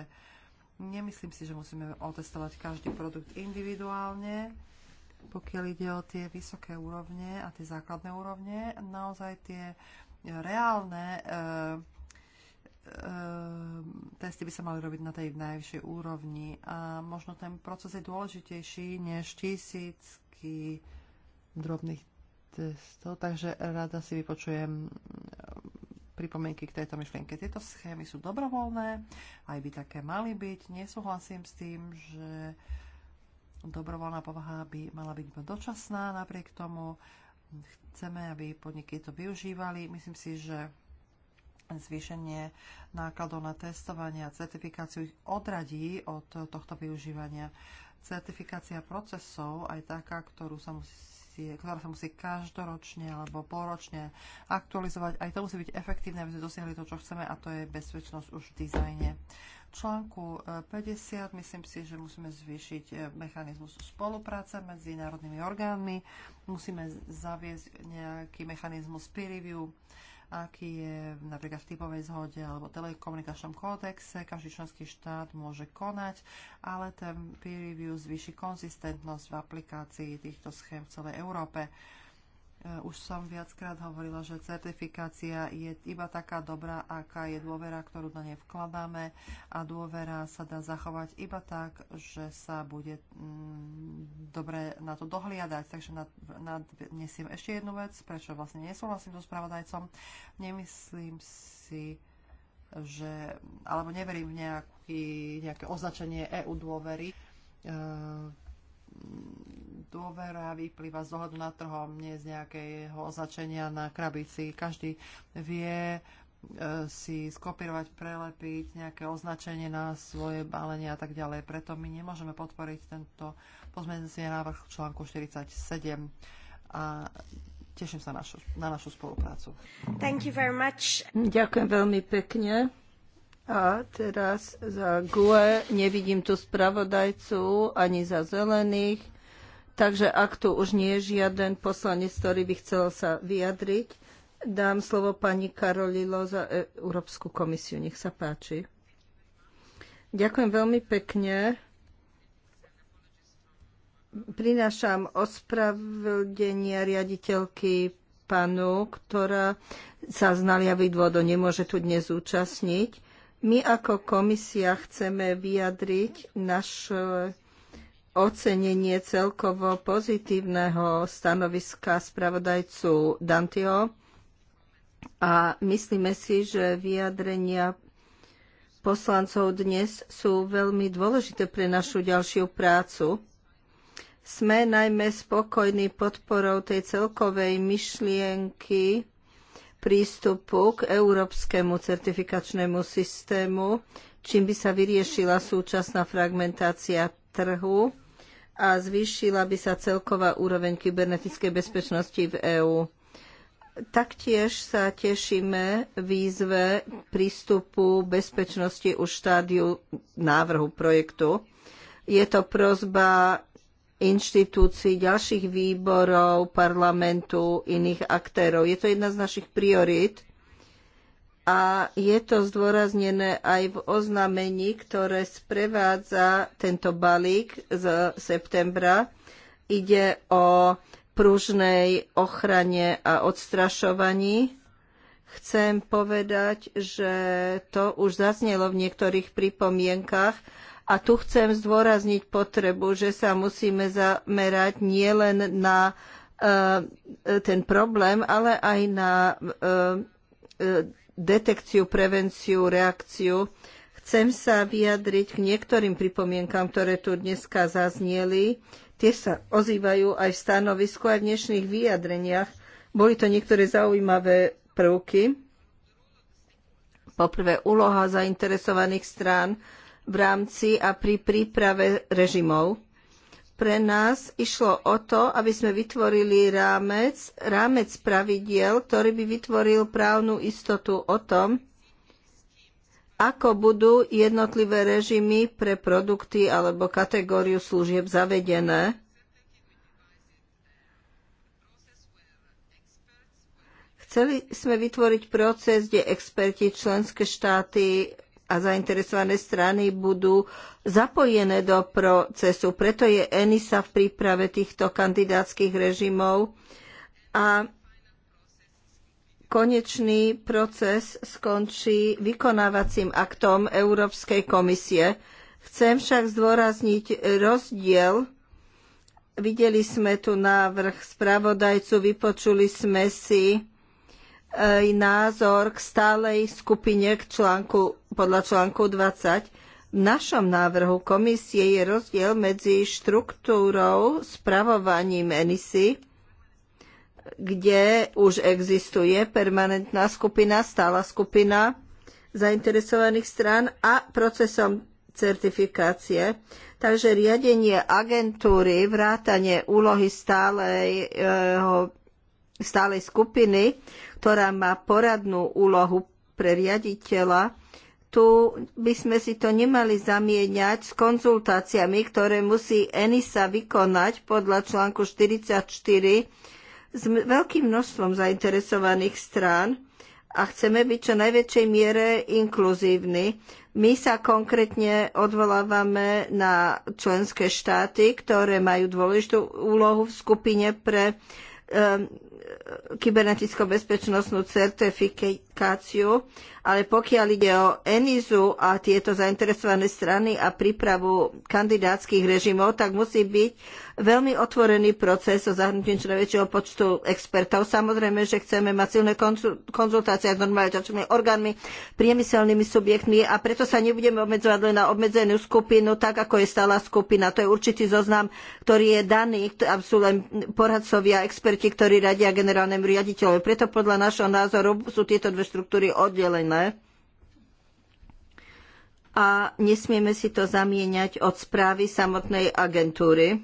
D: nemyslím si, že musíme otestovať každý produkt individuálne, pokiaľ ide o tie vysoké úrovne a tie základné úrovne, naozaj tie reálne e, Ehm, testy by sa mali robiť na tej najvyššej úrovni a možno ten proces je dôležitejší než tisícky drobných testov, takže rada si vypočujem ehm, pripomienky k tejto myšlienke. Tieto schémy sú dobrovoľné, aj by také mali byť. Nesúhlasím s tým, že dobrovoľná povaha by mala byť iba dočasná, napriek tomu chceme, aby podniky to využívali. Myslím si, že zvýšenie nákladov na testovanie a certifikáciu ich odradí od tohto využívania. Certifikácia procesov, aj taká, ktorú sa musí, ktorá sa musí každoročne alebo polročne aktualizovať, aj to musí byť efektívne, aby sme dosiahli to, čo chceme, a to je bezpečnosť už v dizajne. V článku 50 e, myslím si, že musíme zvýšiť e, mechanizmus spolupráce medzi národnými orgánmi, musíme zaviesť nejaký mechanizmus peer review, aký je napríklad v typovej zhode alebo telekomunikačnom kódexe. Každý členský štát môže konať, ale ten peer review zvýši konzistentnosť v aplikácii týchto schém v celej Európe. Eh, už som viackrát hovorila, že certifikácia je iba taká dobrá, aká je dôvera, ktorú do nej vkladáme a dôvera sa dá zachovať iba tak, že sa bude mm, dobre na to dohliadať. Takže nad, nadnesiem ešte jednu vec, prečo vlastne nesúhlasím so spravodajcom. Nemyslím si, že, alebo neverím v nejaký, nejaké označenie EU dôvery. E dôvera vyplýva z dohľadu na trhom, nie z nejakého označenia na krabici. Každý vie e, si skopírovať, prelepiť nejaké označenie na svoje balenie a tak ďalej. Preto my nemôžeme podporiť tento pozmeňujúci návrh článku 47
B: a teším sa na našu, na našu spoluprácu.
A: Thank you very much.
B: Ďakujem veľmi pekne. A teraz za GUE nevidím tu spravodajcu ani za zelených. Takže ak tu už nie je žiaden poslanec, ktorý by chcel sa vyjadriť, dám slovo pani Karolilo za e- Európsku komisiu. Nech sa páči. Ďakujem veľmi pekne. Prinášam ospravedlenia riaditeľky panu, ktorá sa z naliavých dôvodov nemôže tu dnes zúčastniť my ako komisia chceme vyjadriť naše ocenenie celkovo pozitívneho stanoviska spravodajcu Dantio a myslíme si, že vyjadrenia poslancov dnes sú veľmi dôležité pre našu ďalšiu prácu. Sme najmä spokojní podporou tej celkovej myšlienky prístupu k európskemu certifikačnému systému, čím by sa vyriešila súčasná fragmentácia trhu a zvýšila by sa celková úroveň kybernetickej bezpečnosti v EÚ. Taktiež sa tešíme výzve prístupu bezpečnosti už štádiu návrhu projektu. Je to prozba inštitúcií, ďalších výborov, parlamentu, iných aktérov. Je to jedna z našich priorít a je to zdôraznené aj v oznámení, ktoré sprevádza tento balík z septembra. Ide o pružnej ochrane a odstrašovaní. Chcem povedať, že to už zaznelo v niektorých pripomienkach, a tu chcem zdôrazniť potrebu, že sa musíme zamerať nielen na e, ten problém, ale aj na e, e, detekciu, prevenciu, reakciu. Chcem sa vyjadriť k niektorým pripomienkam, ktoré tu dneska zaznieli. Tie sa ozývajú aj v stanovisku, aj v dnešných vyjadreniach. Boli to niektoré zaujímavé prvky. Poprvé, úloha zainteresovaných strán v rámci a pri príprave režimov. Pre nás išlo o to, aby sme vytvorili rámec, rámec pravidiel, ktorý by vytvoril právnu istotu o tom, ako budú jednotlivé režimy pre produkty alebo kategóriu služieb zavedené. Chceli sme vytvoriť proces, kde experti, členské štáty, a zainteresované strany budú zapojené do procesu. Preto je ENISA v príprave týchto kandidátskych režimov a konečný proces skončí vykonávacím aktom Európskej komisie. Chcem však zdôrazniť rozdiel. Videli sme tu návrh spravodajcu, vypočuli sme si Eh, názor k stálej skupine k článku, podľa článku 20. V našom návrhu komisie je rozdiel medzi štruktúrou spravovaním ENISY, kde už existuje permanentná skupina, stála skupina zainteresovaných strán a procesom certifikácie. Takže riadenie agentúry, vrátanie úlohy stálej, eh, stálej skupiny ktorá má poradnú úlohu pre riaditeľa, tu by sme si to nemali zamieňať s konzultáciami, ktoré musí ENISA vykonať podľa článku 44 s veľkým množstvom zainteresovaných strán a chceme byť čo najväčšej miere inkluzívni. My sa konkrétne odvolávame na členské štáty, ktoré majú dôležitú úlohu v skupine pre ehm, kybernetickú bezpečnostnú certifikáciu, ale pokiaľ ide o ENISu a tieto zainteresované strany a prípravu kandidátskych režimov, tak musí byť veľmi otvorený proces so zahrnutím čo najväčšieho počtu expertov. Samozrejme, že chceme mať silné konzultácie s normalizačnými orgánmi, priemyselnými subjektmi a preto sa nebudeme obmedzovať len na obmedzenú skupinu, tak ako je stála skupina. To je určitý zoznam, ktorý je daný, a sú len poradcovia, experti, ktorí radia generálne generálnemu riaditeľovi. Preto podľa našho názoru sú tieto dve štruktúry oddelené a nesmieme si to zamieňať od správy samotnej agentúry.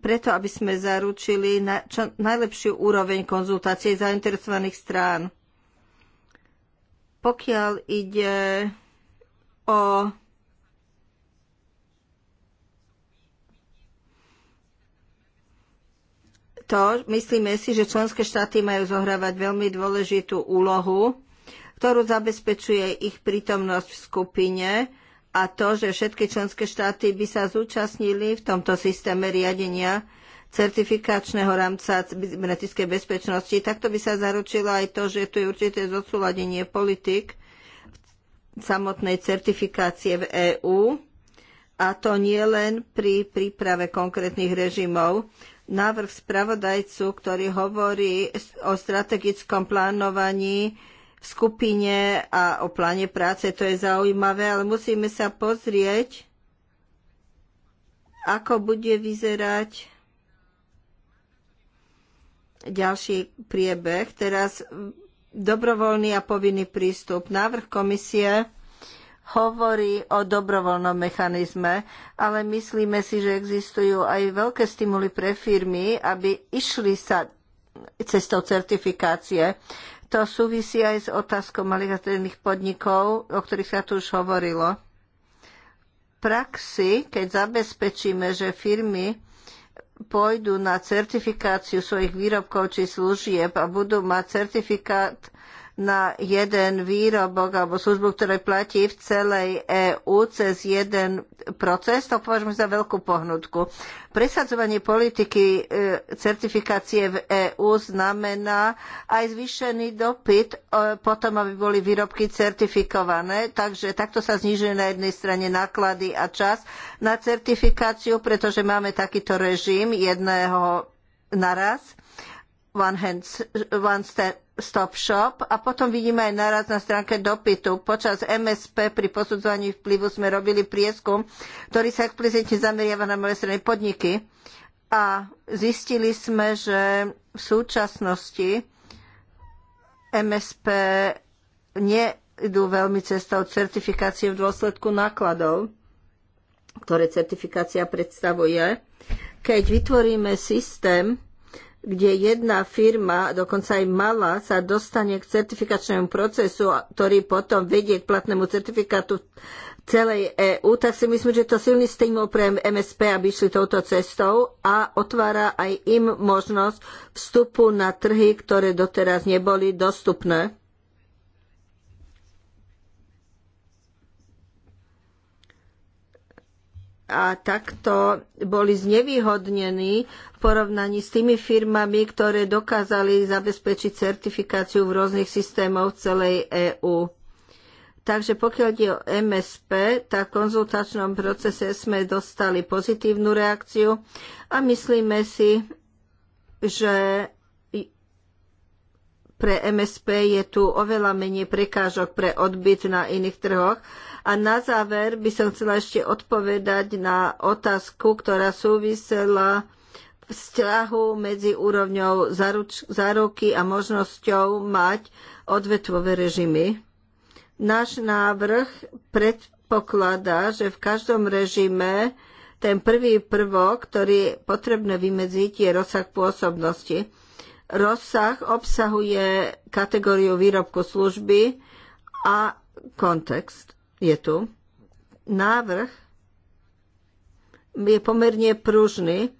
B: Preto, aby sme zaručili na, čo najlepšiu úroveň konzultácie zainteresovaných strán. Pokiaľ ide o to, myslíme si, že členské štáty majú zohrávať veľmi dôležitú úlohu, ktorú zabezpečuje ich prítomnosť v skupine a to, že všetky členské štáty by sa zúčastnili v tomto systéme riadenia certifikačného rámca kybernetickej bezpečnosti. Takto by sa zaručilo aj to, že tu je určité zosúladenie politik samotnej certifikácie v EÚ a to nie len pri príprave konkrétnych režimov návrh spravodajcu, ktorý hovorí o strategickom plánovaní v skupine a o pláne práce. To je zaujímavé, ale musíme sa pozrieť, ako bude vyzerať ďalší priebeh. Teraz dobrovoľný a povinný prístup. Návrh komisie hovorí o dobrovoľnom mechanizme, ale myslíme si, že existujú aj veľké stimuly pre firmy, aby išli sa cestou certifikácie. To súvisí aj s otázkou malých a stredných podnikov, o ktorých sa tu už hovorilo. V praxi, keď zabezpečíme, že firmy pôjdu na certifikáciu svojich výrobkov či služieb a budú mať certifikát na jeden výrobok alebo službu, ktoré platí v celej EÚ cez jeden proces, to považujem za veľkú pohnutku. Presadzovanie politiky e, certifikácie v EÚ znamená aj zvýšený dopyt e, potom, aby boli výrobky certifikované, takže takto sa znižuje na jednej strane náklady a čas na certifikáciu, pretože máme takýto režim jedného naraz one, hand, one step, Stop Shop a potom vidíme aj naraz na stránke dopytu. Počas MSP pri posudzovaní vplyvu sme robili prieskum, ktorý sa explicitne zameriava na malé strany podniky a zistili sme, že v súčasnosti MSP nejdú veľmi cestou certifikácie v dôsledku nákladov, ktoré certifikácia predstavuje. Keď vytvoríme systém, kde jedna firma, dokonca aj malá, sa dostane k certifikačnému procesu, ktorý potom vedie k platnému certifikátu celej EÚ, tak si myslím, že to silný stimul pre MSP, aby išli touto cestou a otvára aj im možnosť vstupu na trhy, ktoré doteraz neboli dostupné. a takto boli znevýhodnení v porovnaní s tými firmami, ktoré dokázali zabezpečiť certifikáciu v rôznych systémoch v celej EÚ. Takže pokiaľ ide o MSP, tak v konzultačnom procese sme dostali pozitívnu reakciu a myslíme si, že pre MSP je tu oveľa menej prekážok pre odbyt na iných trhoch a na záver by som chcela ešte odpovedať na otázku, ktorá súvisela vzťahu medzi úrovňou záruky a možnosťou mať odvetvové režimy. Náš návrh predpokladá, že v každom režime ten prvý prvok, ktorý je potrebné vymedziť, je rozsah pôsobnosti. Rozsah obsahuje kategóriu výrobku služby a kontext je tu. Návrh je pomerne pružný.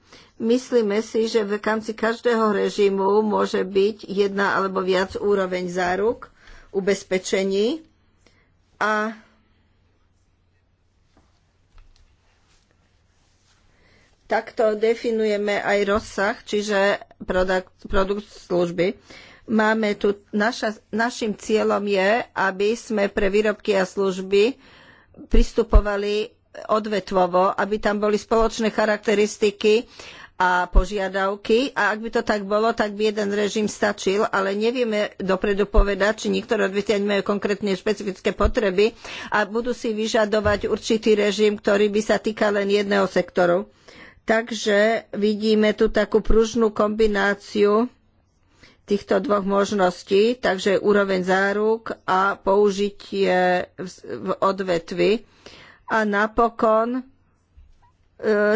B: Myslíme si, že v rámci každého režimu môže byť jedna alebo viac úroveň záruk, ubezpečení a takto definujeme aj rozsah, čiže produkt, produkt služby. Máme tu, naša, našim cieľom je, aby sme pre výrobky a služby pristupovali odvetvovo, aby tam boli spoločné charakteristiky a požiadavky a ak by to tak bolo, tak by jeden režim stačil, ale nevieme dopredu povedať, či niektoré odvetvia majú konkrétne špecifické potreby a budú si vyžadovať určitý režim, ktorý by sa týkal len jedného sektoru. Takže vidíme tu takú pružnú kombináciu týchto dvoch možností, takže úroveň záruk a použitie v odvetvi. A napokon e,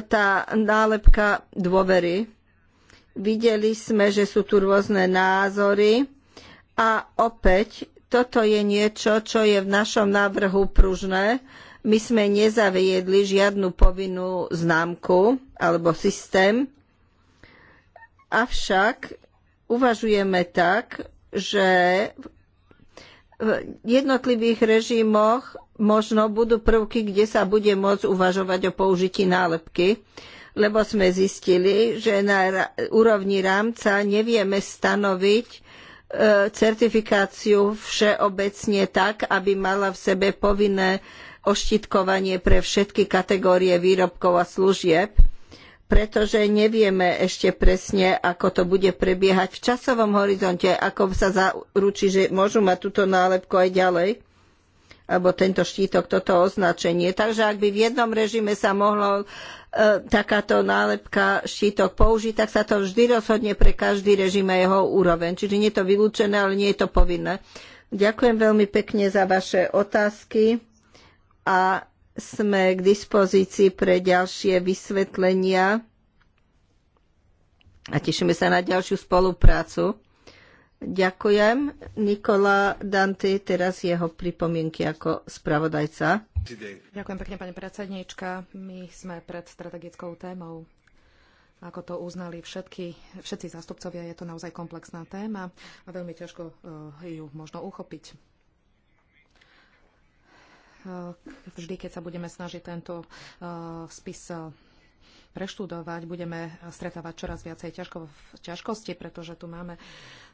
B: tá nálepka dôvery. Videli sme, že sú tu rôzne názory a opäť toto je niečo, čo je v našom návrhu pružné. My sme nezaviedli žiadnu povinnú známku alebo systém, avšak uvažujeme tak, že v jednotlivých režimoch možno budú prvky, kde sa bude môcť uvažovať o použití nálepky, lebo sme zistili, že na úrovni rámca nevieme stanoviť e, certifikáciu všeobecne tak, aby mala v sebe povinné oštítkovanie pre všetky kategórie výrobkov a služieb pretože nevieme ešte presne, ako to bude prebiehať v časovom horizonte, ako sa zaručí, že môžu mať túto nálepku aj ďalej alebo tento štítok, toto označenie. Takže ak by v jednom režime sa mohlo e, takáto nálepka štítok použiť, tak sa to vždy rozhodne pre každý režim a jeho úroveň. Čiže nie je to vylúčené, ale nie je to povinné. Ďakujem veľmi pekne za vaše otázky a sme k dispozícii pre ďalšie vysvetlenia a tešíme sa na ďalšiu spoluprácu. Ďakujem. Nikola Dante, teraz jeho pripomienky ako spravodajca.
C: Ďakujem pekne, pani predsedníčka. My sme pred strategickou témou. Ako to uznali všetky, všetci zástupcovia, je to naozaj komplexná téma a veľmi ťažko eh, ju možno uchopiť. Eh, vždy, keď sa budeme snažiť tento eh, spis eh, preštudovať, budeme stretávať čoraz viacej ťažko, ťažkosti, pretože tu máme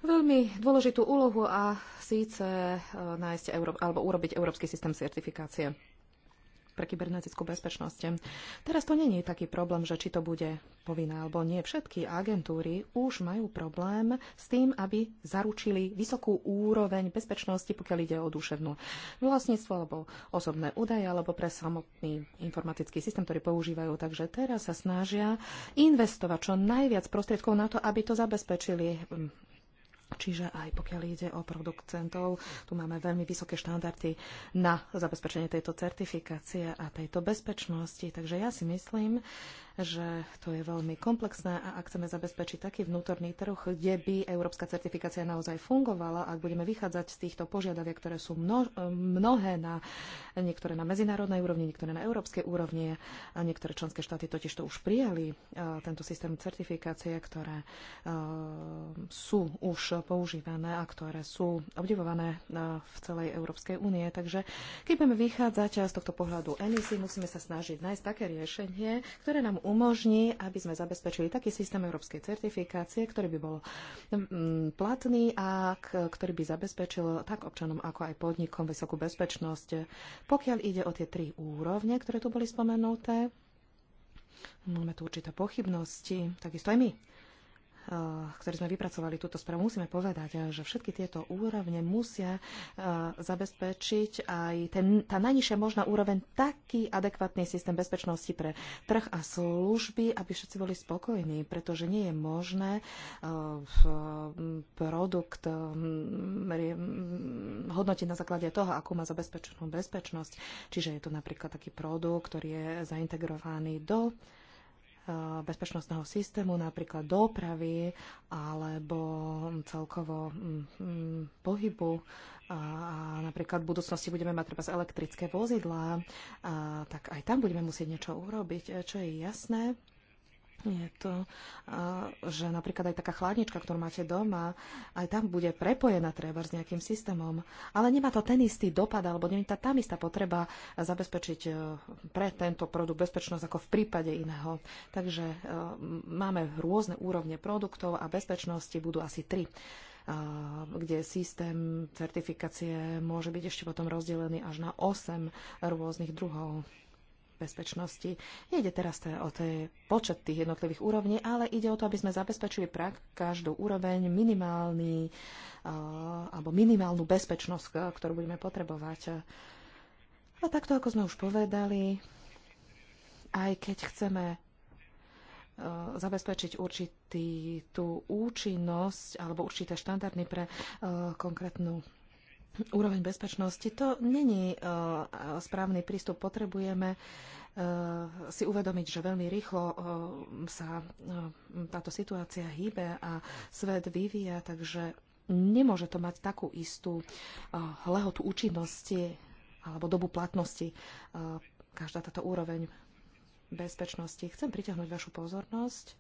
C: veľmi dôležitú úlohu a síce nájsť Euró- alebo urobiť európsky systém certifikácie pre kybernetickú bezpečnosť. Teraz to není taký problém, že či to bude povinné alebo nie. Všetky agentúry už majú problém s tým, aby zaručili vysokú úroveň bezpečnosti, pokiaľ ide o duševnú vlastníctvo alebo osobné údaje alebo pre samotný informatický systém, ktorý používajú. Takže teraz sa snažia investovať čo najviac prostriedkov na to, aby to zabezpečili Čiže aj pokiaľ ide o producentov, tu máme veľmi vysoké štandardy na zabezpečenie tejto certifikácie a tejto bezpečnosti. Takže ja si myslím, že to je veľmi komplexné a ak chceme zabezpečiť taký vnútorný trh, kde by európska certifikácia naozaj fungovala, ak budeme vychádzať z týchto požiadaviek, ktoré sú mno, mnohé na niektoré na medzinárodnej úrovni, niektoré na európskej úrovni a niektoré členské štáty totiž to už prijali e, tento systém certifikácie, ktoré e, sú už používané a ktoré sú obdivované e, v celej Európskej únie. Takže keď budeme vychádzať z tohto pohľadu emisí, musíme sa snažiť nájsť také riešenie, ktoré nám umožní, aby sme zabezpečili taký systém európskej certifikácie, ktorý by bol mm, platný a ktorý by zabezpečil tak občanom, ako aj podnikom vysokú bezpečnosť. Pokiaľ ide o tie tri úrovne, ktoré tu boli spomenuté, máme tu určité pochybnosti, takisto aj my Eh, ktorí sme vypracovali túto správu, musíme povedať, eh, že všetky tieto úrovne musia eh, zabezpečiť aj ten, tá najnižšia možná úroveň taký adekvátny systém bezpečnosti pre trh a služby, aby všetci boli spokojní, pretože nie je možné produkt hodnotiť na základe toho, akú má zabezpečenú bezpečnosť. Čiže je to napríklad taký produkt, ktorý je zaintegrovaný do Eh, bezpečnostného systému, napríklad dopravy alebo celkovo mm, mm, pohybu. A napríklad v budúcnosti budeme mať treba z elektrické vozidlá, tak aj tam budeme musieť niečo urobiť, eh, čo je jasné je to, že napríklad aj taká chladnička, ktorú máte doma, aj tam bude prepojená treba s nejakým systémom, ale nemá to ten istý dopad, alebo nie je tá tam istá potreba zabezpečiť e, pre tento produkt bezpečnosť ako v prípade iného. Takže e, máme rôzne úrovne produktov a bezpečnosti budú asi tri e, kde systém certifikácie môže byť ešte potom rozdelený až na 8 rôznych druhov bezpečnosti. Nejde teraz o ten počet tých jednotlivých úrovní, ale ide o to, aby sme zabezpečili prak každú úroveň minimálny alebo minimálnu bezpečnosť, ktorú budeme potrebovať. A takto, ako sme už povedali, aj keď chceme e, zabezpečiť určitý tú účinnosť alebo určité štandardy pre e, konkrétnu úroveň bezpečnosti. To není e, správny prístup. Potrebujeme e, si uvedomiť, že veľmi rýchlo e, sa táto situácia hýbe a svet vyvíja, takže nemôže to mať takú istú lehotu účinnosti alebo dobu platnosti každá táto úroveň bezpečnosti. Chcem priťahnuť vašu pozornosť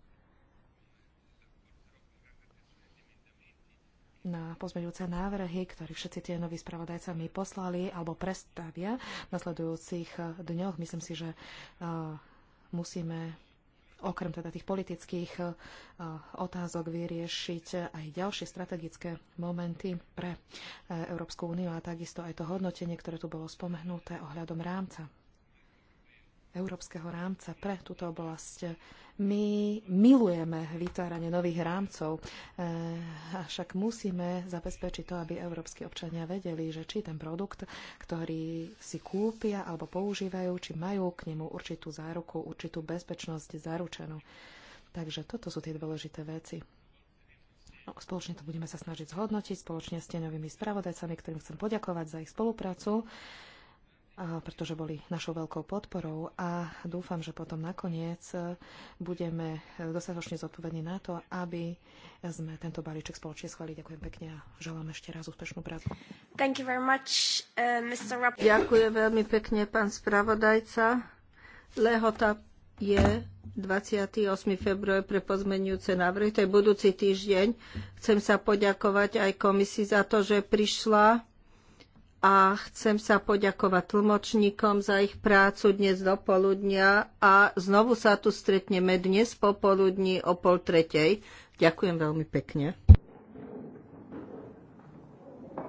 C: na pozmeňujúce návrhy, ktoré všetci tie noví spravodajca mi poslali alebo prestavia v nasledujúcich dňoch. Myslím si, že e, musíme okrem teda tých politických e, otázok vyriešiť aj ďalšie strategické momenty pre e, Európsku úniu a takisto aj to hodnotenie, ktoré tu bolo spomenuté ohľadom rámca európskeho rámca pre túto oblasť. My milujeme vytváranie nových rámcov, eh, avšak musíme zabezpečiť to, aby európsky občania vedeli, že či ten produkt, ktorý si kúpia alebo používajú, či majú k nemu určitú záruku, určitú bezpečnosť zaručenú. Takže toto sú tie dôležité veci. No, spoločne to budeme sa snažiť zhodnotiť, spoločne s tieňovými spravodajcami, ktorým chcem poďakovať za ich spoluprácu pretože boli našou veľkou podporou a dúfam, že potom nakoniec e, budeme e, dostatočne zodpovední na to, aby sme tento balíček spoločne schválili. Ďakujem pekne a želám ešte raz úspešnú prácu. Thank you
A: very
B: much, uh, e, Mr. Ďakujem veľmi pekne, pán spravodajca. Lehota je 28. február pre pozmenujúce návrhy, to je budúci týždeň. Chcem sa poďakovať aj komisii za to, že prišla a chcem sa poďakovať tlmočníkom za ich prácu dnes do poludnia a znovu sa tu stretneme dnes popoludní o pol tretej. Ďakujem veľmi pekne.